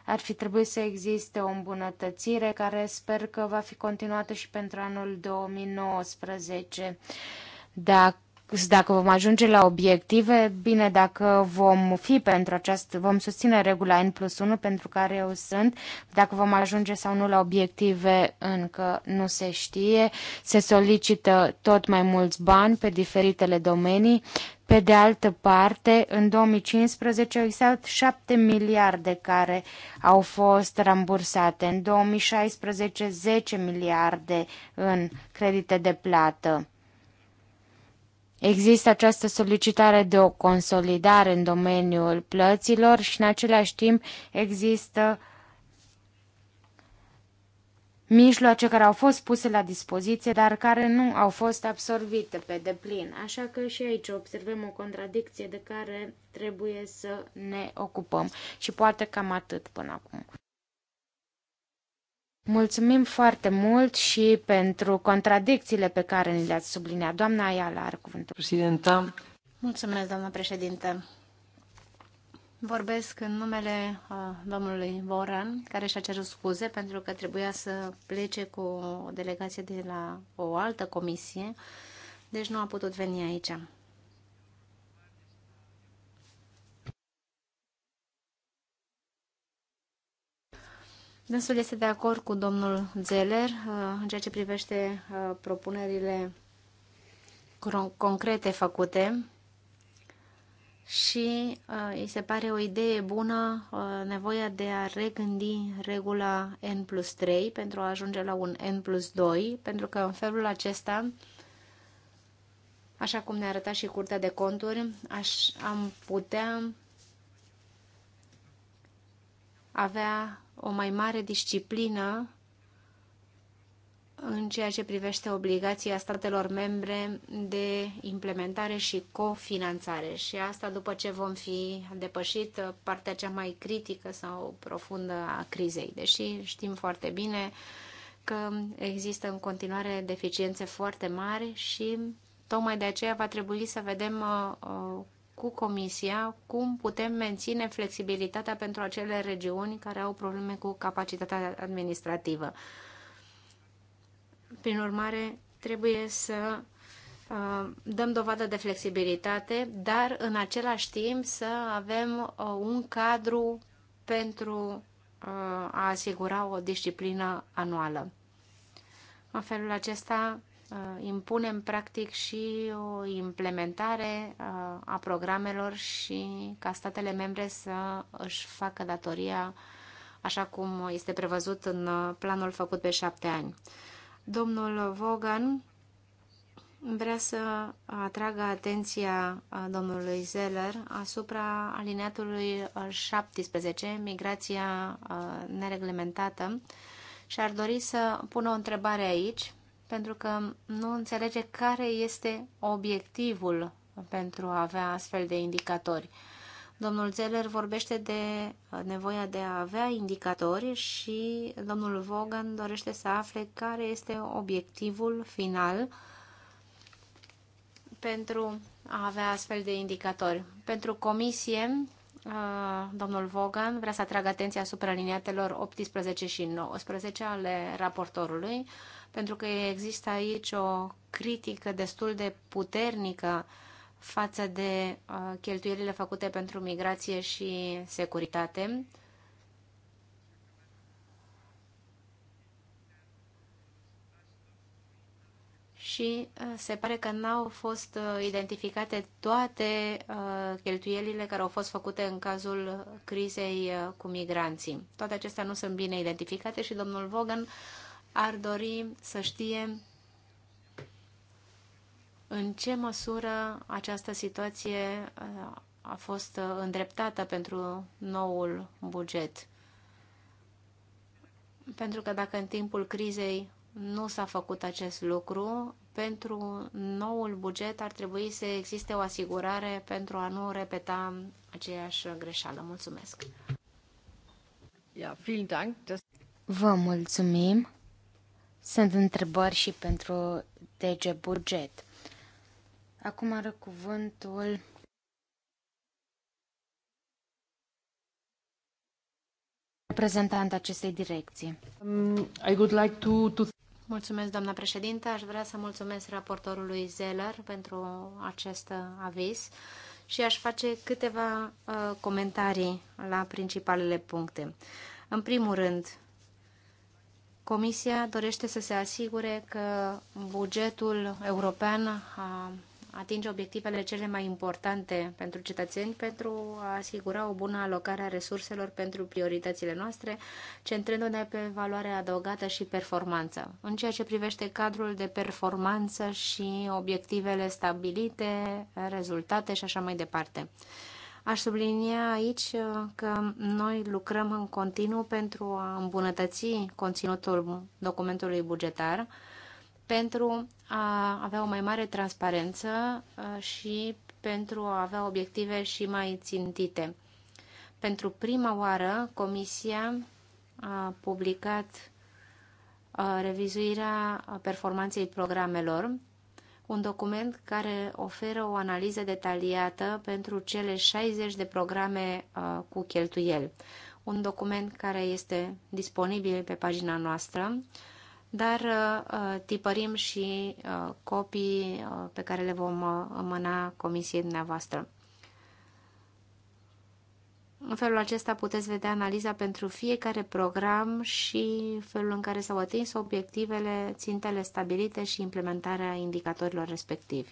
ar fi trebuit să existe o îmbunătățire care sper că va fi continuată și pentru anul 2019. Dacă dacă vom ajunge la obiective, bine, dacă vom fi pentru această, vom susține regula N plus 1 pentru care eu sunt, dacă vom ajunge sau nu la obiective încă nu se știe, se solicită tot mai mulți bani pe diferitele domenii, pe de altă parte, în 2015 au existat 7 miliarde care au fost rambursate, în 2016 10 miliarde în credite de plată. Există această solicitare de o consolidare în domeniul plăților și în același timp există mijloace care au fost puse la dispoziție, dar care nu au fost absorbite pe deplin. Așa că și aici observăm o contradicție de care trebuie să ne ocupăm. Și poate cam atât până acum. Mulțumim foarte mult și pentru contradicțiile pe care ni le-ați subliniat. Doamna Ayala are cuvântul. Președinta. Mulțumesc, doamna președintă. Vorbesc în numele domnului Voran, care și-a cerut scuze pentru că trebuia să plece cu o delegație de la o altă comisie, deci nu a putut veni aici. Dânsul este de acord cu domnul Zeller uh, în ceea ce privește uh, propunerile concrete făcute și uh, îi se pare o idee bună nevoia de a regândi regula N plus 3 pentru a ajunge la un N plus 2, pentru că în felul acesta așa cum ne arăta și Curtea de Conturi, aș, am putea avea o mai mare disciplină în ceea ce privește obligația statelor membre de implementare și cofinanțare. Și asta după ce vom fi depășit partea cea mai critică sau profundă a crizei. Deși știm foarte bine că există în continuare deficiențe foarte mari și tocmai de aceea va trebui să vedem uh, uh, cu Comisia cum putem menține flexibilitatea pentru acele regiuni care au probleme cu capacitatea administrativă. Prin urmare, trebuie să uh, dăm dovadă de flexibilitate, dar în același timp să avem uh, un cadru pentru uh, a asigura o disciplină anuală. În felul acesta Uh, impunem practic și o implementare uh, a programelor și ca statele membre să își facă datoria așa cum este prevăzut în uh, planul făcut pe șapte ani. Domnul Vogan vrea să atragă atenția domnului Zeller asupra alineatului 17, migrația nereglementată, și ar dori să pună o întrebare aici pentru că nu înțelege care este obiectivul pentru a avea astfel de indicatori. Domnul Zeller vorbește de nevoia de a avea indicatori și domnul Vogan dorește să afle care este obiectivul final pentru a avea astfel de indicatori. Pentru comisie, uh, domnul Vogan vrea să atragă atenția asupra liniatelor 18 și 19 ale raportorului, pentru că există aici o critică destul de puternică față de uh, cheltuielile făcute pentru migrație și securitate. și uh, se pare că n-au fost uh, identificate toate uh, cheltuielile care au fost făcute în cazul crizei cu migranții. Toate acestea nu sunt bine identificate și domnul Vogan ar dori să știe în ce măsură această situație uh, a fost uh, îndreptată pentru noul buget. Pentru că dacă în timpul crizei nu s-a făcut acest lucru, pentru noul buget ar trebui să existe o asigurare pentru a nu repeta aceeași greșeală. Mulțumesc! Vă mulțumim! Sunt întrebări și pentru DG Buget. Acum are cuvântul reprezentant acestei direcții. Um, I would like to, to... Mulțumesc, doamna președintă. Aș vrea să mulțumesc raportorului Zeller pentru acest aviz și aș face câteva uh, comentarii la principalele puncte. În primul rând, Comisia dorește să se asigure că bugetul european atinge obiectivele cele mai importante pentru cetățeni pentru a asigura o bună alocare a resurselor pentru prioritățile noastre, centrându-ne pe valoarea adăugată și performanță. În ceea ce privește cadrul de performanță și obiectivele stabilite, rezultate și așa mai departe. Aș sublinia aici uh, că noi lucrăm în continuu pentru a îmbunătăți conținutul documentului bugetar, pentru a avea o mai mare transparență uh, și pentru a avea obiective și mai țintite. Pentru prima oară, Comisia a publicat uh, revizuirea performanței programelor un document care oferă o analiză detaliată pentru cele 60 de programe uh, cu cheltuieli. Un document care este disponibil pe pagina noastră, dar uh, uh, tipărim și copii pe care le vom uh, amâna comisiei dumneavoastră. În felul acesta puteți vedea analiza pentru fiecare program și felul în care s-au atins obiectivele, țintele stabilite și implementarea indicatorilor respectivi.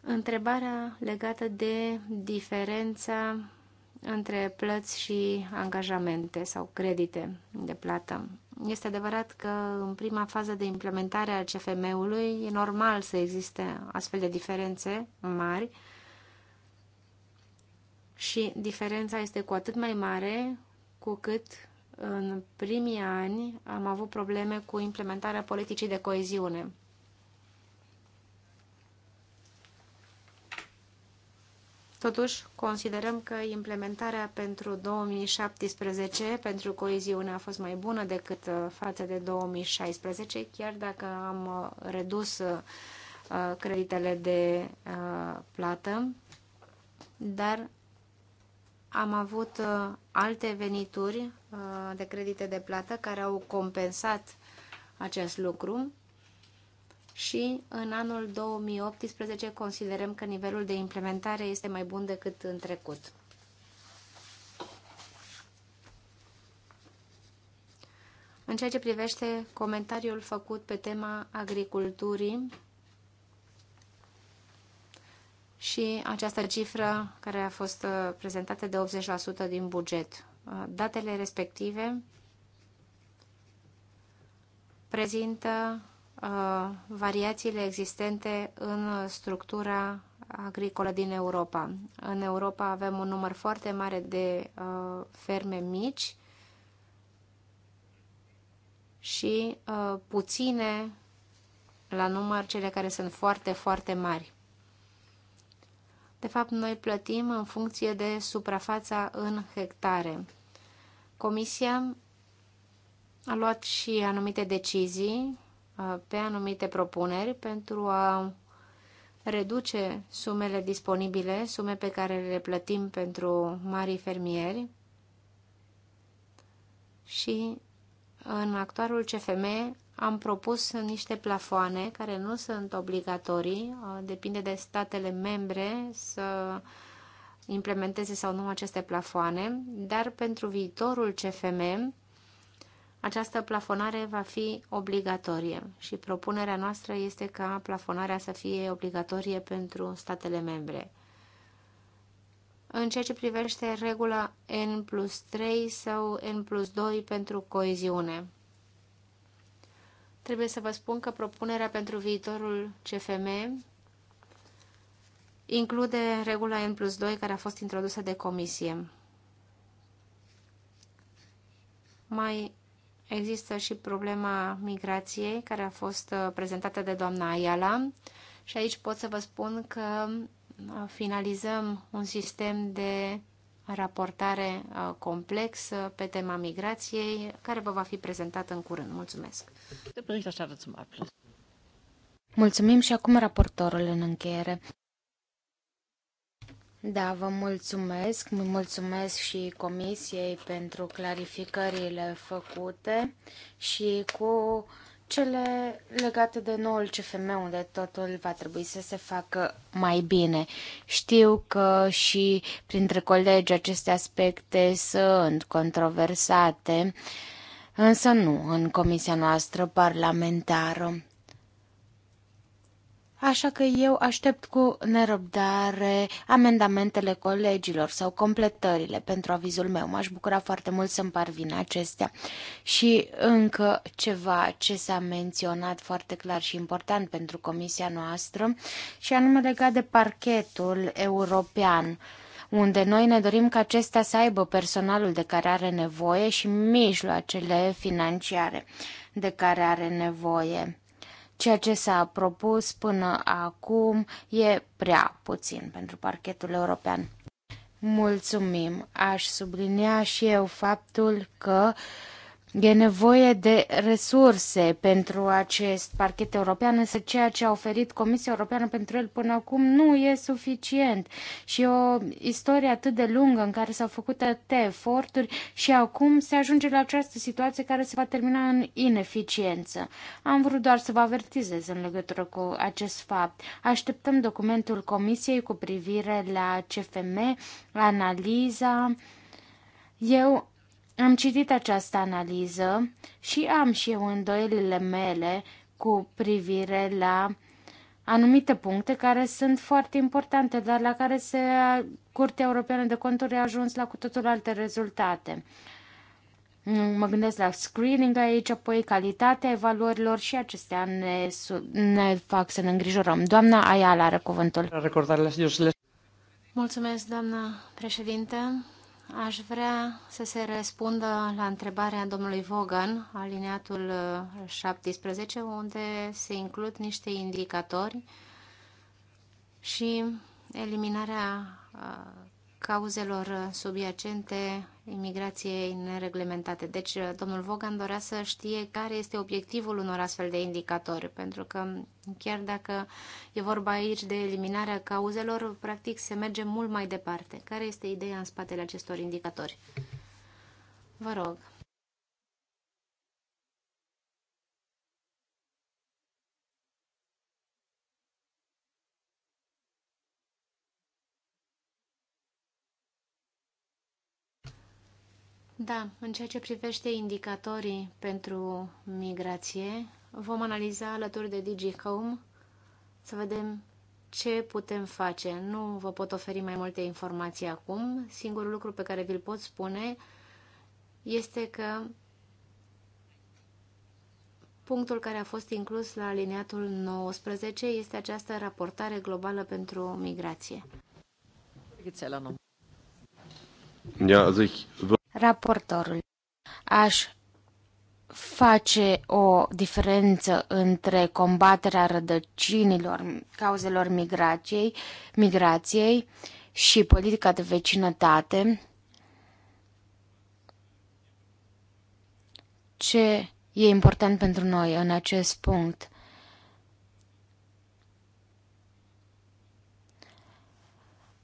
Întrebarea legată de diferența între plăți și angajamente sau credite de plată. Este adevărat că în prima fază de implementare a CFM-ului e normal să existe astfel de diferențe mari și diferența este cu atât mai mare cu cât în primii ani am avut probleme cu implementarea politicii de coeziune. Totuși, considerăm că implementarea pentru 2017 pentru coeziune a fost mai bună decât uh, față de 2016, chiar dacă am uh, redus uh, creditele de plată, dar am avut alte venituri de credite de plată care au compensat acest lucru și în anul 2018 considerăm că nivelul de implementare este mai bun decât în trecut. În ceea ce privește comentariul făcut pe tema agriculturii și această cifră care a fost uh, prezentată de 80% din buget, uh, datele respective prezintă Uh, variațiile existente în structura agricolă din Europa. În Europa avem un număr foarte mare de uh, ferme mici și uh, puține la număr cele care sunt foarte, foarte mari. De fapt, noi plătim în funcție de suprafața în hectare. Comisia a luat și anumite decizii pe anumite propuneri pentru a reduce sumele disponibile, sume pe care le plătim pentru mari fermieri și în actualul CFM am propus niște plafoane care nu sunt obligatorii, depinde de statele membre să implementeze sau nu aceste plafoane, dar pentru viitorul CFM această plafonare va fi obligatorie și propunerea noastră este ca plafonarea să fie obligatorie pentru statele membre. În ceea ce privește regula N plus 3 sau N plus 2 pentru coeziune. Trebuie să vă spun că propunerea pentru viitorul CFM include regula N plus 2 care a fost introdusă de comisie. Mai Există și problema migrației, care a fost uh, prezentată de doamna Ayala. Și aici pot să vă spun că uh, finalizăm un sistem de raportare uh, complex pe tema migrației, care vă va fi prezentat în curând. Mulțumesc! Mulțumim și acum raportorul în încheiere. Da, vă mulțumesc. Mulțumesc și Comisiei pentru clarificările făcute și cu cele legate de noul CFM, unde totul va trebui să se facă mai bine. Știu că și printre colegi aceste aspecte sunt controversate, însă nu în comisia noastră parlamentară. Așa că eu aștept cu nerăbdare amendamentele colegilor sau completările pentru avizul meu. M-aș bucura foarte mult să-mi parvină acestea. Și încă ceva ce s-a menționat foarte clar și important pentru comisia noastră și anume legat de parchetul european unde noi ne dorim ca acesta să aibă personalul de care are nevoie și mijloacele financiare de care are nevoie. Ceea ce s-a propus până acum e prea puțin pentru parchetul european. Mulțumim! Aș sublinia și eu faptul că uh, E nevoie de resurse pentru acest parchet european, însă ceea ce a oferit Comisia Europeană pentru el până acum nu e suficient. Și o istorie atât de lungă în care s-au făcut atâtea eforturi și acum se ajunge la această situație care se va termina în ineficiență. Am vrut doar să vă avertizez în legătură cu acest fapt. Așteptăm documentul Comisiei cu privire la CFM, analiza. Eu am citit această analiză și am și eu îndoielile mele cu privire la anumite puncte care sunt foarte importante, dar la care se, Curtea Europeană de Conturi a ajuns la cu totul alte rezultate. Mă gândesc la screening aici, apoi calitatea evaluărilor și acestea ne, ne fac să ne îngrijorăm. Doamna Ayala are cuvântul. Mulțumesc, doamna președinte. Aș vrea să se răspundă la întrebarea domnului Vogan, alineatul 17, uh, unde se includ niște indicatori și eliminarea uh, cauzelor subiacente imigrației nereglementate. Deci, uh, domnul Vogan dorea să știe care este obiectivul unor astfel de indicatori, pentru că chiar dacă e vorba aici de eliminarea cauzelor, practic se merge mult mai departe. Care este ideea în spatele acestor indicatori? Vă rog. Da, în ceea ce privește indicatorii pentru migrație, vom analiza alături de DigiHome să vedem ce putem face. Nu vă pot oferi mai multe informații acum. Singurul lucru pe care vi-l pot spune este că punctul care a fost inclus la aliniatul 19 este această raportare globală pentru migrație. Ja, also ich Raportorul. Aș face o diferență între combaterea rădăcinilor cauzelor migrației, migrației și politica de vecinătate, ce e important pentru noi în acest punct.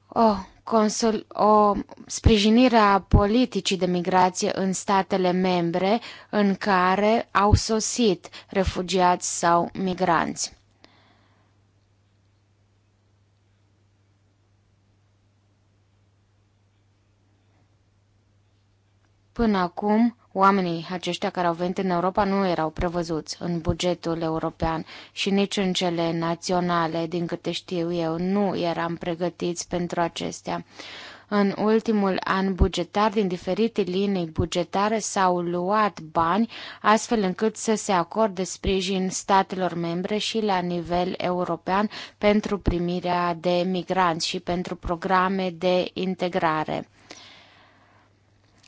Oh, o sprijinire a politicii de migrație în statele membre în care au sosit refugiați sau migranți. Până acum, Oamenii aceștia care au venit în Europa nu erau prevăzuți în bugetul european și nici în cele naționale, din câte știu eu, nu eram pregătiți pentru acestea. În ultimul an bugetar, din diferite linii bugetare, s-au luat bani astfel încât să se acorde sprijin statelor membre și la nivel european pentru primirea de migranți și pentru programe de integrare.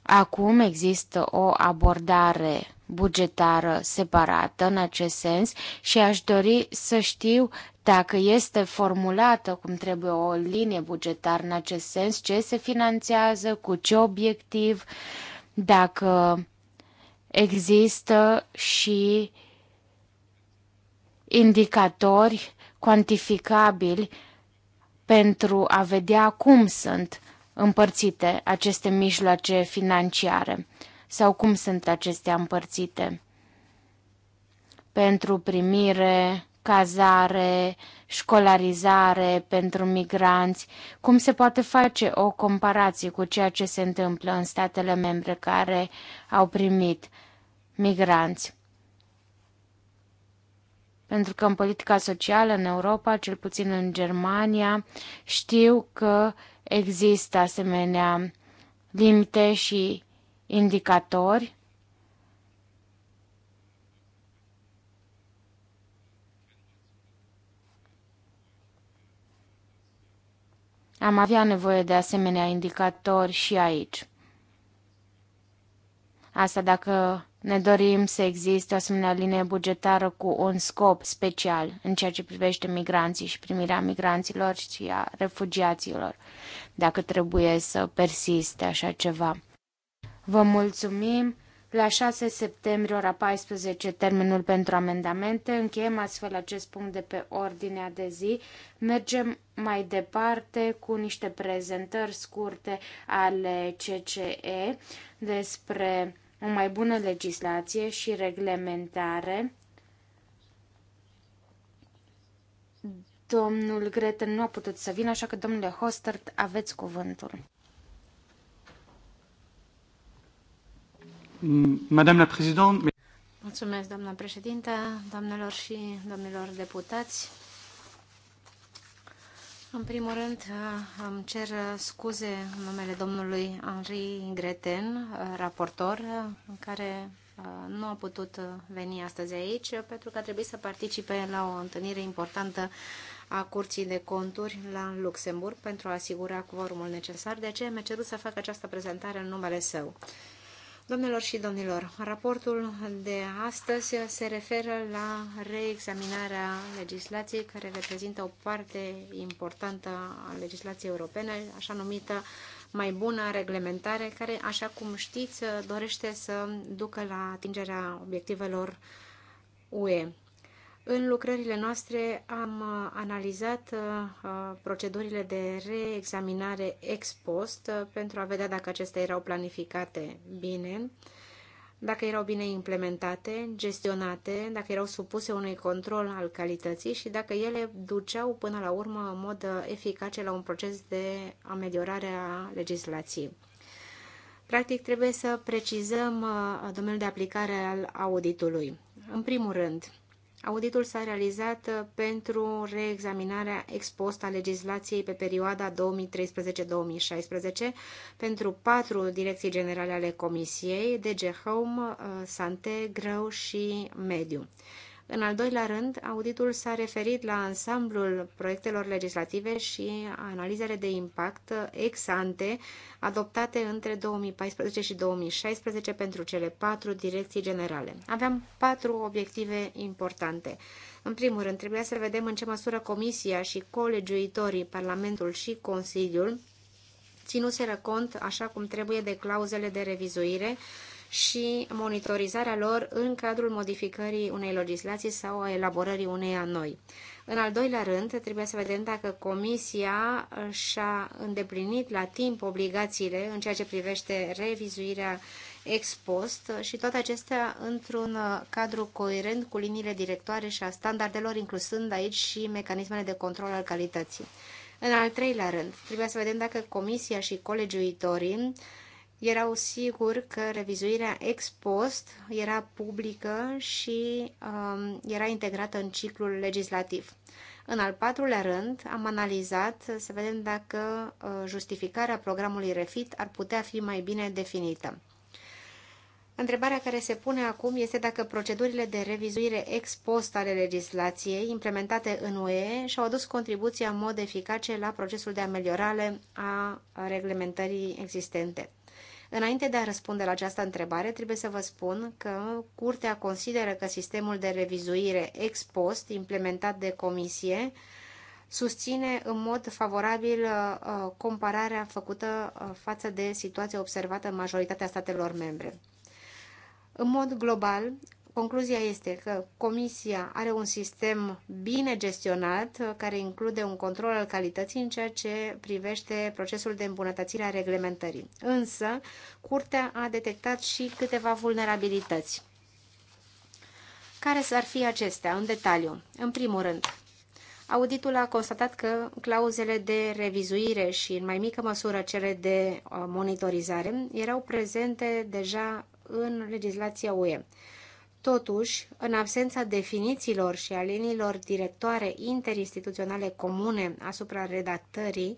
Acum există o abordare bugetară separată în acest sens și aș dori să știu dacă este formulată cum trebuie o linie bugetară în acest sens, ce se finanțează, cu ce obiectiv, dacă există și indicatori cuantificabili pentru a vedea cum sunt împărțite aceste mijloace financiare sau cum sunt acestea împărțite pentru primire, cazare, școlarizare pentru migranți, cum se poate face o comparație cu ceea ce se întâmplă în statele membre care au primit migranți. Pentru că în politica socială în Europa, cel puțin în Germania, știu că Există asemenea limite și indicatori Am avea nevoie de asemenea indicatori și aici. Asta dacă ne dorim să existe o asemenea linie bugetară cu un scop special în ceea ce privește migranții și primirea migranților și a refugiaților, dacă trebuie să persiste așa ceva. Vă mulțumim! La 6 septembrie, ora 14, termenul pentru amendamente. Încheiem astfel acest punct de pe ordinea de zi. Mergem mai departe cu niște prezentări scurte ale CCE despre o mai bună legislație și reglementare. Domnul Grete nu a putut să vină, așa că, domnule Hostert, aveți cuvântul. Madame la Mulțumesc, doamna președinte, doamnelor și domnilor deputați. În primul rând, uh, îmi cer uh, scuze în numele domnului Henri Greten, uh, raportor, care nu a putut veni astăzi aici pentru că a trebuit să participe la o întâlnire importantă a Curții de Conturi la Luxemburg pentru a asigura quorumul necesar, de aceea mi-a cerut să fac această prezentare în numele său. Domnilor și domnilor, raportul de astăzi se referă la reexaminarea legislației care reprezintă o parte importantă a legislației europene, așa numită mai bună reglementare, care, așa cum știți, dorește să ducă la atingerea obiectivelor UE. În lucrările noastre am uh, analizat uh, uh, procedurile de reexaminare ex post pentru a vedea dacă acestea erau planificate bine, dacă erau bine implementate, gestionate, dacă erau supuse unui control al calității și dacă ele duceau până la urmă în mod eficace la un proces de ameliorare a legislației. Practic, trebuie să precizăm domeniul de aplicare al auditului. În primul rând, Auditul s-a realizat uh, pentru reexaminarea ex post a legislației pe perioada 2013-2016 pentru patru direcții generale ale Comisiei, DG Home, uh, Sante, Grău și Mediu. În al doilea rând, auditul s-a referit la ansamblul proiectelor legislative și analizele de impact ex ante adoptate între 2014 și 2016 pentru cele patru direcții generale. Aveam patru obiective importante. În primul rând, trebuia să vedem în ce măsură Comisia și colegiuitorii, Parlamentul și Consiliul ținuseră cont, așa cum trebuie, de clauzele de revizuire și monitorizarea lor în cadrul modificării unei legislații sau a elaborării uneia noi. În al doilea rând, trebuie să vedem dacă Comisia și-a îndeplinit la timp obligațiile în ceea ce privește revizuirea ex post și toate acestea într-un cadru coerent cu liniile directoare și a standardelor, inclusând aici și mecanismele de control al calității. În al treilea rând, trebuie să vedem dacă Comisia și colegiuitorii erau siguri că revizuirea ex post era publică și um, era integrată în ciclul legislativ. În al patrulea rând, am analizat să vedem dacă uh, justificarea programului REFIT ar putea fi mai bine definită. Întrebarea care se pune acum este dacă procedurile de revizuire ex post ale legislației implementate în UE și-au adus contribuția în mod eficace la procesul de ameliorare a reglementării existente. Înainte de a răspunde la această întrebare, trebuie să vă spun că Curtea consideră că sistemul de revizuire ex post implementat de Comisie susține în mod favorabil uh, compararea făcută uh, față de situația observată în majoritatea statelor membre. În mod global, Concluzia este că Comisia are un sistem bine gestionat care include un control al calității în ceea ce privește procesul de îmbunătățire a reglementării. Însă, Curtea a detectat și câteva vulnerabilități. Care s-ar fi acestea în detaliu? În primul rând, Auditul a constatat că clauzele de revizuire și, în mai mică măsură, cele de uh, monitorizare erau prezente deja în legislația UE. Totuși, în absența definițiilor și a liniilor directoare interinstituționale comune asupra redactării,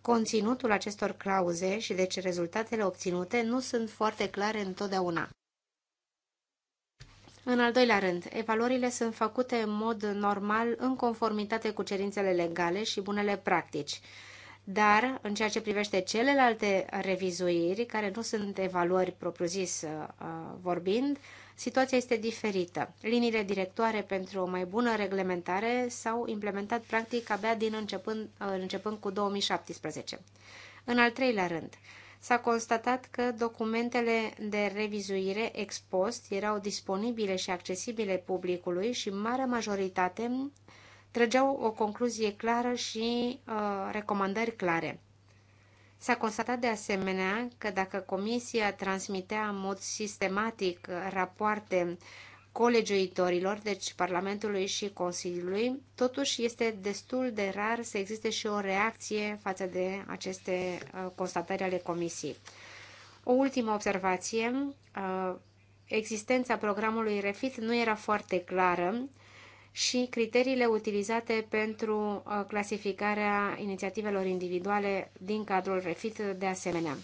conținutul acestor clauze și deci rezultatele obținute nu sunt foarte clare întotdeauna. În al doilea rând, evaluările sunt făcute în mod normal în conformitate cu cerințele legale și bunele practici. Dar, în ceea ce privește celelalte revizuiri, care nu sunt evaluări propriu-zis uh, uh, vorbind, uh, situația este diferită. Liniile directoare pentru o mai bună reglementare s-au implementat practic abia din începând, uh, începând cu 2017. În al treilea rând, s-a constatat că documentele de revizuire ex post erau disponibile și accesibile publicului și marea majoritate trăgeau o concluzie clară și uh, recomandări clare. S-a constatat de asemenea că dacă Comisia transmitea în mod sistematic rapoarte colegiuitorilor, deci Parlamentului și Consiliului, totuși este destul de rar să existe și o reacție față de aceste uh, constatări ale Comisiei. O ultimă observație, uh, existența programului REFIT nu era foarte clară și criteriile utilizate pentru uh, clasificarea inițiativelor individuale din cadrul REFIT de asemenea.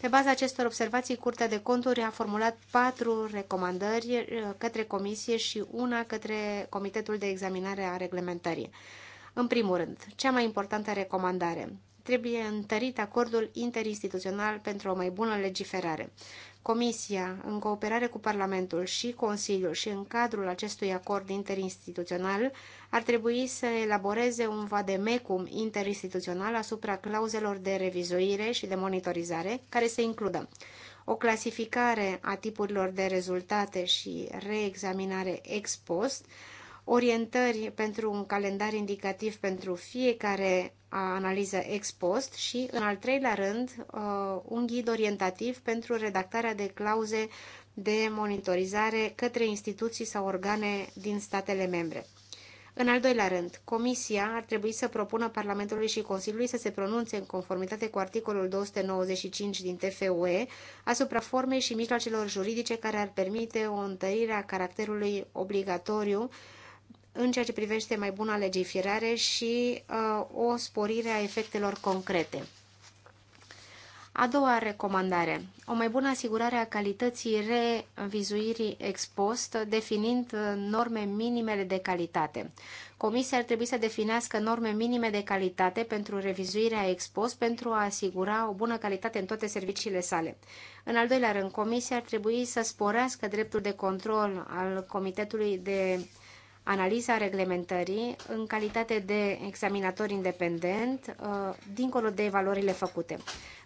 Pe baza acestor observații, Curtea de Conturi a formulat patru recomandări uh, către Comisie și una către Comitetul de Examinare a Reglementării. În primul rând, cea mai importantă recomandare. Trebuie întărit acordul interinstituțional pentru o mai bună legiferare. Comisia, în cooperare cu Parlamentul și Consiliul și în cadrul acestui acord interinstituțional, ar trebui să elaboreze un vademecum interinstituțional asupra clauzelor de revizuire și de monitorizare, care să includă o clasificare a tipurilor de rezultate și reexaminare ex post, orientări pentru un calendar indicativ pentru fiecare analiză ex post și, în al treilea rând, uh, un ghid orientativ pentru redactarea de clauze de monitorizare către instituții sau organe din statele membre. În al doilea rând, Comisia ar trebui să propună Parlamentului și Consiliului să se pronunțe în conformitate cu articolul 295 din TFUE asupra formei și mijloacelor juridice care ar permite o întărire a caracterului obligatoriu în ceea ce privește mai buna legiferare și uh, o sporire a efectelor concrete. A doua recomandare, o mai bună asigurare a calității revizuirii ex post, definind uh, norme minimele de calitate. Comisia ar trebui să definească norme minime de calitate pentru revizuirea ex post pentru a asigura o bună calitate în toate serviciile sale. În al doilea rând, Comisia ar trebui să sporească dreptul de control al Comitetului de analiza reglementării în calitate de examinator independent, uh, dincolo de valorile făcute.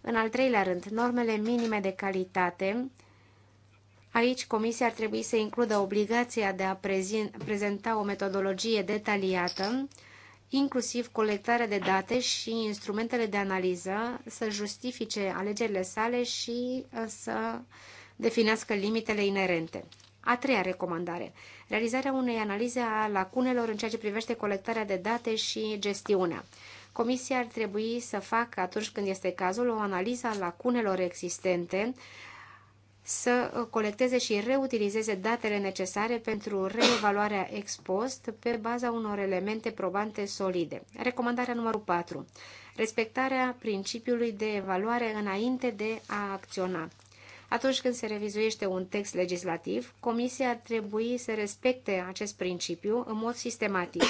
În al treilea rând, normele minime de calitate. Aici Comisia ar trebui să includă obligația de a prezenta o metodologie detaliată, inclusiv colectarea de date și instrumentele de analiză, să justifice alegerile sale și uh, să definească limitele inerente. A treia recomandare. Realizarea unei analize a lacunelor în ceea ce privește colectarea de date și gestiunea. Comisia ar trebui să facă, atunci când este cazul, o analiză a lacunelor existente, să colecteze și reutilizeze datele necesare pentru reevaluarea ex post pe baza unor elemente probante solide. Recomandarea numărul 4. Respectarea principiului de evaluare înainte de a acționa. Atunci când se revizuiește un text legislativ, Comisia ar trebui să respecte acest principiu în mod sistematic.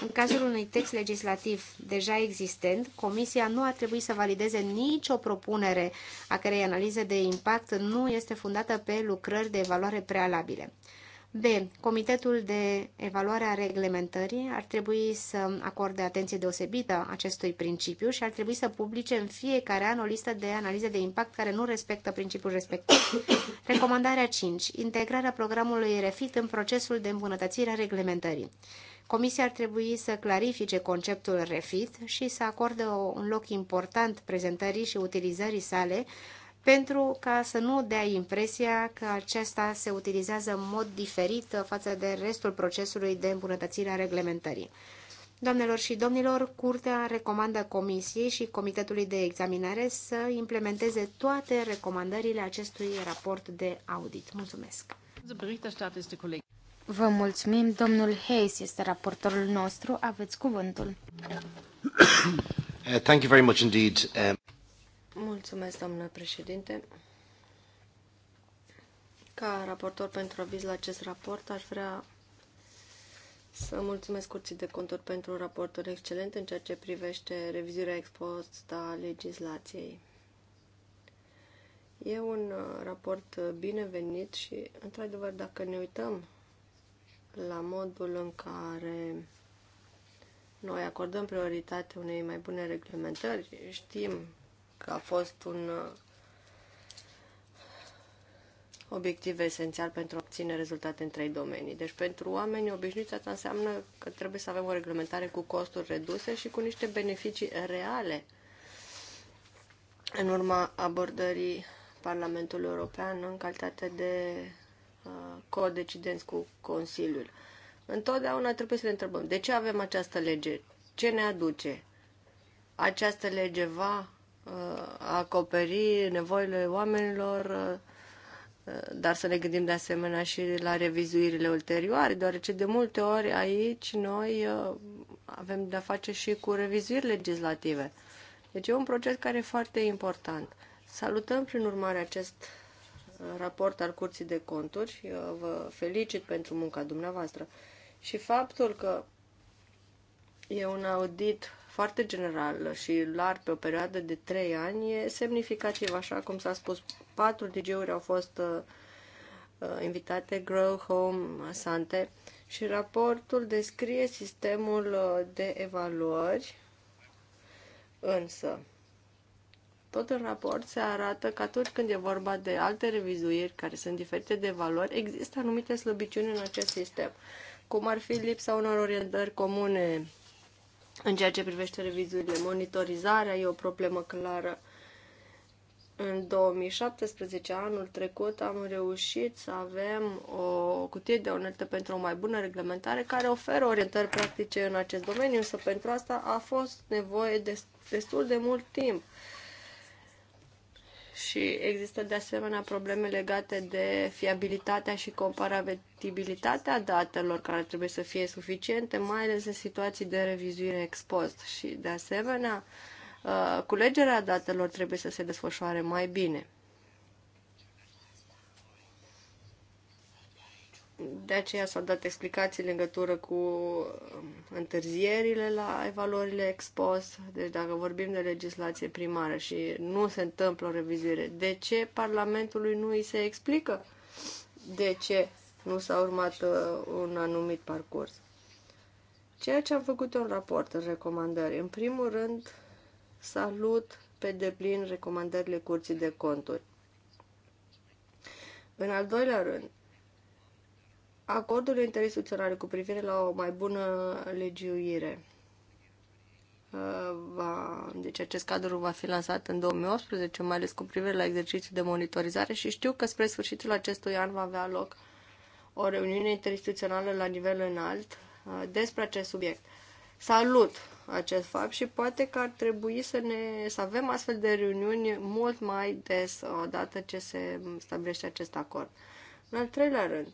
În cazul unui text legislativ deja existent, Comisia nu ar trebui să valideze nicio propunere a cărei analiză de impact nu este fundată pe lucrări de evaluare prealabile. B. Comitetul de evaluare a reglementării ar trebui să acorde atenție deosebită acestui principiu și ar trebui să publice în fiecare an o listă de analize de impact care nu respectă principiul respectiv. Recomandarea 5. Integrarea programului REFIT în procesul de îmbunătățire a reglementării. Comisia ar trebui să clarifice conceptul REFIT și să acorde un loc important prezentării și utilizării sale pentru ca să nu dea impresia că acesta se utilizează în mod diferit față de restul procesului de îmbunătățire a reglementării. Doamnelor și domnilor, Curtea recomandă Comisiei și Comitetului de Examinare să implementeze toate recomandările acestui raport de audit. Mulțumesc! Vă mulțumim, domnul Hayes este raportorul nostru, aveți cuvântul. Uh, thank you very much indeed. Um, Mulțumesc, doamnă președinte. Ca raportor pentru aviz la acest raport, aș vrea să mulțumesc Curții de Conturi pentru un raport excelent în ceea ce privește revizuirea expostă a legislației. E un uh, raport binevenit și, într-adevăr, dacă ne uităm la modul în care noi acordăm prioritate unei mai bune reglementări, știm că a fost un uh, obiectiv esențial pentru a obține rezultate în trei domenii. Deci pentru oamenii obișnuiți asta înseamnă că trebuie să avem o reglementare cu costuri reduse și cu niște beneficii reale în urma abordării Parlamentului European în calitate de uh, codecidenți cu Consiliul. Întotdeauna trebuie să ne întrebăm de ce avem această lege, ce ne aduce. Această lege va a acoperi nevoile oamenilor, uh, dar să ne gândim de asemenea și la revizuirile ulterioare, deoarece de multe ori aici noi uh, avem de-a face și cu revizuiri legislative. Deci e un proces care e foarte important. Salutăm prin urmare acest uh, raport al Curții de Conturi vă felicit pentru munca dumneavoastră. Și faptul că e un audit foarte general și larg pe o perioadă de 3 ani e semnificativ, așa cum s-a spus. Patru dj uri au fost uh, uh, invitate, Grow, Home, Sante, și raportul descrie sistemul uh, de evaluări, însă tot în raport se arată că atunci când e vorba de alte revizuiri care sunt diferite de valori, există anumite slăbiciuni în acest sistem, cum ar fi lipsa unor orientări comune în ceea ce privește revizuirile, monitorizarea e o problemă clară. În 2017, anul trecut, am reușit să avem o cutie de unelte pentru o mai bună reglementare care oferă orientări practice în acest domeniu, însă pentru asta a fost nevoie de destul de mult timp și există de asemenea probleme legate de fiabilitatea și comparabilitatea datelor care trebuie să fie suficiente, mai ales în situații de revizuire ex post și de asemenea uh, culegerea datelor trebuie să se desfășoare mai bine. De aceea s-au dat explicații în legătură cu um, întârzierile la evaluările post. Deci dacă vorbim de legislație primară și nu se întâmplă o revizuire, de ce Parlamentului nu îi se explică de ce nu s-a urmat uh, un anumit parcurs? Ceea ce am făcut un raport, în recomandări, în primul rând, salut pe deplin recomandările Curții de Conturi. În al doilea rând, acordurile interinstituționale cu privire la o mai bună legiuire. Uh, va, deci acest cadru va fi lansat în 2018, mai ales cu privire la exercițiul de monitorizare și știu că spre sfârșitul acestui an va avea loc o reuniune interinstituțională la nivel înalt uh, despre acest subiect. Salut acest fapt și poate că ar trebui să, ne, să avem astfel de reuniuni mult mai des odată ce se stabilește acest acord. În al treilea rând,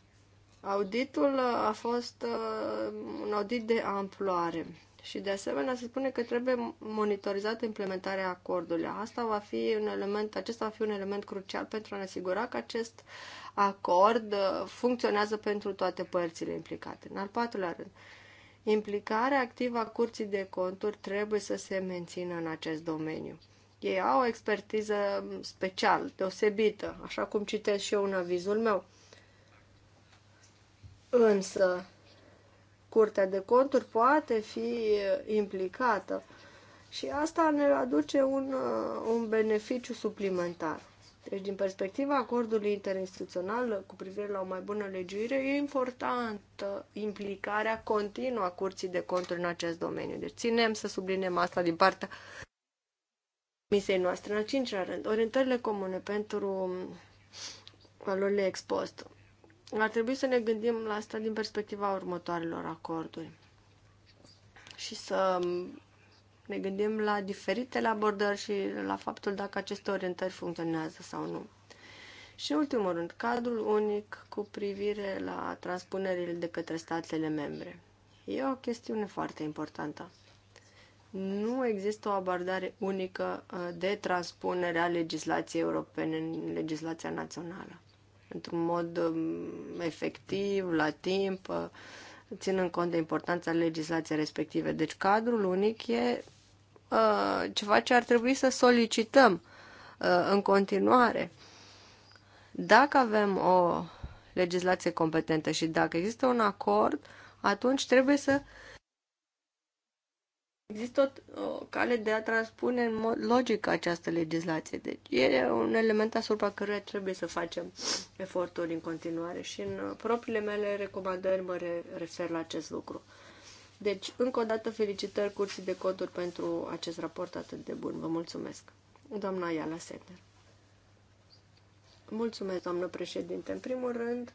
Auditul uh, a fost uh, un audit de amploare și de asemenea se spune că trebuie monitorizată implementarea acordului. Asta va fi un element, acesta va fi un element crucial pentru a ne asigura că acest acord uh, funcționează pentru toate părțile implicate. În al patrulea rând, implicarea activă a curții de conturi trebuie să se mențină în acest domeniu. Ei au o expertiză special, deosebită, așa cum citesc și eu în avizul meu. Însă, Curtea de Conturi poate fi uh, implicată și asta ne aduce un, uh, un beneficiu suplimentar. Deci, din perspectiva acordului interinstituțional uh, cu privire la o mai bună legiuire, e importantă implicarea continuă a Curții de Conturi în acest domeniu. Deci, ținem să subliniem asta din partea misei noastre. În al cincilea rând, orientările comune pentru um, valorile expostă ar trebui să ne gândim la asta din perspectiva următoarelor acorduri și să ne gândim la diferitele abordări și la faptul dacă aceste orientări funcționează sau nu. Și, în ultimul rând, cadrul unic cu privire la transpunerile de către statele membre. E o chestiune foarte importantă. Nu există o abordare unică uh, de transpunere a legislației europene în legislația națională într-un mod um, efectiv, la timp, uh, ținând cont de importanța legislației respective. Deci cadrul unic e uh, ceva ce ar trebui să solicităm uh, în continuare. Dacă avem o legislație competentă și dacă există un acord, atunci trebuie să uh, Există o, o cale de a transpune în mod logic această legislație. Deci e un element asupra căruia trebuie să facem eforturi în continuare și în propriile mele recomandări mă refer la acest lucru. Deci, încă o dată, felicitări Curții de Coduri pentru acest raport atât de bun. Vă mulțumesc. Doamna Iala Setner. Mulțumesc, doamnă președinte. În primul rând,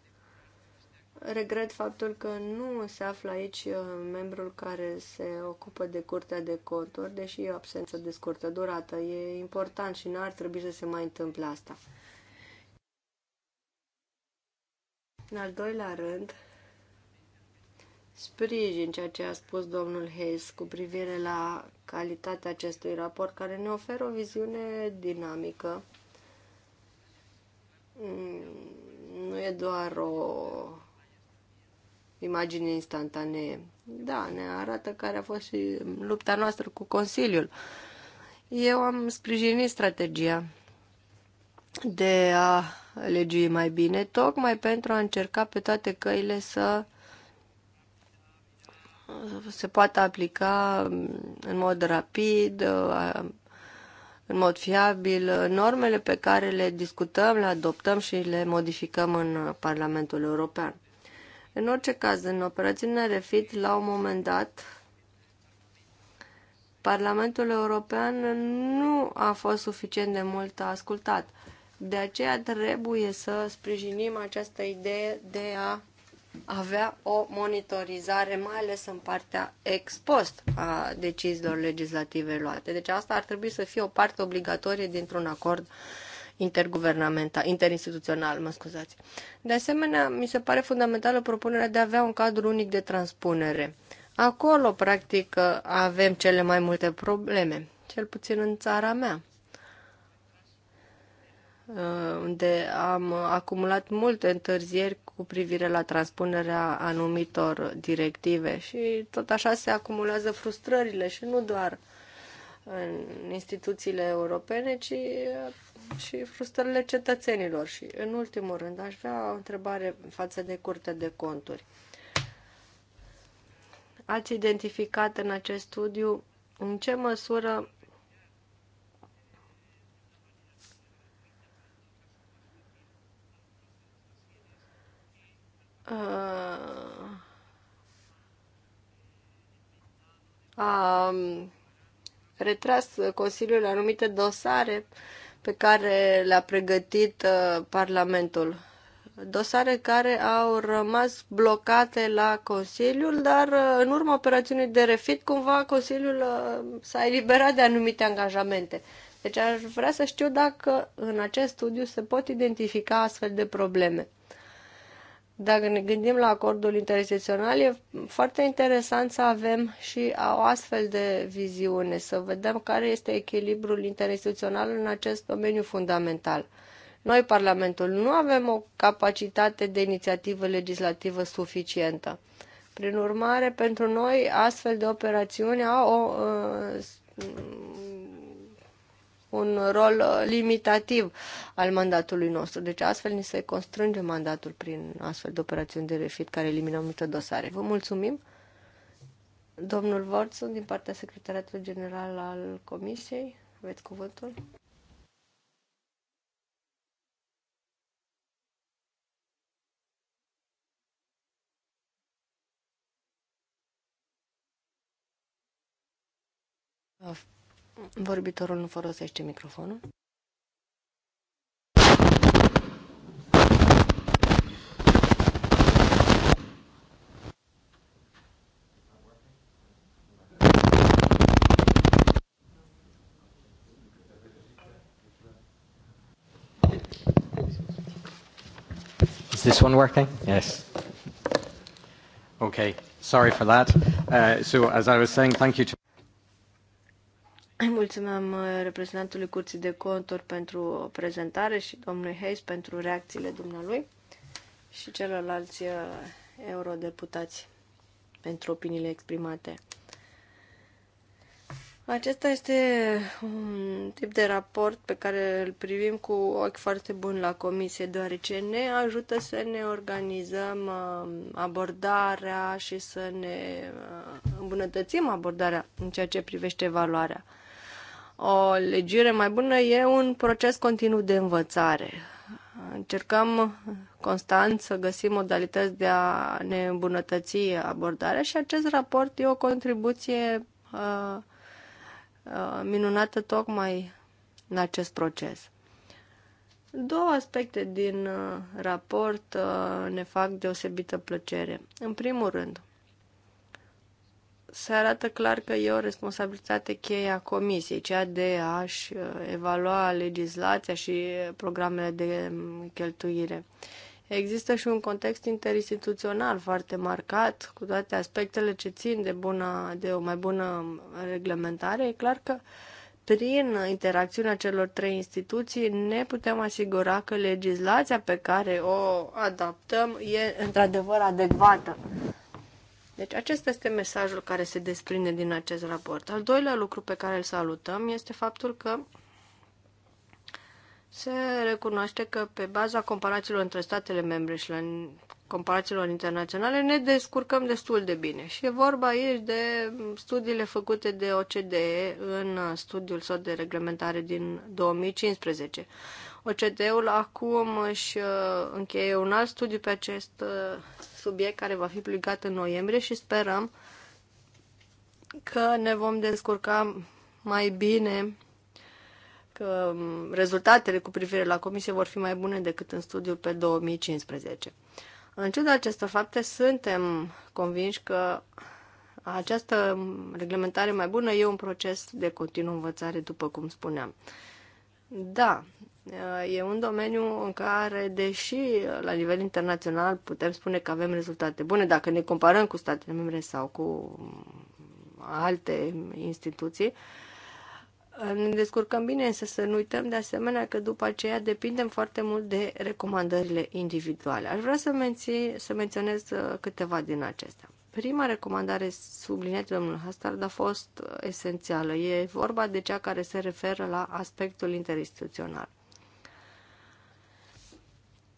regret faptul că nu se află aici uh, membrul care se ocupă de curtea de conturi, deși e o absență de scurtă durată. E important și nu ar trebui să se mai întâmple asta. În al doilea rând, sprijin ceea ce a spus domnul Hayes cu privire la calitatea acestui raport, care ne oferă o viziune dinamică. Mm, nu e doar o imagini instantanee. Da, ne arată care a fost și lupta noastră cu Consiliul. Eu am sprijinit strategia de a legii mai bine, tocmai pentru a încerca pe toate căile să se poată aplica în mod rapid, în mod fiabil, normele pe care le discutăm, le adoptăm și le modificăm în Parlamentul European. În orice caz, în operațiunea Refit, la un moment dat, Parlamentul European nu a fost suficient de mult ascultat. De aceea trebuie să sprijinim această idee de a avea o monitorizare, mai ales în partea expost a deciziilor legislative luate. Deci asta ar trebui să fie o parte obligatorie dintr-un acord uh, interguvernamental, interinstituțional, mă scuzați. De asemenea, mi se pare fundamentală propunerea de a avea un cadru unic de transpunere. Acolo, practic, avem cele mai multe probleme, cel puțin în țara mea, unde am acumulat multe întârzieri cu privire la transpunerea anumitor directive și tot așa se acumulează frustrările și nu doar în instituțiile europene, ci și frustrările cetățenilor. Și, în ultimul rând, aș vrea o întrebare față de Curtea de Conturi. Ați identificat în acest studiu în ce măsură a, a retras Consiliul anumite dosare pe care le-a pregătit uh, Parlamentul. Dosare care au rămas blocate la Consiliul, dar uh, în urma operațiunii de refit, cumva Consiliul uh, s-a eliberat de anumite angajamente. Deci aș vrea să știu dacă în acest studiu se pot identifica astfel de probleme dacă ne gândim la acordul interinstituțional, e foarte interesant să avem și o astfel de viziune, să vedem care este echilibrul interinstituțional în acest domeniu fundamental. Noi, Parlamentul, nu avem o capacitate de inițiativă legislativă suficientă. Prin urmare, pentru noi, astfel de operațiuni au o uh, un rol uh, limitativ al mandatului nostru. Deci astfel ni se constrânge mandatul prin astfel de operațiuni de refit care elimină multe dosare. Vă mulțumim! Domnul Watson, din partea Secretariatului General al Comisiei, aveți cuvântul. Of Vorbitorul nu folosește microfonul. Is this one working? Yes. Okay. Sorry for that. Uh, so as I was saying, thank you to Mulțumim uh, reprezentantului Curții de Conturi pentru prezentare și domnului Hayes pentru reacțiile dumnealui și celorlalți uh, eurodeputați pentru opiniile exprimate. Acesta este un tip de raport pe care îl privim cu ochi foarte buni la comisie, deoarece ne ajută să ne organizăm uh, abordarea și să ne îmbunătățim abordarea în ceea ce privește valoarea o legire mai bună e un proces continuu de învățare. Încercăm constant să găsim modalități de a ne îmbunătăți abordarea și acest raport e o contribuție uh, uh, minunată tocmai în acest proces. Două aspecte din uh, raport uh, ne fac deosebită plăcere. În primul rând, se arată clar că e o responsabilitate cheie a Comisiei, cea de a-și uh, evalua legislația și programele de um, cheltuire. Există și un context interinstituțional foarte marcat, cu toate aspectele ce țin de, bună, de o mai bună reglementare. E clar că prin interacțiunea celor trei instituții ne putem asigura că legislația pe care o adaptăm e într-adevăr adecvată. Deci acesta este mesajul care se desprinde din acest raport. Al doilea lucru pe care îl salutăm este faptul că se recunoaște că pe baza comparațiilor între statele membre și la comparațiilor internaționale ne descurcăm destul de bine. Și e vorba aici de studiile făcute de OCDE în studiul său de reglementare din 2015. OCDE-ul acum își uh, încheie un alt studiu pe acest uh, subiect care va fi publicat în noiembrie și sperăm că ne vom descurca mai bine, că rezultatele cu privire la comisie vor fi mai bune decât în studiul pe 2015. În ciuda acestor fapte, suntem convinși că această reglementare mai bună e un proces de continuă învățare, după cum spuneam. Da, E un domeniu în care, deși la nivel internațional putem spune că avem rezultate bune, dacă ne comparăm cu statele membre sau cu alte instituții, ne descurcăm bine, însă să nu uităm de asemenea că după aceea depindem foarte mult de recomandările individuale. Aș vrea să, menții, să menționez uh, câteva din acestea. Prima recomandare subliniată domnul Hastard a fost esențială. E vorba de cea care se referă la aspectul interinstituțional.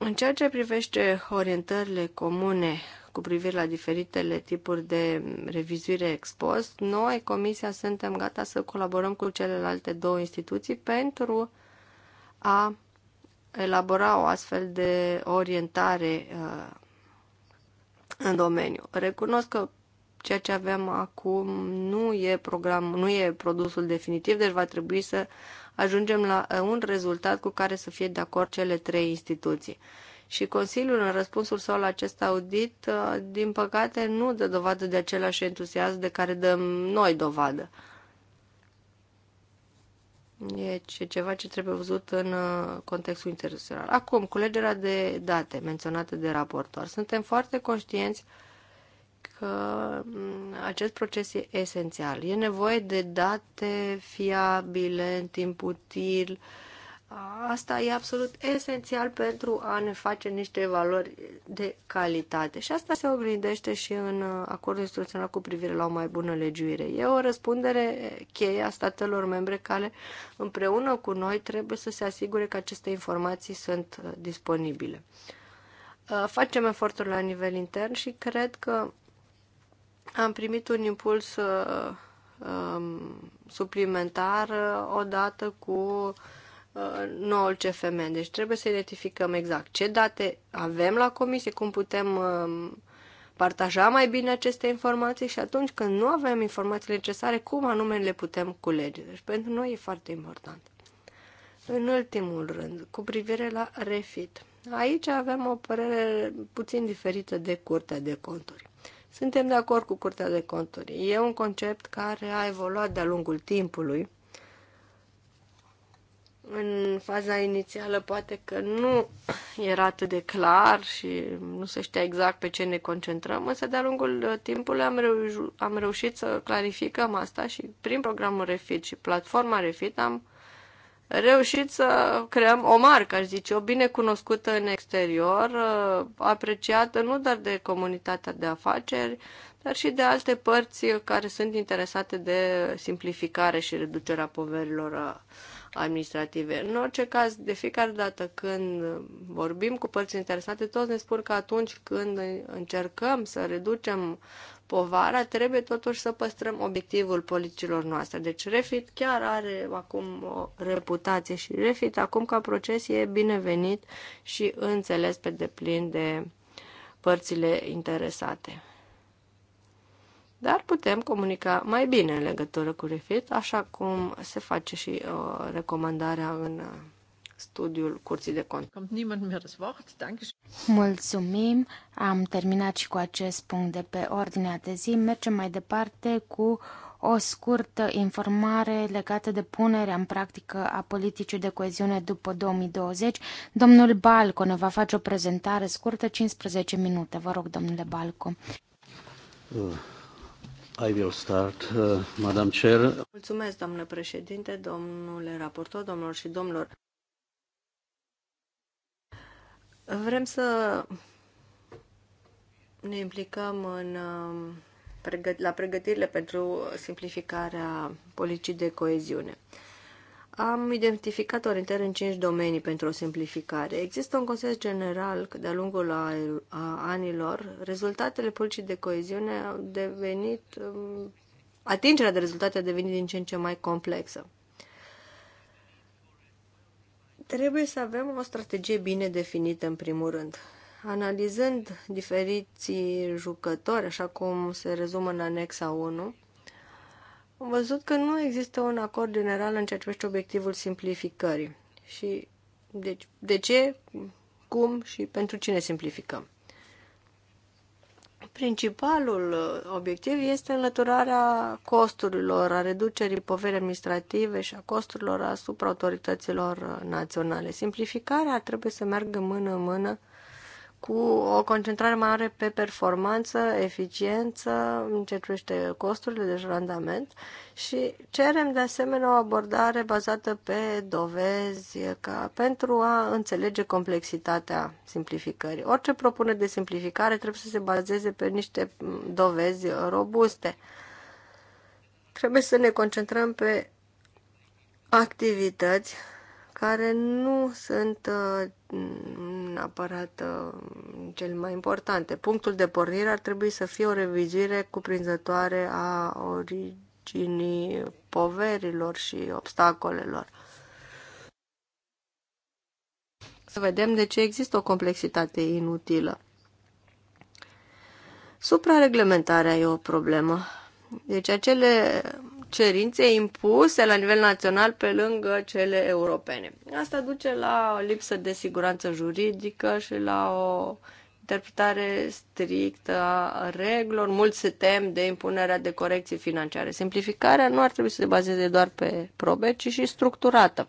În ceea ce privește orientările comune cu privire la diferitele tipuri de revizuire ex post, noi, Comisia, suntem gata să colaborăm cu celelalte două instituții pentru a elabora o astfel de orientare uh, în domeniu. Recunosc că ceea ce avem acum nu e program, nu e produsul definitiv, deci va trebui să ajungem la uh, un rezultat cu care să fie de acord cele trei instituții. Și Consiliul, în răspunsul său la acest audit, uh, din păcate, nu dă dovadă de același entuziasm de care dăm noi dovadă. Deci, e ceva ce trebuie văzut în uh, contextul internațional. Acum, culegerea de date menționată de raportor. Suntem foarte conștienți uh, că mm, acest proces e esențial. E nevoie de date fiabile, în timp util. Asta e absolut esențial pentru a ne face niște valori de calitate. Și asta se oglindește și în acordul instituțional cu privire la o mai bună legiuire. E o răspundere cheie a statelor membre care împreună cu noi trebuie să se asigure că aceste informații sunt disponibile facem eforturi la nivel intern și cred că am primit un impuls uh, um, suplimentar uh, odată cu uh, noul CFM. Deci trebuie să identificăm exact ce date avem la comisie, cum putem uh, partaja mai bine aceste informații și atunci când nu avem informațiile necesare, cum anume le putem culege. Deci pentru noi e foarte important. În ultimul rând, cu privire la refit. Aici avem o părere puțin diferită de curtea de conturi. Suntem de acord cu Curtea de Conturi. E un concept care a evoluat de-a lungul timpului. În faza inițială poate că nu era atât de clar și nu se știa exact pe ce ne concentrăm, însă de-a lungul timpului am, reu- am reușit să clarificăm asta și prin programul Refit și platforma Refit am reușit să creăm o marcă, aș zice, o binecunoscută în exterior, uh, apreciată nu doar de comunitatea de afaceri, dar și de alte părți care sunt interesate de simplificare și reducerea poverilor uh, administrative. În orice caz, de fiecare dată când vorbim cu părți interesate, toți ne spun că atunci când încercăm să reducem povara, trebuie totuși să păstrăm obiectivul politicilor noastre. Deci Refit chiar are acum o reputație și Refit acum ca proces e binevenit și înțeles pe deplin de părțile interesate. Dar putem comunica mai bine în legătură cu Refit, așa cum se face și o uh, recomandarea în studiul Curții de Cont. Mulțumim, am terminat și cu acest punct de pe ordinea de zi. Mergem mai departe cu o scurtă informare legată de punerea în practică a politicii de coeziune după 2020. Domnul Balco ne va face o prezentare scurtă, 15 minute. Vă rog, domnule Balco. Uh, I will start, uh, Madam Chair. Mulțumesc, domnule președinte, domnule raportor, domnilor și domnilor. Vrem să ne implicăm în, um, la pregătirile pentru simplificarea politicii de coeziune. Am identificat orientări în cinci domenii pentru o simplificare. Există un consens general că de-a lungul a, a anilor, rezultatele politicii de coeziune au devenit. Um, atingerea de rezultate a devenit din ce în ce mai complexă. Trebuie să avem o strategie bine definită, în primul rând. Analizând diferiții jucători, așa cum se rezumă în anexa 1, am văzut că nu există un acord general în ceea ce privește obiectivul simplificării. Și deci, de ce, cum și pentru cine simplificăm. Principalul uh, obiectiv este înlăturarea costurilor, a reducerii poveri administrative și a costurilor asupra autorităților uh, naționale. Simplificarea trebuie să meargă mână în mână cu o concentrare mare pe performanță, eficiență, în costurile, deci randament, și cerem de asemenea o abordare bazată pe dovezi ca pentru a înțelege complexitatea simplificării. Orice propunere de simplificare trebuie să se bazeze pe niște dovezi robuste. Trebuie să ne concentrăm pe activități care nu sunt uh, neapărat uh, cel mai importante. Punctul de pornire ar trebui să fie o revizuire cuprinzătoare a originii poverilor și obstacolelor. Să vedem de ce există o complexitate inutilă. Suprareglementarea e o problemă. Deci acele cerințe impuse la nivel național pe lângă cele europene. Asta duce la o lipsă de siguranță juridică și la o interpretare strictă a regulilor. Mulți se tem de impunerea de corecții financiare. Simplificarea nu ar trebui să se bazeze doar pe probe, ci și structurată.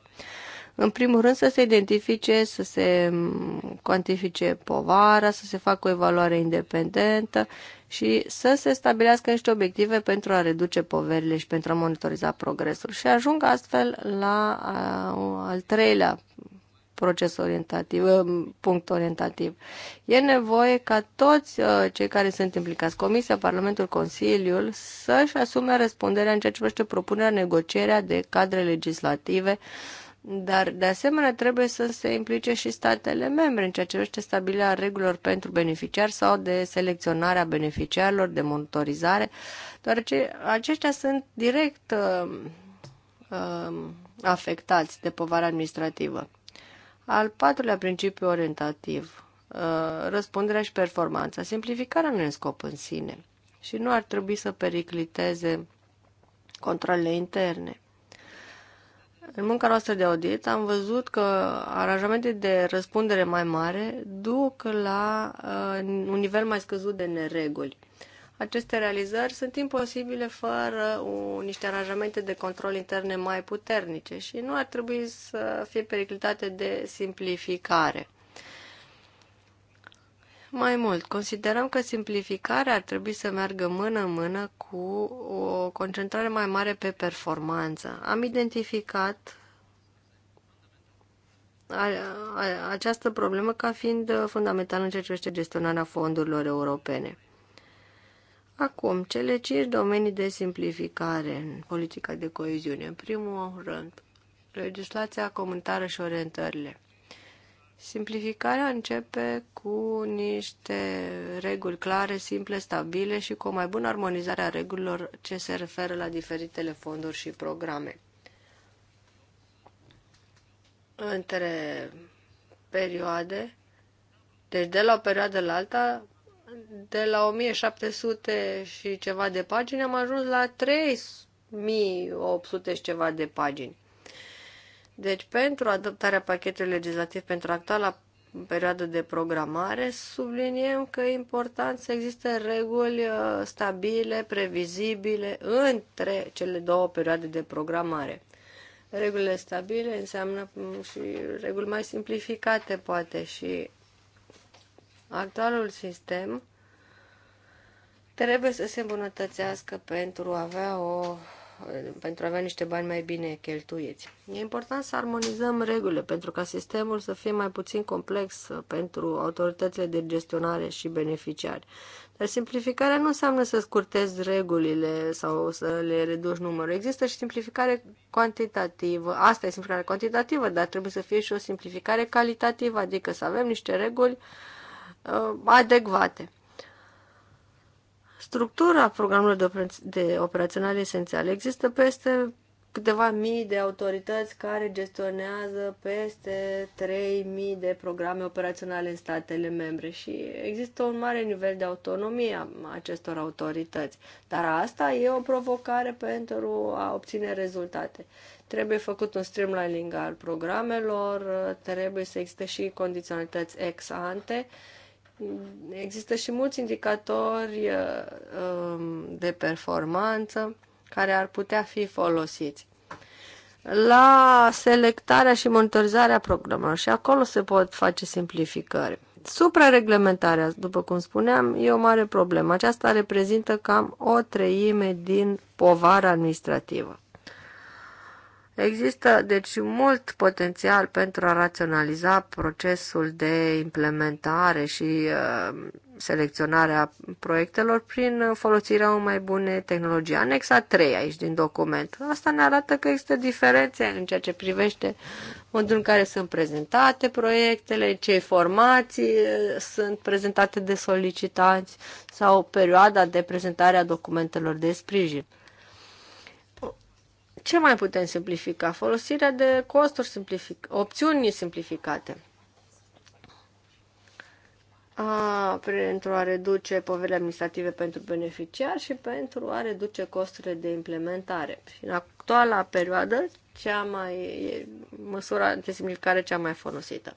În primul rând să se identifice, să se mm, cuantifice povara, să se facă o evaluare independentă și să se stabilească niște obiective pentru a reduce poverile și pentru a monitoriza progresul. Și ajung astfel la al treilea proces orientativ, ă, punct orientativ. E nevoie ca toți ă, cei care sunt implicați, Comisia, Parlamentul, Consiliul, să-și asume răspunderea în ceea ce privește propunerea, negocierea de cadre legislative uh, dar, de asemenea, trebuie să se implice și statele membre în ceea ce privește stabilirea regulilor pentru beneficiari sau de selecționarea beneficiarilor, de monitorizare, deoarece aceștia sunt direct uh, uh, afectați de povara administrativă. Al patrulea principiu orientativ, uh, răspunderea și performanța. Simplificarea nu e scop în sine și nu ar trebui să pericliteze controlele interne. În munca noastră de audit am văzut că aranjamente de răspundere mai mare duc la uh, un nivel mai scăzut de nereguli. Aceste realizări sunt imposibile fără uh, niște aranjamente de control interne mai puternice și nu ar trebui să fie periclitate de simplificare. Mai mult, considerăm că simplificarea ar trebui să meargă mână-mână în cu o concentrare mai mare pe performanță. Am identificat această problemă ca fiind fundamentală în ceea ce privește gestionarea fondurilor europene. Acum, cele cinci domenii de simplificare în politica de coeziune. În primul rând, legislația comunitară și orientările. Simplificarea începe cu niște reguli clare, simple, stabile și cu o mai bună armonizare a regulilor ce se referă la diferitele fonduri și programe. Între perioade, deci de la o perioadă la alta, de la 1700 și ceva de pagini am ajuns la 3800 și ceva de pagini. Deci, pentru adoptarea pachetului legislativ pentru actuala perioadă de programare, subliniem că e important să existe reguli uh, stabile, previzibile între cele două perioade de programare. Regulile stabile înseamnă mm, și reguli mai simplificate, poate, și actualul sistem trebuie să se îmbunătățească pentru a avea o pentru a avea niște bani mai bine cheltuieți. E important să armonizăm regulile pentru ca sistemul să fie mai puțin complex pentru autoritățile de gestionare și beneficiari. Dar simplificarea nu înseamnă să scurtezi regulile sau să le reduci numărul. Există și simplificare cuantitativă. Asta e simplificare cuantitativă, dar trebuie să fie și o simplificare calitativă, adică să avem niște reguli uh, adecvate structura programului de, operaț- de operaționale esențiale. Există peste câteva mii de autorități care gestionează peste 3.000 de programe operaționale în statele membre și există un mare nivel de autonomie a acestor autorități. Dar asta e o provocare pentru a obține rezultate. Trebuie făcut un streamlining al programelor, trebuie să existe și condiționalități ex ante, Există și mulți indicatori uh, um, de performanță care ar putea fi folosiți la selectarea și monitorizarea programelor și acolo se pot face simplificări. Suprareglementarea, după cum spuneam, e o mare problemă. Aceasta reprezintă cam o treime din povara administrativă. Există, deci, mult potențial pentru a raționaliza procesul de implementare și uh, selecționarea proiectelor prin folosirea unei mai bune tehnologii. Anexa 3 aici din document. Asta ne arată că există diferențe în ceea ce privește modul în care sunt prezentate proiectele, ce formații uh, sunt prezentate de solicitanți sau perioada de prezentare a documentelor de sprijin. Ce mai putem simplifica? Folosirea de costuri simplificate, opțiuni simplificate. A, pentru a reduce poverile administrative pentru beneficiar și pentru a reduce costurile de implementare. Și în actuala perioadă, cea mai, măsura de simplificare cea mai folosită.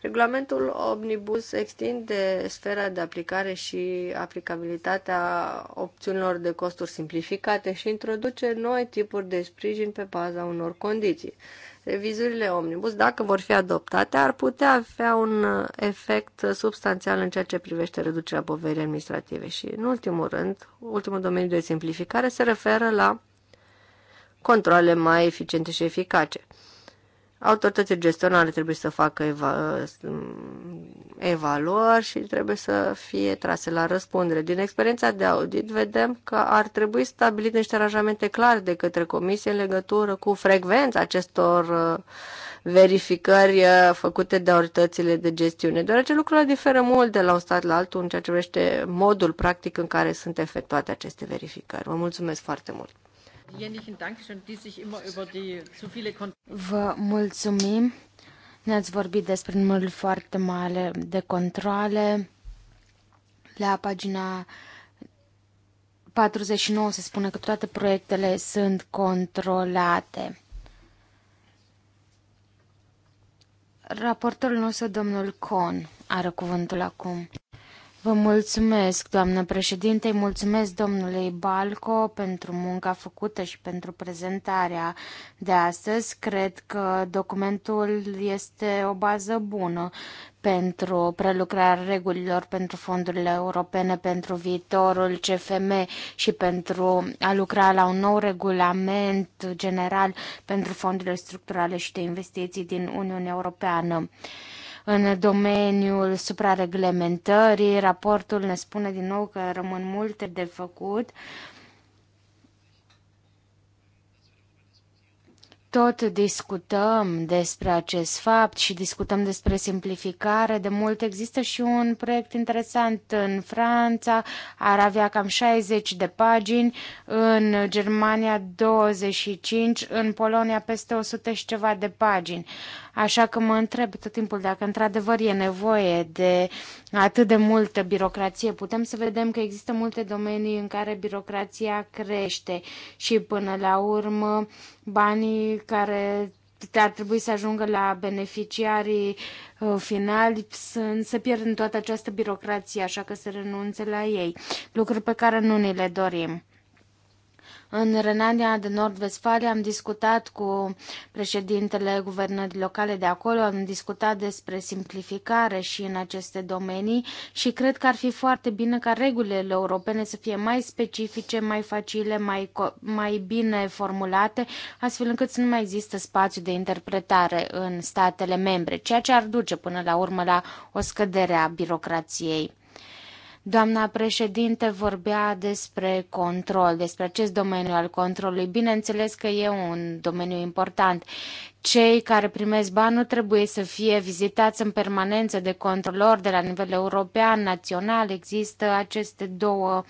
Regulamentul Omnibus extinde sfera de aplicare și aplicabilitatea opțiunilor de costuri simplificate și introduce noi tipuri de sprijin pe baza unor condiții. Revizurile Omnibus, dacă vor fi adoptate, ar putea avea un efect substanțial în ceea ce privește reducerea poverii administrative. Și, în ultimul rând, ultimul domeniu de simplificare se referă la controle mai eficiente și eficace. Autoritățile gestionale trebuie să facă eva, evaluări și trebuie să fie trase la răspundere. Din experiența de audit vedem că ar trebui stabilit niște aranjamente clare de către comisie în legătură cu frecvența acestor uh, verificări uh, făcute de autoritățile de gestiune, deoarece lucrurile diferă mult de la un stat la altul în ceea ce privește modul practic în care sunt efectuate aceste verificări. Vă mulțumesc foarte mult! Vă mulțumim. Ne-ați vorbit despre numărul foarte mare de controle. La pagina 49 se spune că toate proiectele sunt controlate. Raportorul nostru, domnul Con, are cuvântul acum. Vă mulțumesc, doamnă președinte, mulțumesc domnului Balco pentru munca făcută și pentru prezentarea de astăzi. Cred că documentul este o bază bună pentru prelucrarea regulilor pentru fondurile europene, pentru viitorul CFM și pentru a lucra la un nou regulament general pentru fondurile structurale și de investiții din Uniunea Europeană. În domeniul suprareglementării, raportul ne spune din nou că rămân multe de făcut. tot discutăm despre acest fapt și discutăm despre simplificare. De mult există și un proiect interesant în Franța, ar avea cam 60 de pagini, în Germania 25, în Polonia peste 100 și ceva de pagini. Așa că mă întreb tot timpul dacă într-adevăr e nevoie de atât de multă birocrație. Putem să vedem că există multe domenii în care birocrația crește și până la urmă banii care ar trebui să ajungă la beneficiarii uh, finali, sunt, să pierd în toată această birocrație, așa că să renunțe la ei. Lucruri pe care nu ni le dorim. În Renania de Nord-Vestfalia am discutat cu președintele guvernării locale de acolo, am discutat despre simplificare și în aceste domenii și cred că ar fi foarte bine ca regulile europene să fie mai specifice, mai facile, mai, mai bine formulate, astfel încât să nu mai există spațiu de interpretare în statele membre, ceea ce ar duce până la urmă la o scădere a birocrației. Doamna președinte vorbea despre control, despre acest domeniu al controlului. Bineînțeles că e un domeniu important. Cei care primesc bani nu trebuie să fie vizitați în permanență de controlori de la nivel european, național. Există aceste două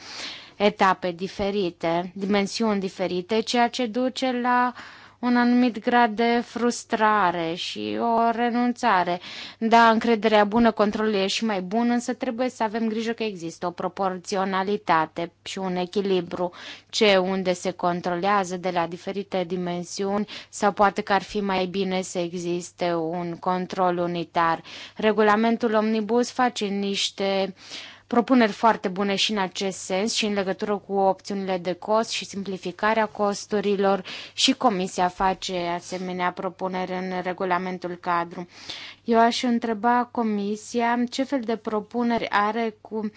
etape diferite, dimensiuni diferite, ceea ce duce la uh, un anumit grad de frustrare și o renunțare. Da, încrederea bună, controlul e și mai bun, însă trebuie să avem grijă că există o proporționalitate și un echilibru ce unde se controlează de la diferite dimensiuni sau poate că ar fi mai bine să existe un control unitar. Regulamentul Omnibus face niște uh, propuneri foarte bune și în acest sens și în legătură cu opțiunile de cost și simplificarea costurilor și Comisia face asemenea propuneri în regulamentul cadru. Eu aș întreba Comisia ce fel de propuneri are cu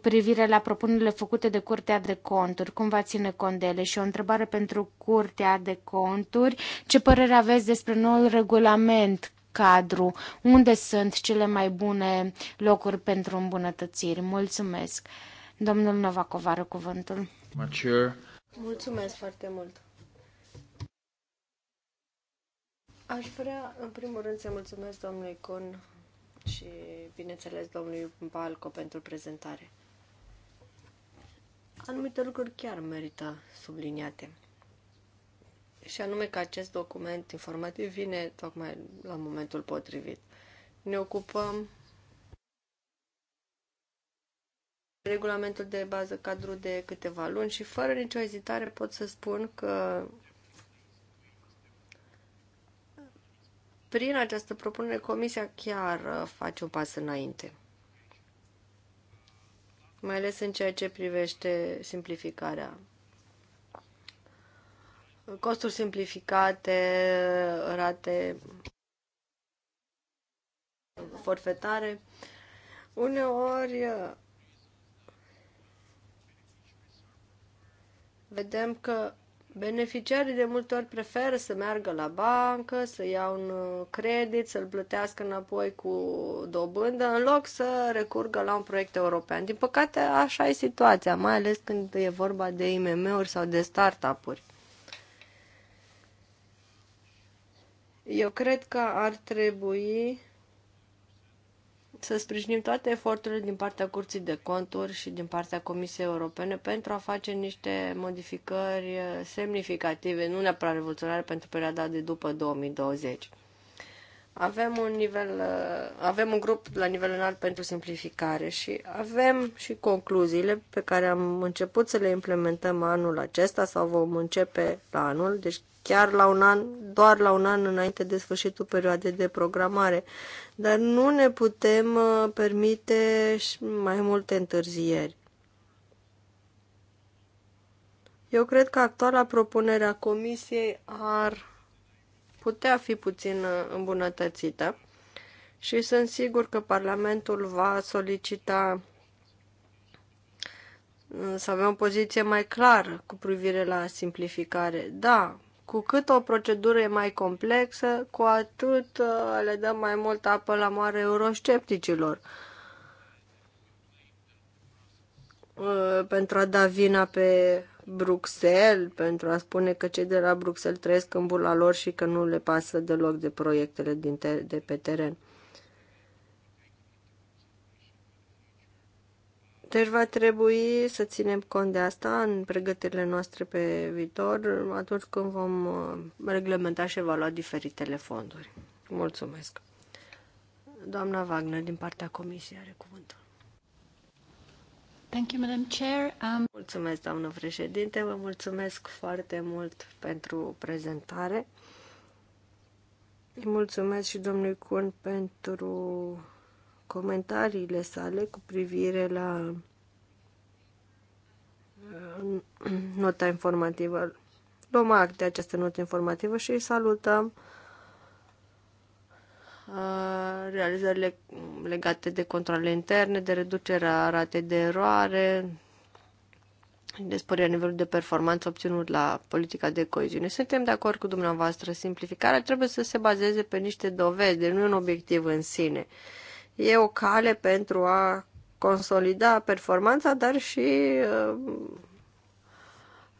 privire la propunerile făcute de Curtea de Conturi, cum va ține cont de ele și o întrebare pentru Curtea de Conturi, ce părere aveți despre noul regulament cadru, unde sunt cele mai bune locuri pentru îmbunătățiri. Mulțumesc. Domnul Novakov are cuvântul. Mature. Mulțumesc foarte mult. Aș vrea, în primul rând, să mulțumesc domnului Con și, bineînțeles, domnului Balco pentru prezentare. Anumite lucruri chiar merită subliniate și anume că acest document informativ vine tocmai la momentul potrivit. Ne ocupăm regulamentul de bază cadru de câteva luni și fără nicio ezitare pot să spun că prin această propunere comisia chiar uh, face un pas înainte. Mai ales în ceea ce privește simplificarea costuri simplificate, rate forfetare. Uneori vedem că beneficiarii de multe ori preferă să meargă la bancă, să ia un credit, să-l plătească înapoi cu dobândă, în loc să recurgă la un proiect european. Din păcate, așa e situația, mai ales când e vorba de IMM-uri sau de startup-uri. Eu cred că ar trebui să sprijinim toate eforturile din partea Curții de Conturi și din partea Comisiei Europene pentru a face niște modificări semnificative, nu neapărat revoluționare, pentru perioada de după 2020. Avem un, nivel, avem un grup la nivel înalt pentru simplificare și avem și concluziile pe care am început să le implementăm anul acesta sau vom începe la anul, deci chiar la un an, doar la un an înainte de sfârșitul perioadei de programare, dar nu ne putem uh, permite mai multe întârzieri. Eu cred că actuala propunere a Comisiei ar putea fi puțin uh, îmbunătățită și sunt sigur că Parlamentul va solicita uh, să avem o poziție mai clară cu privire la simplificare. Da, cu cât o procedură e mai complexă, cu atât uh, le dăm mai mult apă la mare euroscepticilor uh, pentru a da vina pe Bruxelles, pentru a spune că cei de la Bruxelles trăiesc în bula lor și că nu le pasă deloc de proiectele din ter- de pe teren. Deci va trebui să ținem cont de asta în pregătirile noastre pe viitor, atunci când vom uh, reglementa și evalua diferitele fonduri. Mulțumesc. Doamna Wagner, din partea Comisiei, are cuvântul. Thank you, Madam Chair. Um... Mulțumesc, doamnă președinte. Vă mulțumesc foarte mult pentru prezentare. Îi mulțumesc și domnului Cun pentru comentariile sale cu privire la uh, nota informativă. Luăm act de această notă informativă și îi salutăm uh, realizările legate de controle interne, de reducerea ratei de eroare, de sporirea nivelului de performanță obținut la politica de coeziune. Suntem de acord cu dumneavoastră. Simplificarea trebuie să se bazeze pe niște dovezi, de deci nu un obiectiv în sine. Uh, E o cale pentru a consolida performanța, dar și uh,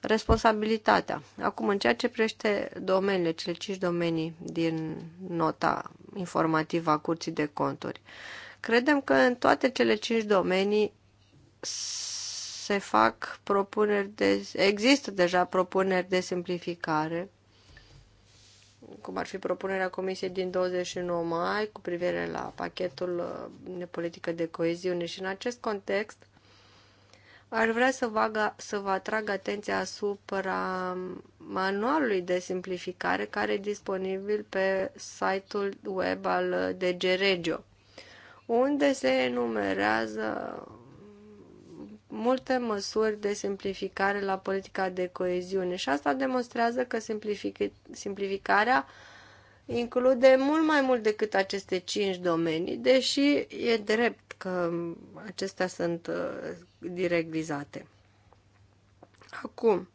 responsabilitatea. Acum, în ceea ce prește domeniile, cele cinci domenii din nota informativă a Curții de Conturi, credem că în toate cele cinci domenii se fac propuneri de, există deja propuneri de simplificare cum ar fi propunerea Comisiei din 29 mai cu privire la pachetul uh, de politică de coeziune. Și în acest context, ar vrea să, vă să vă atrag atenția asupra manualului de simplificare care e disponibil pe site-ul web al uh, DG Regio, unde se enumerează multe măsuri de simplificare la politica de coeziune și asta demonstrează că simplific simplificarea include mult mai mult decât aceste cinci domenii, deși e drept că acestea sunt uh, direct vizate. Acum,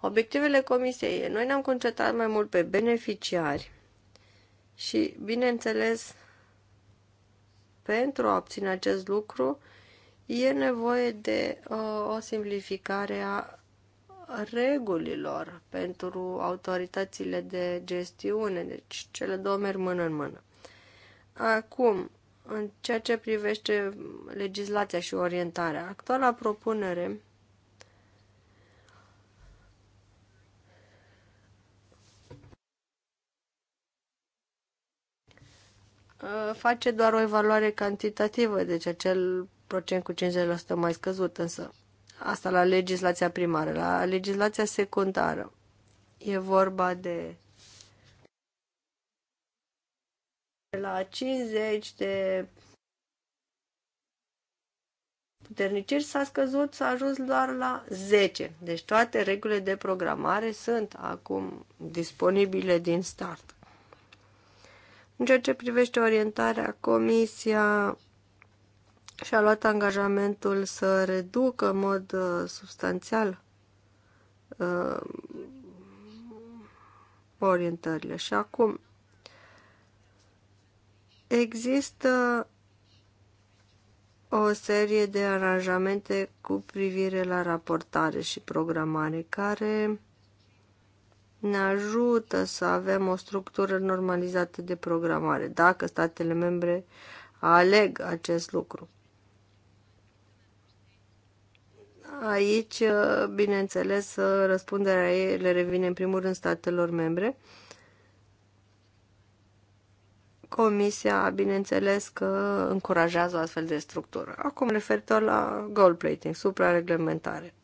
obiectivele comisiei. Noi ne-am concentrat mai mult pe beneficiari și, bineînțeles, pentru a obține acest lucru, E nevoie de uh, o simplificare a regulilor pentru autoritățile de gestiune, deci cele două merg mână în mână. Acum, în ceea ce privește legislația și orientarea, actuala propunere face doar o evaluare cantitativă, deci acel procent cu 50% mai scăzut, însă asta la legislația primară, la legislația secundară. E vorba de la 50 de puterniciri s-a scăzut, s-a ajuns doar la 10. Deci toate regulile de programare sunt acum disponibile din start. În ceea ce privește orientarea, comisia și-a luat angajamentul să reducă în mod uh, substanțial uh, orientările. Și acum există o serie de aranjamente cu privire la raportare și programare care ne ajută să avem o structură normalizată de programare, dacă statele membre aleg acest lucru. Aici, uh, bineînțeles, uh, răspunderea ei le revine în primul rând statelor membre. Comisia, bineînțeles, că încurajează o astfel de structură. Acum, referitor la gold plating, suprareglementare.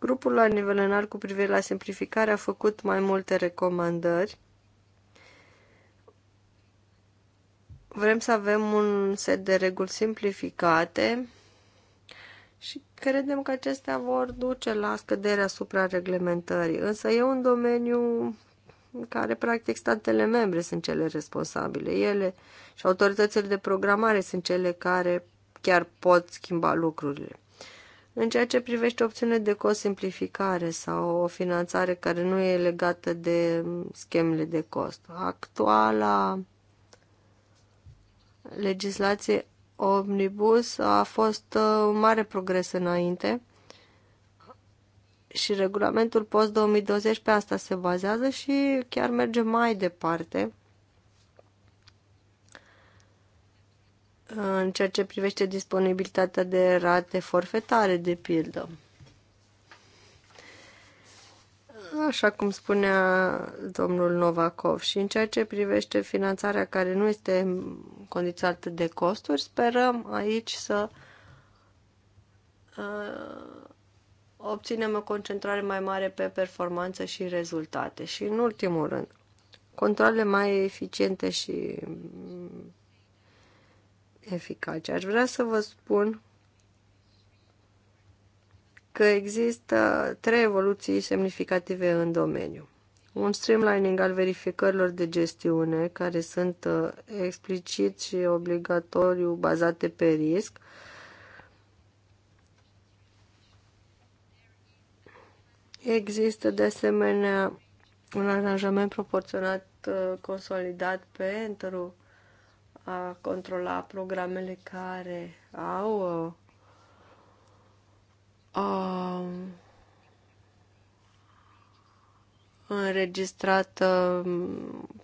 Grupul la nivel înalt cu privire la simplificare a făcut mai multe recomandări. Vrem să avem un set de reguli simplificate și credem că acestea vor duce la scăderea suprareglementării. Însă e un domeniu în care practic statele membre sunt cele responsabile. Ele și autoritățile de programare sunt cele care chiar pot schimba lucrurile. În ceea ce privește opțiune de cost simplificare sau o finanțare care nu e legată de schemele de cost, actuala legislație omnibus a fost uh, un mare progres înainte și regulamentul post-2020 pe asta se bazează și chiar merge mai departe în ceea ce privește disponibilitatea de rate forfetare, de pildă. așa cum spunea domnul Novakov. Și în ceea ce privește finanțarea care nu este condiționată de costuri, sperăm aici să uh, obținem o concentrare mai mare pe performanță și rezultate. Și în ultimul rând, controle mai eficiente și mm, eficace. Aș vrea să vă spun că există trei evoluții semnificative în domeniu. Un streamlining al verificărilor de gestiune, care sunt uh, explicit și obligatoriu bazate pe risc, Există de asemenea un aranjament proporționat uh, consolidat pentru a controla programele care au uh, uh, înregistrat uh,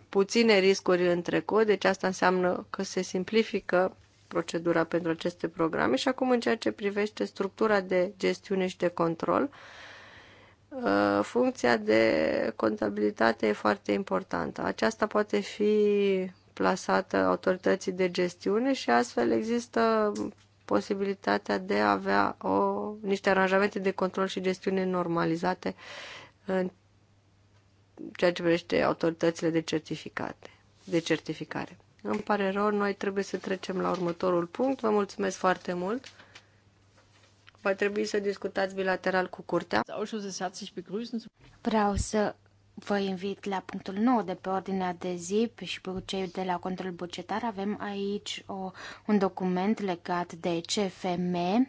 puține riscuri în trecut, deci asta înseamnă că se simplifică procedura pentru aceste programe și acum în ceea ce privește structura de gestiune și de control, uh, funcția de contabilitate e foarte importantă. Aceasta poate fi plasată autorității de gestiune și astfel există posibilitatea de a avea o, niște aranjamente de control și gestiune normalizate în ceea ce privește autoritățile de certificate, de certificare. Îmi pare rău, noi trebuie să trecem la următorul punct. Vă mulțumesc foarte mult. Va trebui să discutați bilateral cu curtea. Vreau să Vă invit la punctul 9 de pe ordinea de zi și pe cei de la control bugetar. Avem aici o, un document legat de CFM.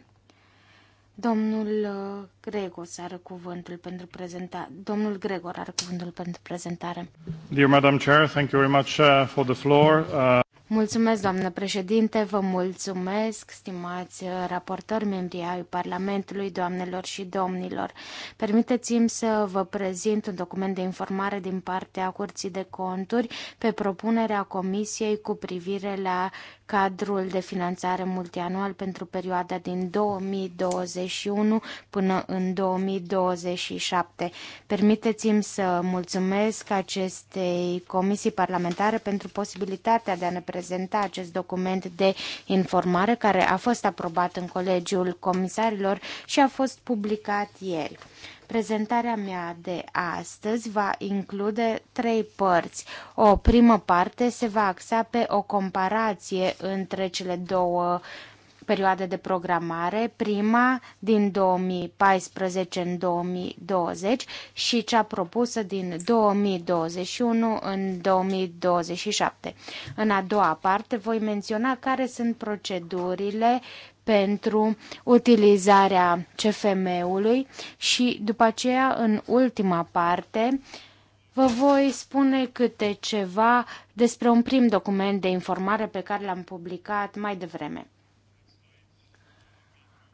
Domnul uh, Gregor are cuvântul pentru prezentare. Domnul Gregor are cuvântul pentru prezentare. Dear Madam Chair, thank you very much uh, for the floor. Uh... Mulțumesc, doamnă președinte, vă mulțumesc, stimați raportori, membrii ai Parlamentului, doamnelor și domnilor. Permiteți-mi să vă prezint un document de informare din partea Curții de Conturi pe propunerea Comisiei cu privire la cadrul de finanțare multianual pentru perioada din 2021 până în 2027. Permiteți-mi să mulțumesc acestei comisii parlamentare pentru posibilitatea de a ne prezenta prezenta acest document de informare care a fost aprobat în Colegiul Comisarilor și a fost publicat ieri. Prezentarea mea de astăzi va include trei părți. O primă parte se va axa pe o comparație între cele două uh, perioade de programare, prima din 2014 în 2020 și cea propusă din 2021 în 2027. În a doua parte voi menționa care sunt procedurile pentru utilizarea CFM-ului și după aceea în ultima parte vă voi spune câte ceva despre un prim document de informare pe care l-am publicat mai devreme.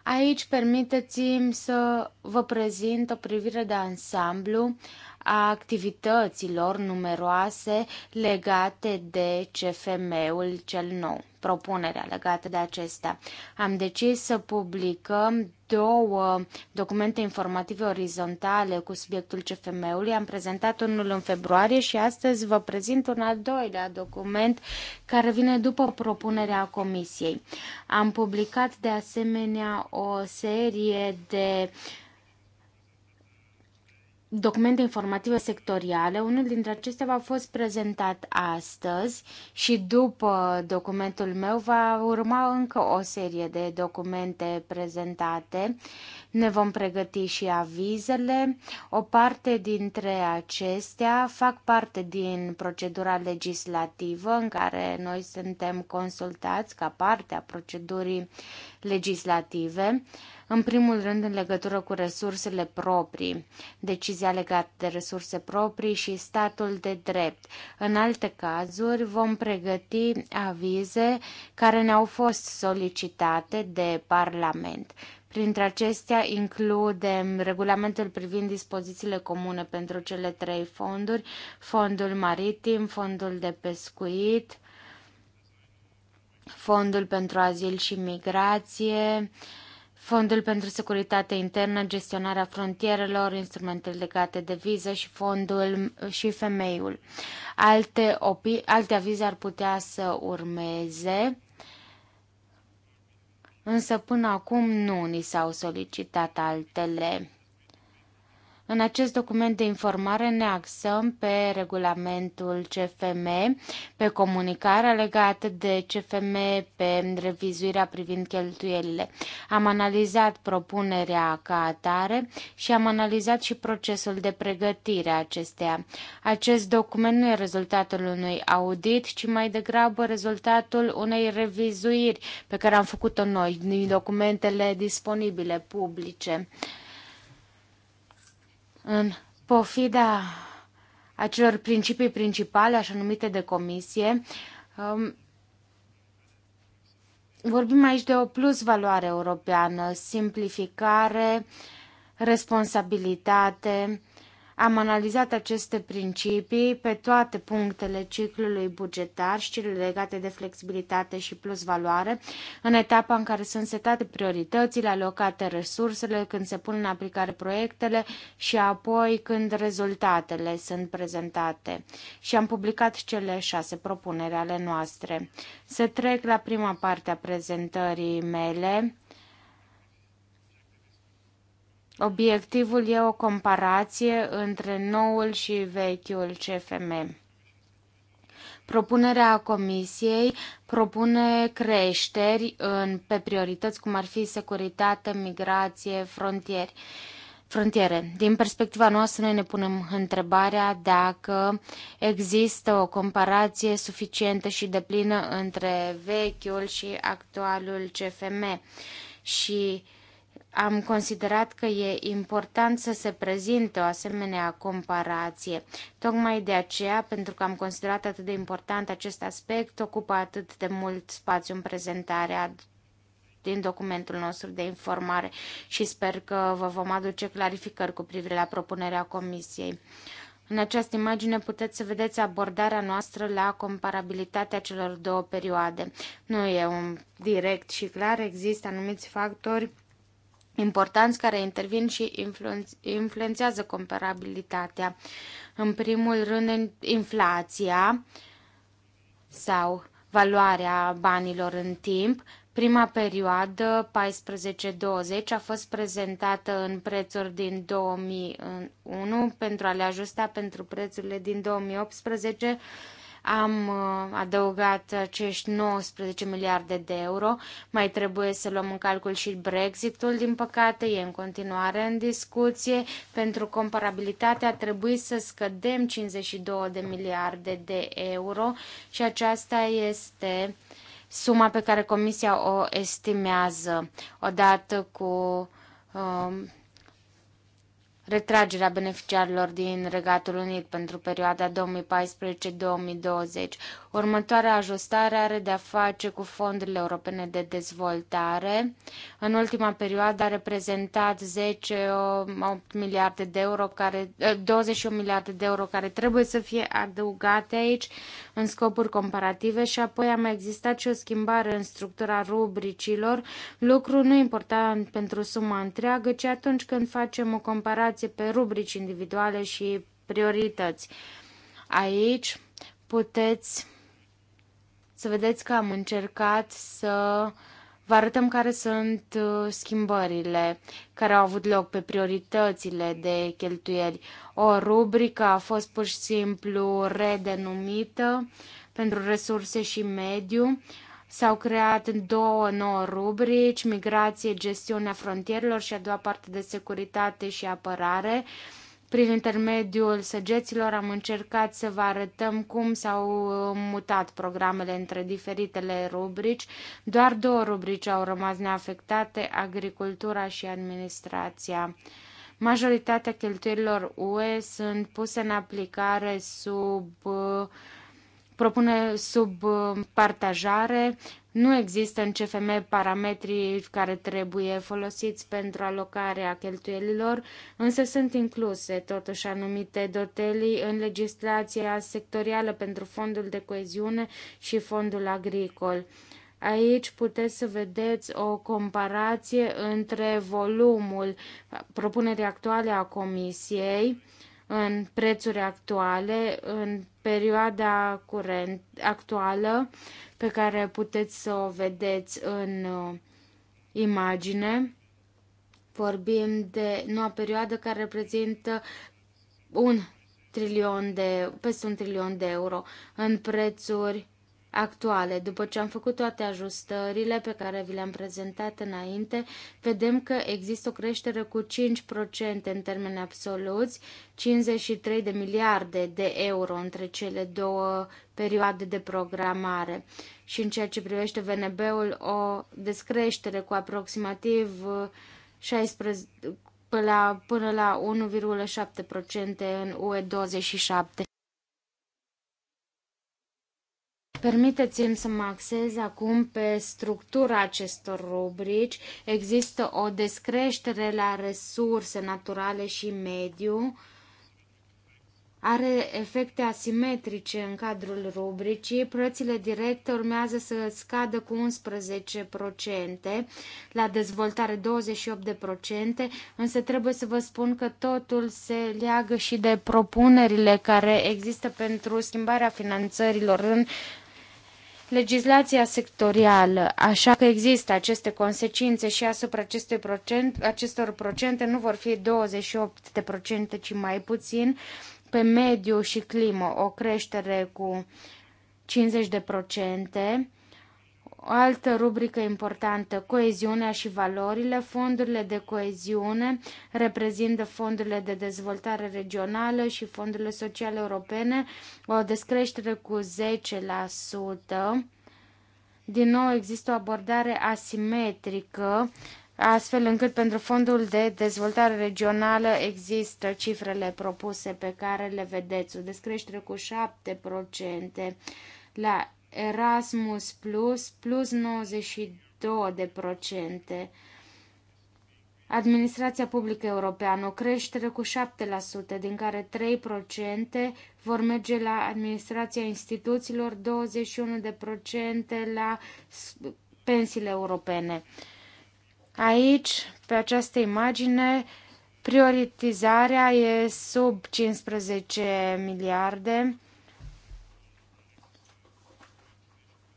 Aici permiteți-mi să vă prezint o privire de ansamblu a activităților numeroase legate de CFM-ul cel nou, propunerea legată de acesta. Am decis să publicăm două documente informative orizontale cu subiectul CFM-ului. Am prezentat unul în februarie și astăzi vă prezint un al doilea document care vine după propunerea Comisiei. Am publicat de asemenea o serie de uh, documente informative sectoriale. Unul dintre acestea va fost prezentat astăzi și după documentul meu va urma încă o serie de documente prezentate. Uh, ne vom pregăti și avizele. O parte dintre acestea fac parte din procedura legislativă în care noi suntem consultați ca parte a procedurii legislative. În primul rând, în legătură cu resursele proprii, decizia legată de resurse proprii și statul de drept. În alte cazuri, vom pregăti avize care ne-au fost solicitate de Parlament. Printre acestea includem regulamentul privind dispozițiile comune pentru cele trei fonduri, fondul maritim, fondul de pescuit, fondul pentru azil și migrație, fondul pentru securitate internă, gestionarea frontierelor, instrumentele legate de viză și fondul și femeiul. Alte, opi, alte avize ar putea să urmeze însă până acum nu ni s-au solicitat altele. În acest document de informare ne axăm pe regulamentul CFM, pe comunicarea legată de CFM, pe revizuirea privind cheltuielile. Am analizat propunerea ca atare și am analizat și procesul de pregătire a acesteia. Acest document nu e rezultatul unui audit, ci mai degrabă rezultatul unei revizuiri pe care am făcut-o noi din documentele disponibile publice. În pofida acelor principii principale, așa numite de comisie, um, vorbim aici de o plus valoare europeană, simplificare, responsabilitate, am analizat aceste principii pe toate punctele ciclului bugetar și cele legate de flexibilitate și plus valoare, în etapa în care sunt setate prioritățile, alocate resursele, când se pun în aplicare proiectele și apoi când rezultatele sunt prezentate. Și am publicat cele șase propuneri ale noastre. Să trec la prima parte a prezentării mele Obiectivul e o comparație între noul și vechiul CFM. Propunerea Comisiei propune creșteri în, pe priorități cum ar fi securitate, migrație, frontieri frontiere. Din perspectiva noastră, noi ne punem întrebarea dacă există o comparație suficientă și deplină între vechiul și actualul CFM și uh, am considerat că e important să se prezinte o asemenea comparație. Tocmai de aceea, pentru că am considerat atât de important acest aspect, ocupă atât de mult spațiu în prezentarea din documentul nostru de informare și sper că vă vom aduce clarificări cu privire la propunerea Comisiei. În această imagine puteți să vedeți abordarea noastră la comparabilitatea celor două perioade. Nu e un direct și clar, există anumiți factori importanți care intervin și influențează comparabilitatea. În primul rând, inflația sau valoarea banilor în timp. Prima perioadă, 14-20, a fost prezentată în prețuri din 2001 pentru a le ajusta pentru prețurile din 2018 am uh, adăugat acești 19 miliarde de euro. Mai trebuie să luăm în calcul și Brexitul, din păcate, e în continuare în discuție. Pentru comparabilitate a trebuit să scădem 52 de miliarde de euro și aceasta este suma pe care Comisia o estimează odată cu um, retragerea beneficiarilor din Regatul Unit pentru perioada 2014-2020. Următoarea ajustare are de-a face cu fondurile europene de dezvoltare. În ultima perioadă a reprezentat 10 8 miliarde de euro care, 21 eh, miliarde de euro care trebuie să fie adăugate aici în scopuri comparative și apoi a mai existat și o schimbare în structura rubricilor, lucru nu important pentru suma întreagă, ci atunci când facem o comparație informație pe rubrici individuale și priorități. Aici puteți să vedeți că am încercat să vă arătăm care sunt uh, schimbările care au avut loc pe prioritățile de cheltuieli. O rubrică a fost pur și simplu redenumită pentru resurse și mediu. S-au creat două nouă rubrici, migrație, gestiunea frontierelor și a doua parte de securitate și apărare. Prin intermediul săgeților am încercat să vă arătăm cum s-au mutat programele între diferitele rubrici. Doar două rubrici au rămas neafectate, agricultura și administrația. Majoritatea cheltuielilor UE sunt puse în aplicare sub uh, propune sub uh, partajare. Nu există în CFM parametrii care trebuie folosiți pentru alocarea cheltuielilor, însă sunt incluse totuși anumite dotelii în legislația sectorială pentru fondul de coeziune și fondul agricol. Aici puteți să vedeți o comparație între volumul propunerii actuale a Comisiei în prețuri actuale, în perioada curent, actuală pe care puteți să o vedeți în uh, imagine. Vorbim de noua perioadă care reprezintă un trilion de, peste un trilion de euro în prețuri actuale. După ce am făcut toate ajustările pe care vi le-am prezentat înainte, vedem că există o creștere cu 5% în termeni absoluți, 53 de miliarde de euro între cele două perioade de programare. Și în ceea ce privește VNB-ul, o descreștere cu aproximativ 16, până la, până la 1,7% în UE27. Permiteți-mi să mă axez acum pe structura acestor rubrici. Există o descreștere la resurse naturale și mediu. Are efecte asimetrice în cadrul rubricii. Prețile directe urmează să scadă cu 11%, la dezvoltare 28%, însă trebuie să vă spun că totul se leagă și de propunerile care există pentru schimbarea finanțărilor în legislația sectorială, așa că există aceste consecințe și asupra acestui procent, acestor procente, nu vor fi 28%, ci mai puțin, pe mediu și climă o creștere cu 50%, o altă rubrică importantă, coeziunea și valorile. Fondurile de coeziune reprezintă fondurile de dezvoltare regională și fondurile sociale europene, o descreștere cu 10%. Din nou există o abordare asimetrică, astfel încât pentru fondul de dezvoltare regională există cifrele propuse pe care le vedeți, o descreștere cu 7% la Erasmus Plus, plus 92 de procente. Administrația publică europeană, o creștere cu 7%, din care 3% vor merge la administrația instituțiilor, 21% la pensiile europene. Aici, pe această imagine, prioritizarea e sub 15 miliarde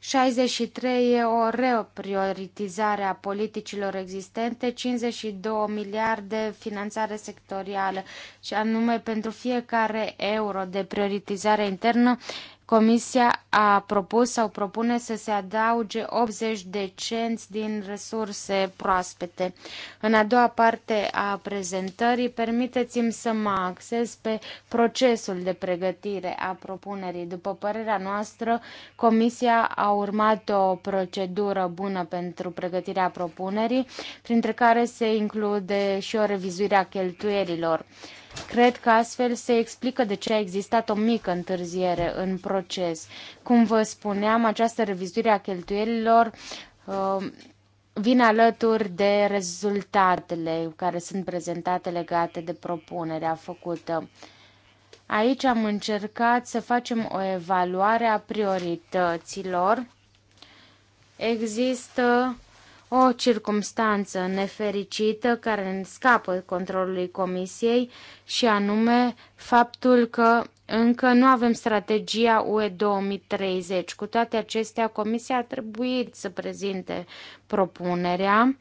63 e o reprioritizare a politicilor existente, 52 miliarde finanțare sectorială și anume pentru fiecare euro de prioritizare internă Comisia a propus sau propune să se adauge 80 de cenți din resurse proaspete. În a doua parte a prezentării, permiteți-mi să mă axez pe procesul de pregătire a propunerii. După părerea noastră, Comisia a urmat o procedură bună pentru pregătirea propunerii, printre care se include și o revizuire a cheltuierilor. Cred că astfel se explică de ce a existat o mică întârziere în proces. Cum vă spuneam, această revizuire a cheltuielilor uh, vine alături de rezultatele care sunt prezentate legate de propunerea făcută. Aici am încercat să facem o evaluare a priorităților. Există o circumstanță nefericită care ne scapă controlului Comisiei și anume faptul că încă nu avem strategia UE 2030. Cu toate acestea, Comisia a trebuit să prezinte propunerea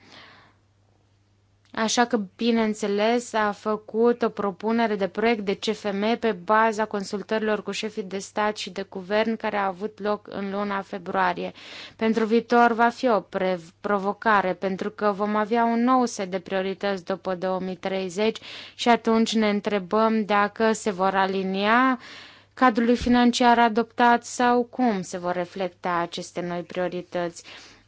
Așa că, bineînțeles, a făcut o propunere de proiect de CFM pe baza consultărilor cu șefii de stat și de guvern care a avut loc în luna februarie. Pentru viitor va fi o provocare, pentru că vom avea un nou set de priorități după 2030 și atunci ne întrebăm dacă se vor alinia cadrului financiar adoptat sau cum se vor reflecta aceste noi priorități.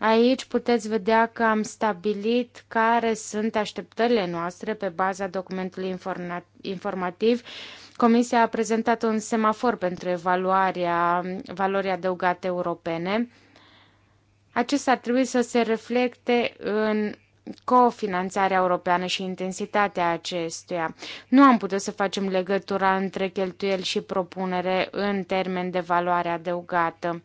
Aici puteți vedea că am stabilit care sunt așteptările noastre pe baza documentului informativ. Comisia a prezentat un semafor pentru evaluarea valorii adăugate europene. Acesta ar trebui să se reflecte în cofinanțarea europeană și intensitatea acestuia. Nu am putut să facem legătura între cheltuieli și propunere în termen de valoare adăugată.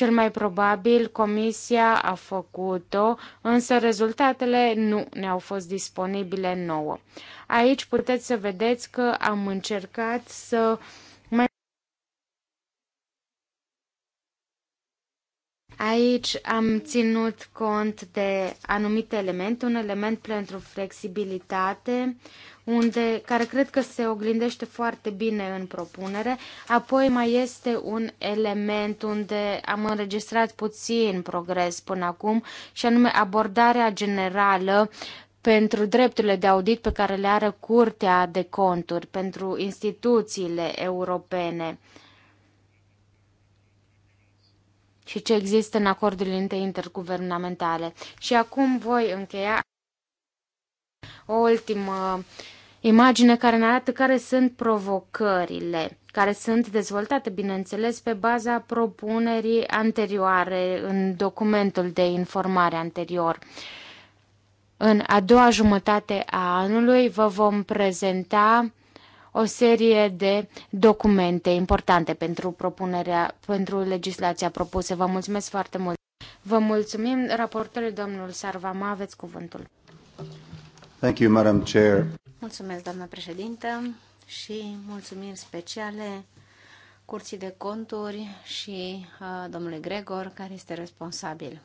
Cel mai probabil comisia a făcut-o, însă rezultatele nu ne-au fost disponibile nouă. Aici puteți să vedeți că am încercat să uh, Aici am ținut cont de anumite elemente, un element pentru flexibilitate, unde, care cred că se oglindește foarte bine în propunere. Apoi mai este un element unde am înregistrat puțin progres până acum, și anume abordarea generală pentru drepturile de audit pe care le are Curtea de Conturi, pentru instituțiile europene și ce există în acordurile interguvernamentale. Și acum voi încheia o ultimă imagine care ne arată care sunt provocările, care sunt dezvoltate, bineînțeles, pe baza propunerii anterioare în documentul de informare anterior. În a doua jumătate a anului vă vom prezenta o serie de documente importante pentru propunerea, pentru legislația propusă. Vă mulțumesc foarte mult. Vă mulțumim. Raportorul domnul Sarvama, aveți cuvântul. Thank you, Madam Chair. Mulțumesc, doamnă președintă, și mulțumiri speciale Curții de Conturi și uh, domnului Gregor, care este responsabil.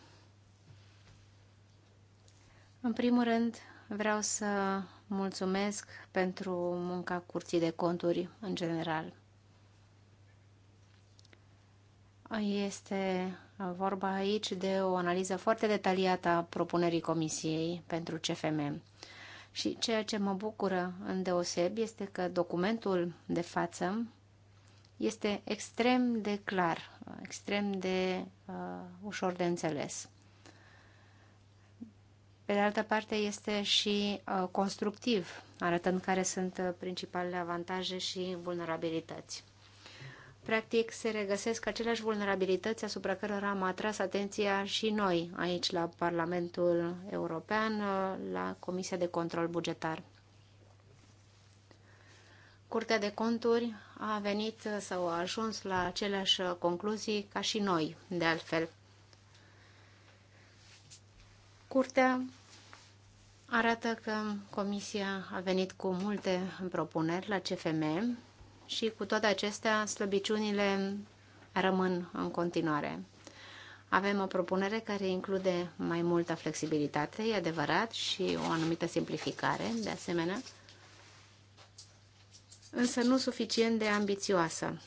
În primul rând, vreau să mulțumesc pentru munca curții de conturi în general. Este vorba aici de o analiză foarte detaliată a propunerii Comisiei pentru CFM. Și ceea ce mă bucură deoseb este că documentul de față este extrem de clar, extrem de uh, ușor de înțeles. Pe de altă parte, este și uh, constructiv, arătând care sunt uh, principalele avantaje și vulnerabilități. Practic, se regăsesc aceleași vulnerabilități asupra cărora am atras atenția și noi aici la Parlamentul European, uh, la Comisia de Control Bugetar. Curtea de Conturi a venit sau a ajuns la aceleași concluzii ca și noi, de altfel. Curtea arată că Comisia a venit cu multe propuneri la CFM și cu toate acestea slăbiciunile rămân în continuare. Avem o propunere care include mai multă flexibilitate, e adevărat, și o anumită simplificare, de asemenea, însă nu suficient de ambițioasă,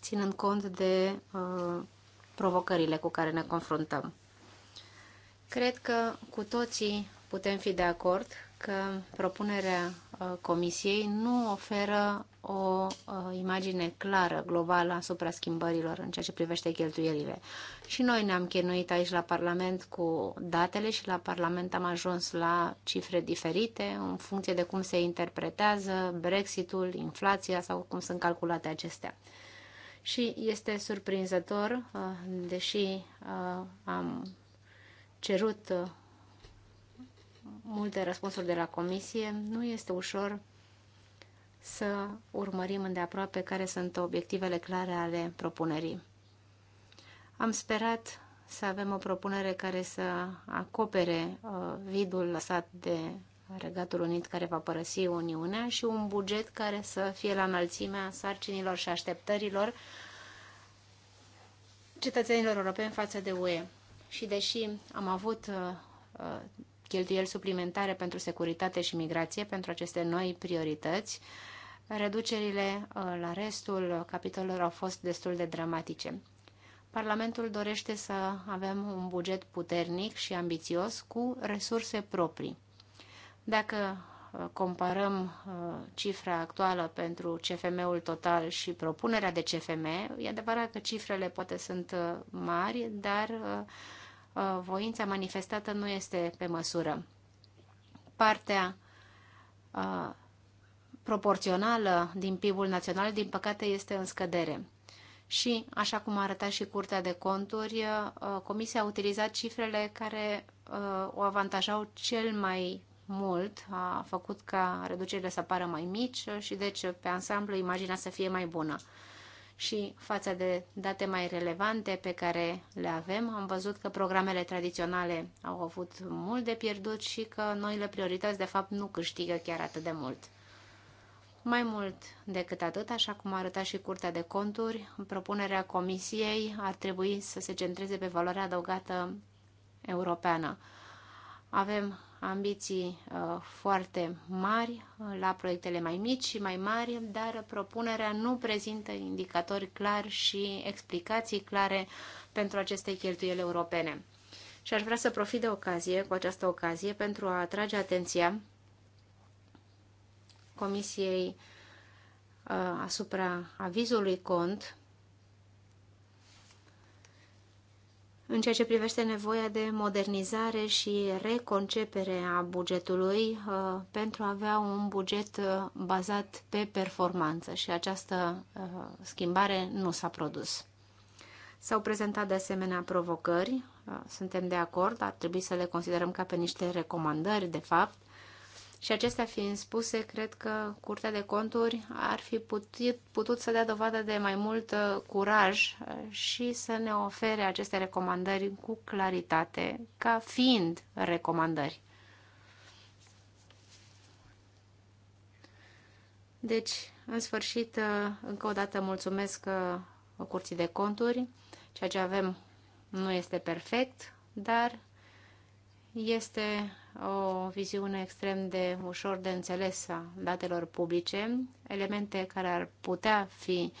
ținând cont de uh, provocările cu care ne confruntăm. Cred că cu toții putem fi de acord că propunerea uh, Comisiei nu oferă o uh, imagine clară, globală, asupra schimbărilor în ceea ce privește cheltuielile. Și noi ne-am chinuit aici la Parlament cu datele și la Parlament am ajuns la cifre diferite în funcție de cum se interpretează Brexitul, inflația sau cum sunt calculate acestea. Și este surprinzător, uh, deși am cerut uh, multe răspunsuri de la comisie. Nu este ușor să urmărim îndeaproape care sunt obiectivele clare ale propunerii. Am sperat să avem o propunere care să acopere uh, vidul lăsat de Regatul Unit care va părăsi Uniunea și un buget care să fie la înălțimea sarcinilor și așteptărilor cetățenilor europeni față de UE și deși am avut uh, uh, cheltuieli suplimentare pentru securitate și migrație, pentru aceste noi priorități, reducerile uh, la restul capitolelor au fost destul de dramatice. Parlamentul dorește să avem un buget puternic și ambițios cu resurse proprii. Dacă comparăm cifra actuală pentru CFM-ul total și propunerea de CFM, e adevărat că cifrele poate sunt mari, dar uh, Uh, voința manifestată nu este pe măsură. Partea uh, proporțională din PIB-ul național, din păcate, este în scădere. Și, așa cum arătat și Curtea de Conturi, uh, Comisia a utilizat cifrele care o avantajau cel mai mult, a făcut ca reducerile să apară mai mici și, deci, pe ansamblu, imaginea să fie mai bună și față de date mai relevante pe care le avem, am văzut că programele tradiționale au avut mult de pierdut și că noile priorități, de fapt, nu câștigă chiar atât de mult. Mai mult decât atât, așa cum arăta și Curtea de Conturi, propunerea Comisiei ar trebui să se centreze pe valoarea adăugată europeană. Avem ambiții uh, foarte mari uh, la proiectele mai mici și mai mari, dar propunerea nu prezintă indicatori clari și explicații clare pentru aceste cheltuieli europene. Și aș vrea să profit de ocazie, cu această ocazie, pentru a atrage atenția Comisiei uh, asupra avizului cont în ceea ce privește nevoia de modernizare și reconcepere a bugetului uh, pentru a avea un buget uh, bazat pe performanță și această uh, schimbare nu s-a produs. S-au prezentat de asemenea provocări, suntem de acord, ar trebui să le considerăm ca pe niște recomandări, de fapt, și acestea fiind spuse, cred că Curtea de Conturi ar fi putut, putut să dea dovadă de mai mult uh, curaj uh, și să ne ofere aceste recomandări cu claritate, ca fiind recomandări. Deci, în sfârșit, uh, încă o dată mulțumesc curții de conturi. Ceea ce avem nu este perfect, dar este o viziune extrem de ușor de înțeles a datelor publice, elemente care ar putea fi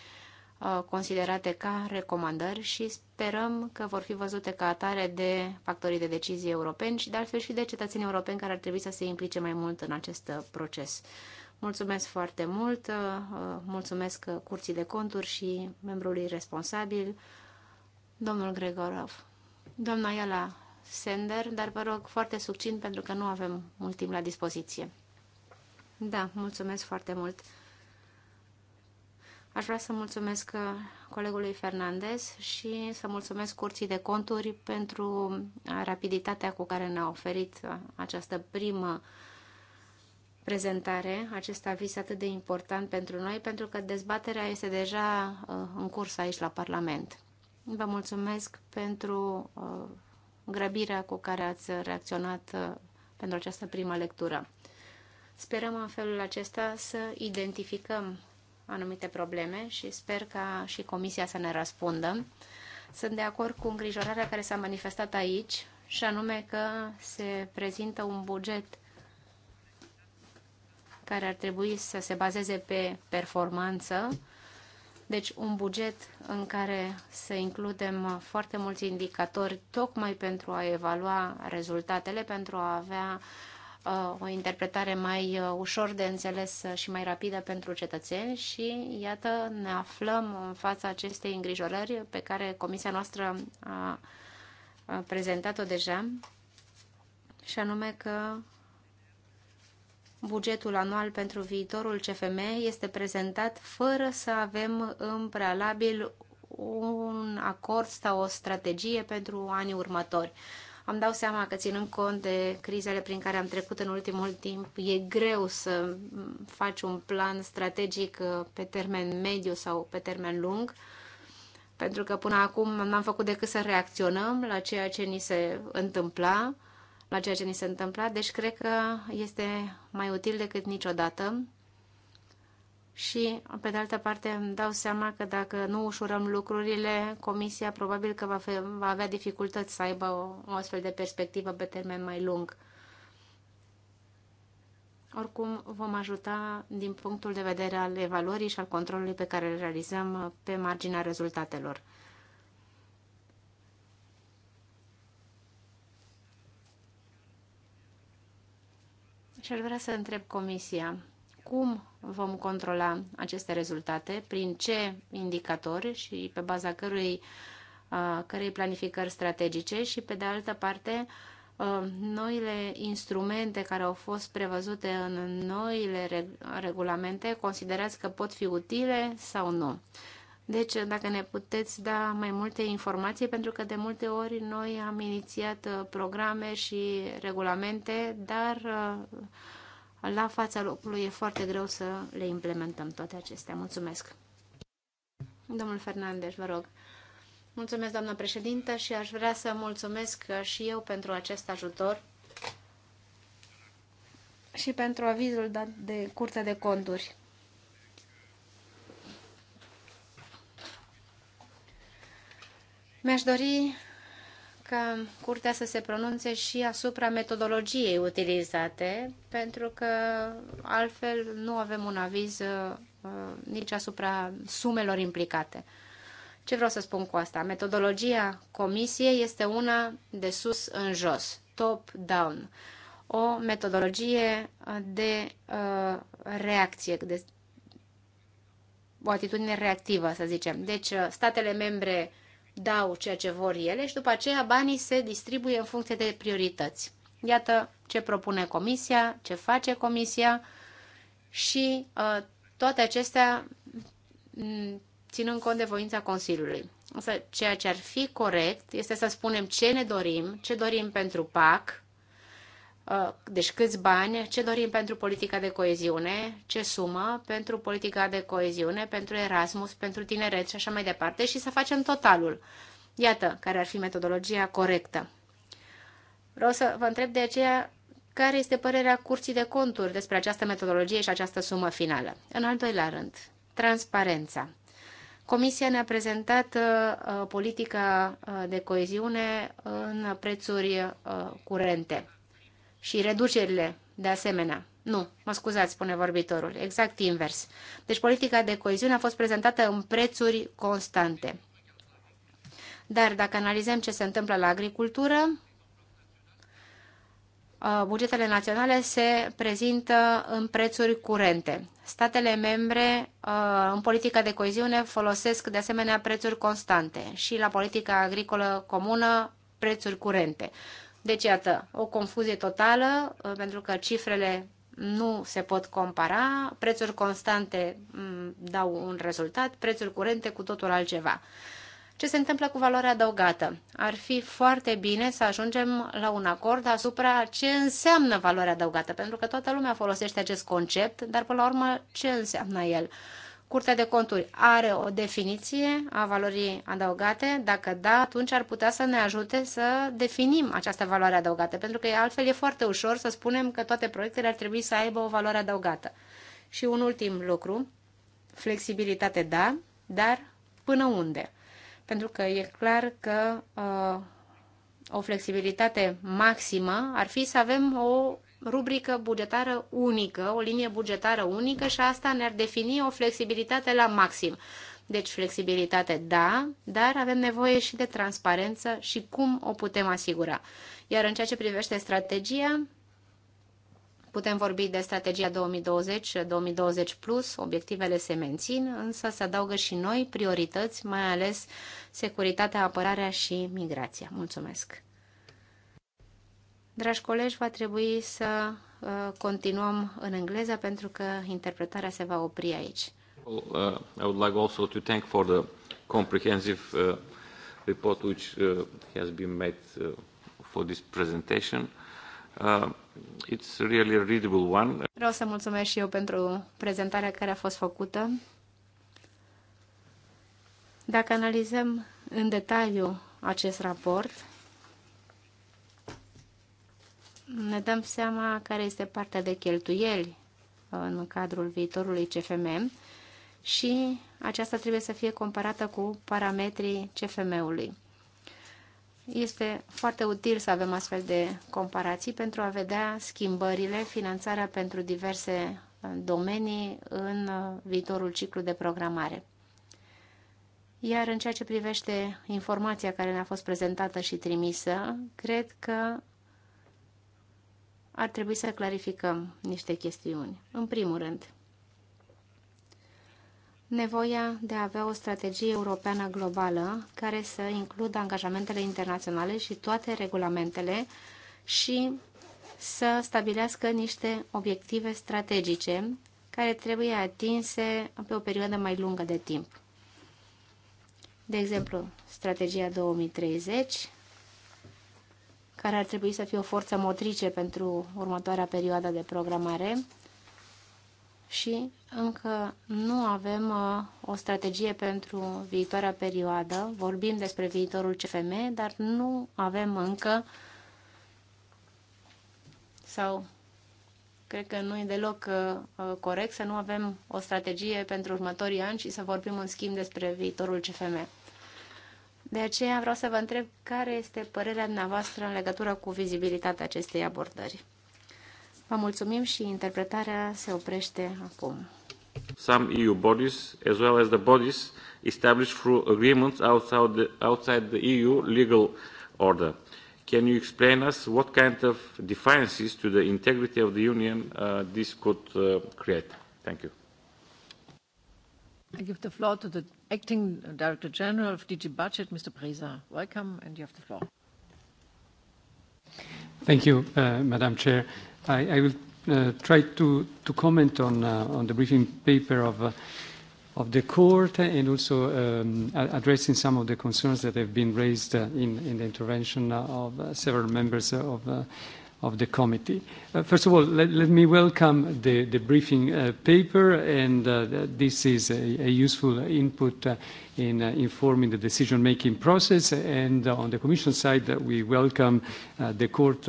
uh, considerate ca recomandări și sperăm că vor fi văzute ca atare de factorii de decizie europeni și de altfel și de cetățenii europeni care ar trebui să se implice mai mult în acest uh, proces. Mulțumesc foarte mult, uh, mulțumesc Curții de Conturi și membrului responsabil, domnul Gregorov. Doamna Iala Sender, dar vă rog foarte succint pentru că nu avem mult timp la dispoziție. Da, mulțumesc foarte mult. Aș vrea să mulțumesc uh, colegului Fernandez și să mulțumesc Curții de Conturi pentru uh, rapiditatea cu care ne-a oferit uh, această primă prezentare, acest aviz atât de important pentru noi, pentru că dezbaterea este deja în curs aici la Parlament. Vă mulțumesc pentru grăbirea cu care ați reacționat uh, pentru această primă lectură. Sperăm în felul acesta să identificăm anumite probleme și sper ca și Comisia să ne răspundă. Sunt de acord cu îngrijorarea care s-a manifestat aici și anume că se prezintă un buget care ar trebui să se bazeze pe performanță deci un buget în care să includem foarte mulți indicatori tocmai pentru a evalua rezultatele, pentru a avea uh, o interpretare mai uh, ușor de înțeles și mai rapidă pentru cetățeni și iată ne aflăm în fața acestei îngrijorări pe care comisia noastră a prezentat-o deja și anume că bugetul anual pentru viitorul CFM este prezentat fără să avem în prealabil un acord sau o strategie pentru anii următori. Am dau seama că ținând cont de crizele prin care am trecut în ultimul timp, e greu să faci un plan strategic uh, pe termen mediu sau pe termen lung, pentru că până acum n-am făcut decât să reacționăm la ceea ce ni se întâmpla la ceea ce ni se întâmplă. deci cred că este mai util decât niciodată. Și, pe de altă parte, îmi dau seama că dacă nu ușurăm lucrurile, Comisia probabil că va, fi, va avea dificultăți să aibă o, o astfel de perspectivă pe termen mai lung. Oricum, vom ajuta din punctul de vedere al evaluării și al controlului pe care îl realizăm pe marginea rezultatelor. Și aș vrea să întreb Comisia cum vom controla aceste rezultate, prin ce indicatori și pe baza cărui, cărei planificări strategice și, pe de altă parte, noile instrumente care au fost prevăzute în noile regulamente, considerați că pot fi utile sau nu? Deci, dacă ne puteți da mai multe informații, pentru că de multe ori noi am inițiat uh, programe și regulamente, dar uh, la fața locului e foarte greu să le implementăm toate acestea. Mulțumesc! Domnul Fernandez, vă rog. Mulțumesc, doamnă președintă, și aș vrea să mulțumesc uh, și eu pentru acest ajutor și pentru avizul dat de Curtea de Conturi. Mi-aș dori ca curtea să se pronunțe și asupra metodologiei utilizate, pentru că altfel nu avem un aviz uh, nici asupra sumelor implicate. Ce vreau să spun cu asta? Metodologia comisiei este una de sus în jos, top-down, o metodologie de uh, reacție, de o atitudine reactivă, să zicem. Deci, uh, statele membre dau ceea ce vor ele și după aceea banii se distribuie în funcție de priorități. Iată ce propune comisia, ce face comisia și uh, toate acestea mm, ținând cont de voința Consiliului. Însă ceea ce ar fi corect este să spunem ce ne dorim, ce dorim pentru PAC, Uh, deci câți bani, ce dorim pentru politica de coeziune, ce sumă pentru politica de coeziune, pentru Erasmus, pentru tineret și așa mai departe și să facem totalul. Iată care ar fi metodologia corectă. Vreau să vă întreb de aceea care este părerea curții de conturi despre această metodologie și această sumă finală. În al doilea rând, transparența. Comisia ne-a prezentat uh, uh politica uh, de coeziune în prețuri uh, curente și reducerile de asemenea. Nu, mă scuzați, spune vorbitorul, exact invers. Deci politica de coeziune a fost prezentată în prețuri constante. Dar dacă analizăm ce se întâmplă la agricultură, uh, bugetele naționale se prezintă în prețuri curente. Statele membre uh, în politica de coeziune folosesc de asemenea prețuri constante și la politica agricolă comună prețuri curente. Deci, iată, o confuzie totală, uh, pentru că cifrele nu se pot compara, prețuri constante mm, dau un rezultat, prețuri curente cu totul altceva. Ce se întâmplă cu valoarea adăugată? Ar fi foarte bine să ajungem la un acord asupra ce înseamnă valoarea adăugată, pentru că toată lumea folosește acest concept, dar până la urmă ce înseamnă el? Curtea de conturi are o definiție a valorii adăugate? Dacă da, atunci ar putea să ne ajute să definim această valoare adăugată, pentru că altfel e foarte ușor să spunem că toate proiectele ar trebui să aibă o valoare adăugată. Și un ultim lucru, flexibilitate da, dar până unde? Pentru că e clar că uh, o flexibilitate maximă ar fi să avem o rubrică bugetară unică, o linie bugetară unică și asta ne-ar defini o flexibilitate la maxim. Deci flexibilitate da, dar avem nevoie și de transparență și cum o putem asigura. Iar în ceea ce privește strategia, putem vorbi de strategia 2020-2020+, plus, obiectivele se mențin, însă se adaugă și noi priorități, mai ales securitatea, apărarea și migrația. Mulțumesc! Dragi colegi, va trebui să uh, continuăm în engleză pentru că interpretarea se va opri aici. Uh, I would like also to thank for the comprehensive uh, report which uh, has been made uh, for this presentation. Uh, it's really a readable one. Vreau să mulțumesc și eu pentru prezentarea care a fost făcută. Dacă analizăm în detaliu acest raport, ne dăm seama care este partea de cheltuieli uh, în cadrul viitorului CFM și aceasta trebuie să fie comparată cu parametrii CFM-ului. Este foarte util să avem astfel de comparații pentru a vedea schimbările, finanțarea pentru diverse uh, domenii în uh, viitorul ciclu de programare. Iar în ceea ce privește informația care ne-a fost prezentată și trimisă, cred că ar trebui să clarificăm niște chestiuni. În primul rând, nevoia de a avea o strategie europeană globală care să includă angajamentele internaționale și toate regulamentele și să stabilească niște obiective strategice care trebuie atinse pe o perioadă mai lungă de timp. De exemplu, strategia 2030 care ar trebui să fie o forță motrice pentru următoarea perioadă de programare și încă nu avem uh, o strategie pentru viitoarea perioadă. Vorbim despre viitorul CFM, dar nu avem încă sau cred că nu e deloc uh, uh, corect să nu avem o strategie pentru următorii ani și să vorbim în schimb despre viitorul CFM. De aceea vreau să vă întreb care este părerea dumneavoastră în legătură cu vizibilitatea acestei abordări. Vă mulțumim și interpretarea se oprește acum. Some EU bodies, as well as the bodies established through agreements outside the, outside the EU legal order. Can you explain us what kind of defiances to the integrity of the Union uh, this could uh, create? Thank you. I give the floor to the Acting Director General of DG Budget, Mr. Preza. Welcome, and you have the floor. Thank you, uh, Madam Chair. I, I will uh, try to, to comment on, uh, on the briefing paper of, uh, of the court and also um, addressing some of the concerns that have been raised uh, in, in the intervention of uh, several members of uh, of the committee. Uh, first of all, let, let me welcome the, the briefing uh, paper, and uh, this is a, a useful input uh, in uh, informing the decision-making process. And uh, on the Commission side, we welcome the Court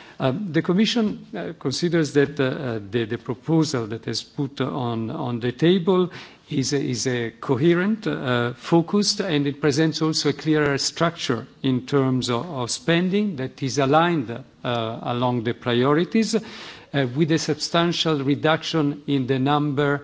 Um, the Commission uh, considers that uh, uh, the, the proposal that is put on, on the table is a, is a coherent, uh, focused, and it presents also a clearer structure in terms of, of spending that is aligned uh, along the priorities, uh, with a substantial reduction in the number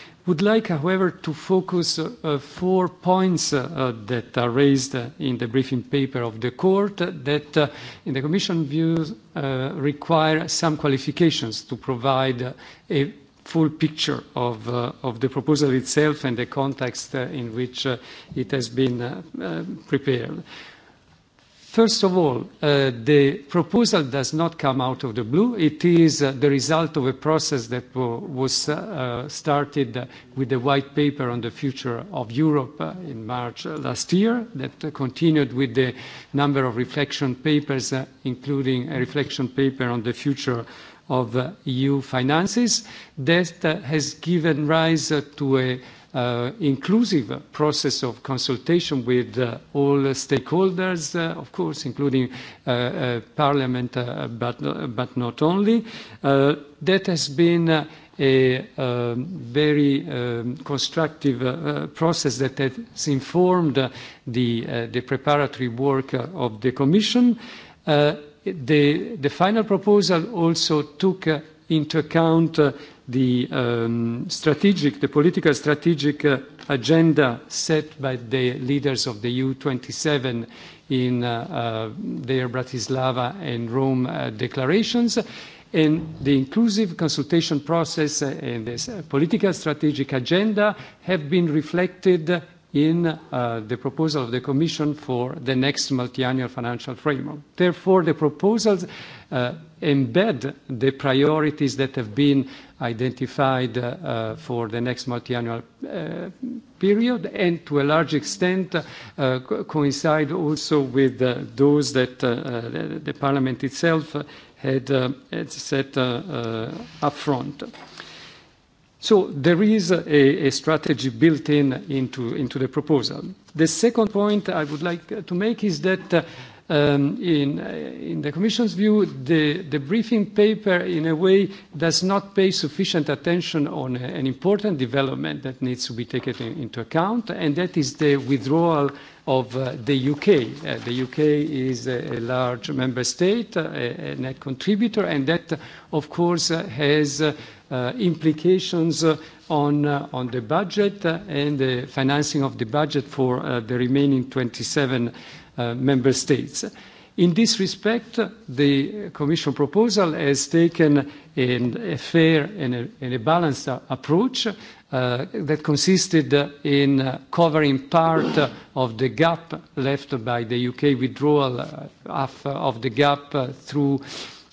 would like, however, to focus uh, uh four points uh, uh, that are raised uh, in the briefing paper of the court that, uh, in the Commission views, require some qualifications to provide a full picture of, of the proposal itself and the context in which it has been prepared. First of all, uh, the proposal does not come out of the blue. It is uh, the result of a process that was uh, started with the white paper on the future of Europe uh, in March uh, last year, that continued with the number of reflection papers, uh, including a reflection paper on the future of EU finances, that has given rise to a uh, inclusive process of consultation with uh, all stakeholders, uh, of course, including uh, uh, Parliament, uh, but, but not only. that has been a um, very um, constructive uh, process that has informed the, uh, the preparatory work of the Commission. The, the final proposal also took into account the um, strategic, the political strategic uh, agenda set by the leaders of the EU27 in uh, uh, their Bratislava and Rome uh, declarations, and the inclusive consultation process and this political strategic agenda have been reflected in uh, the proposal of the Commission for the next multiannual financial framework. Therefore, the proposals uh, embed the priorities that have been identified uh, for the next multi-annual uh, period and to a large extent uh, co coincide also with uh, those that the, uh, uh, the parliament itself had, had set front. So there is a, a strategy built in into, into the proposal. The second point I would like to make is that Um, in, in the Commission's view, the, the briefing paper, in a way, does not pay sufficient attention on a, an important development that needs to be taken in, into account, and that is the withdrawal of uh, the UK. Uh, the UK is a, a large member state, uh, a, a net contributor, and that, uh, of course, uh, has uh, implications on, on the budget and the financing of the budget for the remaining 27 Uh, member states. In this respect, the Commission proposal has taken an, a fair and a, and a balanced approach uh, that consisted in covering part of the gap left by the UK withdrawal, uh, half of the gap uh, through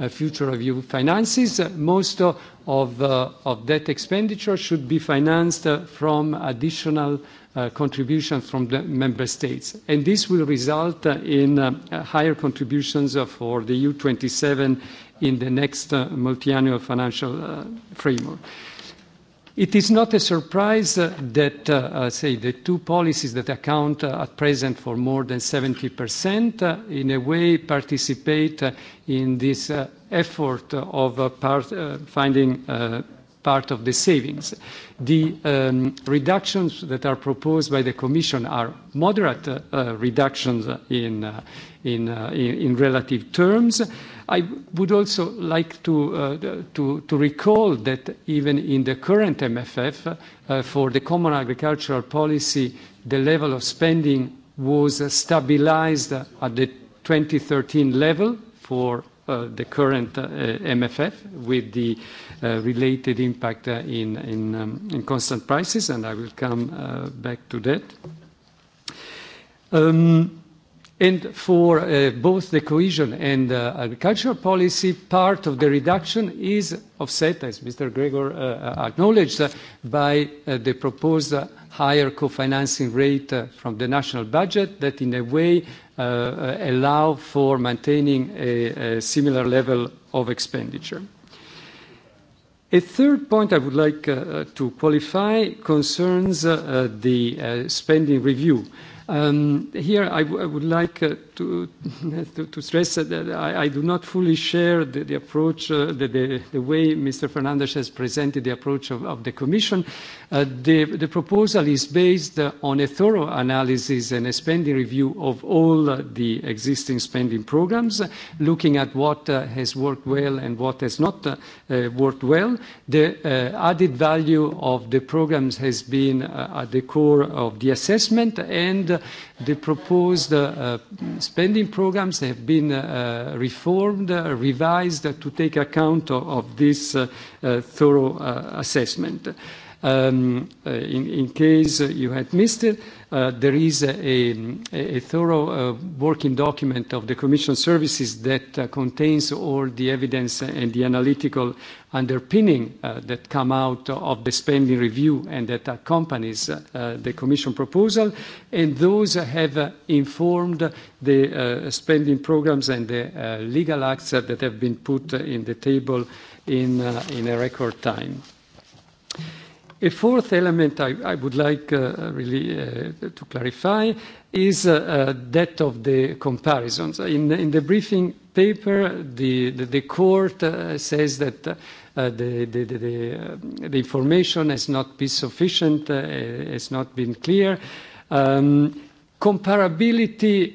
Uh, future of EU finances. Uh, most uh, of, that expenditure should be financed from additional contributions contribution from the member states. And this will result in higher contributions for the EU 27 in the next multiannual financial framework. It is not a surprise that, uh, uh, say, the two policies that account uh, at present for more than 70%, uh, in a way participate uh, in this uh, effort of part, finding part of the savings. The um, reductions that are proposed by the Commission are moderate reductions in, in, in relative terms, I would also like to, uh, to, to recall that even in the current MFF, uh, for the common agricultural policy, the level of spending was uh, stabilized at the 2013 level for Uh, the current uh, MFF with the uh, related impact uh, in, in, um, in constant prices, and I will come uh, back to that. Um, And for uh, both the cohesion and uh, agricultural policy, part of the reduction is offset, as Mr. Gregor uh, uh acknowledged, uh, by uh, the proposed higher co-financing rate from the national budget that in a way allow for maintaining a, a similar level of expenditure. A third point I would like uh, to qualify concerns uh, the uh, spending review. Um, here, I, w I would like uh, to, to, to stress that I, I do not fully share the, the approach, uh, the, the, the way Mr. Fernandez has presented the approach of, of the Commission. Uh, the, the proposal is based uh, on a thorough analysis and a spending review of all uh, the existing spending programs, looking at what uh, has worked well and what has not uh, uh worked well. The uh, added value of the programs has been uh, at the core of the assessment and the proposed uh, uh, spending programs have been uh, uh, reformed, revised to take account of, of this thorough assessment. Um, in, in case you had missed it, Uh, there is a, a, a thorough uh, working document of the Commission services that uh, contains all the evidence and the analytical underpinning uh, that come out of the spending review and that accompanies uh, the Commission proposal, and those have uh, informed the uh, spending programs and the uh, legal acts that have been put in the table in, in a record time. A fourth element I, I would like uh, really uh, to clarify is uh, uh, that of the comparisons. In, in the briefing paper, the, the, the court uh, says that uh, the, the the, the, uh, information has not been sufficient, uh, has not been clear. Um, comparability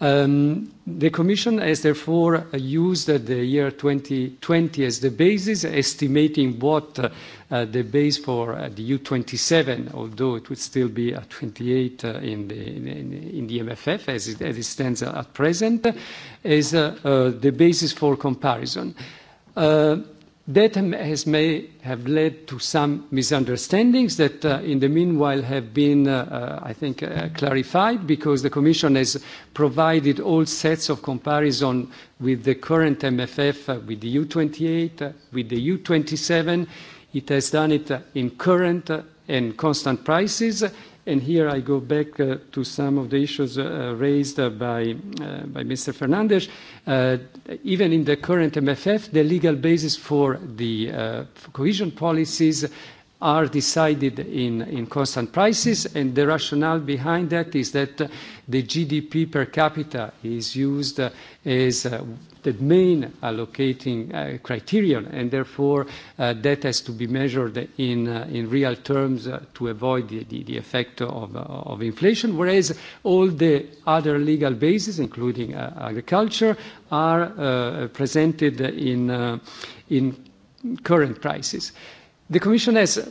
Um, the Commission has therefore used the year 2020 as the basis, estimating what uh, uh the base for uh, the EU27, although it would still be at 28 uh, in the, in, in the MFF as it, as it stands at present, is uh, the basis for comparison. That has may have led to some misunderstandings that uh, in the meanwhile have been, uh, uh, I think, uh, clarified because the Commission has provided all sets of comparison with the current MFF, uh, with the U28, uh, with the U27. It has done it in current and constant prices And here I go back uh, to some of the issues uh, raised uh, by, Mr. Fernandes. Even in the current MFF, the legal basis for the cohesion policies are decided in constant prices, and the rationale behind that is that the GDP per capita is used as the main allocating uh, criterion, and therefore uh, that has to be measured in, uh, in real terms uh, to avoid the, the, the effect of, uh, of inflation, whereas all the other legal bases, including uh, agriculture, are uh, presented in, uh, in current prices. The Commission has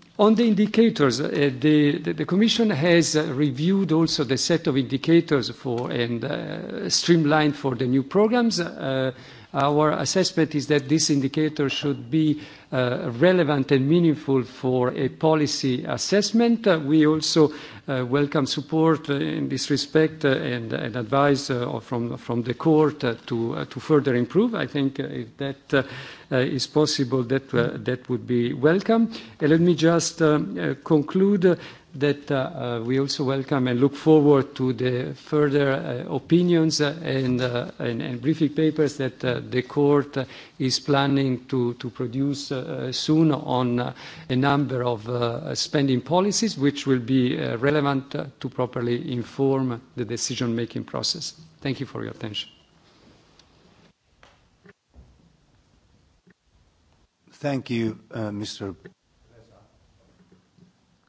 On the indicators, uh, the, Commission has uh, reviewed also the set of indicators for and uh, streamlined for the new programs. Our assessment is that this indicator should be uh, relevant and meaningful for a policy assessment. Uh, we also uh, welcome support in this respect and, advice from, the court to, further improve. I think if that is possible, that, that would be welcome. let me just conclude that uh, uh, we also welcome and look forward to the further uh, opinions uh, and, uh, and, and briefing papers that uh, the court is planning to, to produce soon on a number of spending policies, which will be relevant to properly inform the decision-making process. Thank you for your attention. Thank you, Mr.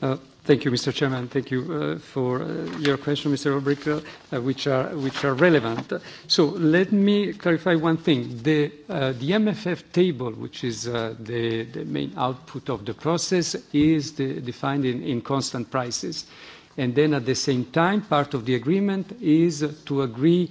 Uh, thank you, Mr. Chairman. Thank you uh, for uh, your question, Mr. Obrick, which, are, relevant. So let me clarify one thing. The, MFF table, which is the, main output of the process, is defined in, in constant prices. And then at the same time, part of the agreement is to agree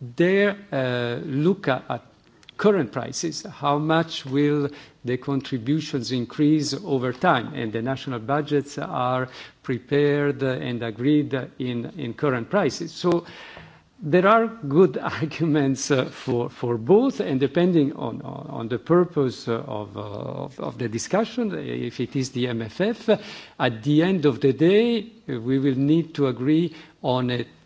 there uh, look at, current prices, how much will the contributions increase over time? And the national budgets are prepared and agreed in, in current prices. So there are good arguments for, for both, and depending on, on, the purpose of, of, of the discussion, if it is the MFF, at the end of the day, we will need to agree on a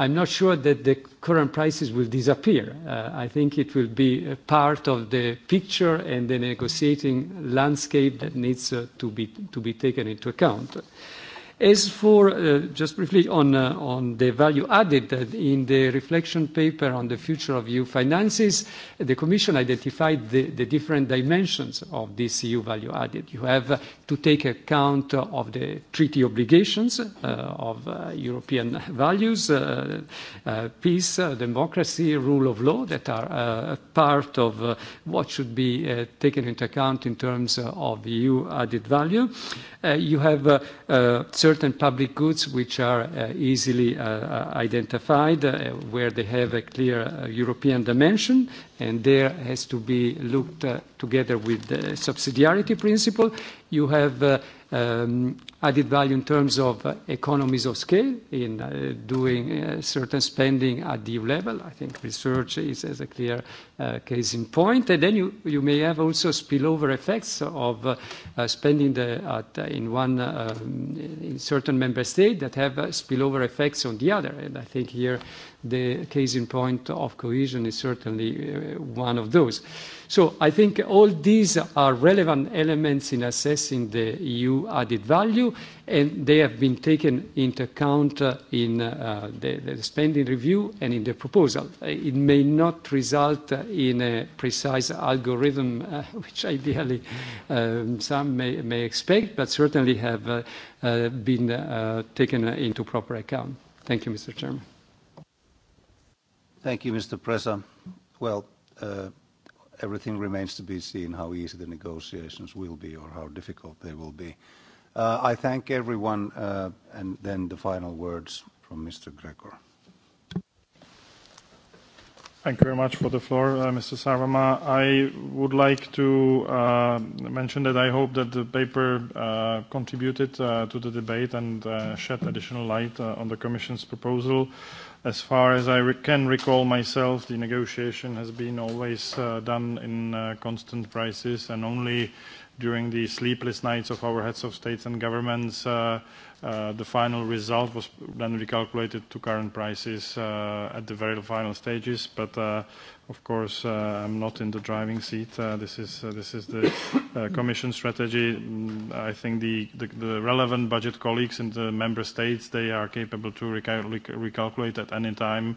I'm not sure that the current prices will disappear. Uh, I think it will be a part of the picture and the negotiating landscape that needs uh, to, be, to be taken into account. As for, uh, just briefly on, on the value added, in the reflection paper on the future of EU finances, the Commission identified the different dimensions of this EU value added. You have to take account of the treaty obligations uh, of uh, European values, uh, uh peace, uh, democracy, rule of law, that are uh, part of what should be taken into account in terms of EU added value. you have certain public goods which are easily identified, where they have a clear European dimension, and there has to be looked uh, together with the subsidiarity principle. You have uh, um, added value in terms of uh, economies of scale in uh, doing uh, certain spending at the EU level. I think research is, is a clear uh, case in point. And then you, you may have also spillover effects of spending the, at, in one um, in certain member state that have spillover effects on the other. And I think here The case in point of cohesion is certainly uh, one of those. So I think all these are relevant elements in assessing the EU added value, and they have been taken into account uh, in uh, the, the spending review and in the proposal. Uh, it may not result in a precise algorithm, uh, which ideally um, some may, may expect, but certainly have uh, been taken into proper account. Thank you, Mr. Chairman. Thank you, Mr. Presa. Well, uh, everything remains to be seen how easy the negotiations will be or how difficult they will be. Uh, I thank everyone, uh, and then the final words from Mr. Gregor. Thank you very much for the floor, Mr. Sarvamaa. I would like to mention that I hope that the paper contributed to the debate and shed additional light on the Commission's proposal as far as I re can recall myself, the negotiation has been always uh, done in uh, constant prices and only during the sleepless nights of our heads of states and governments, uh, uh, the final result was then recalculated to current prices uh, at the very final stages. But uh, Of course, uh, I'm not in the driving seat. Uh, this is uh, this is the Commission strategy. Mm, I think the, the, relevant budget colleagues in the member states they are capable to recalculate at any time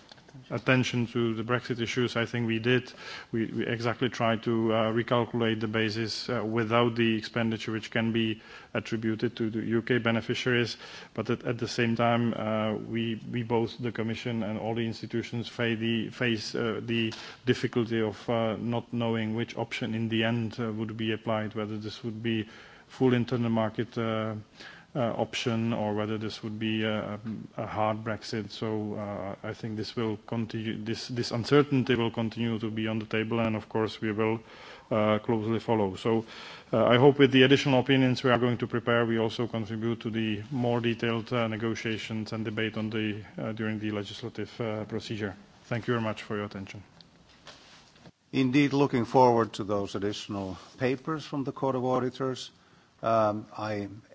attention to the Brexit issues. I think we did. We, we exactly tried to uh, recalculate the basis uh, without the expenditure which can be attributed to the UK beneficiaries. But at, at the same time, uh, we, we both, the Commission and all the institutions, face the, face, uh, the difficulty of uh, not knowing which option in the end uh, would be applied, whether this would be full internal market uh, uh, option or whether this would be a, a hard Brexit. So uh, I think this will continue. This, this uncertainty will continue to be on the table, and of course we will uh, closely follow. So uh, I hope with the additional opinions we are going to prepare, we also contribute to the more detailed uh, negotiations and debate on the uh, during the legislative uh, procedure. Thank you very much for your attention. Indeed, looking forward to those additional papers from the Court of Auditors. Um, I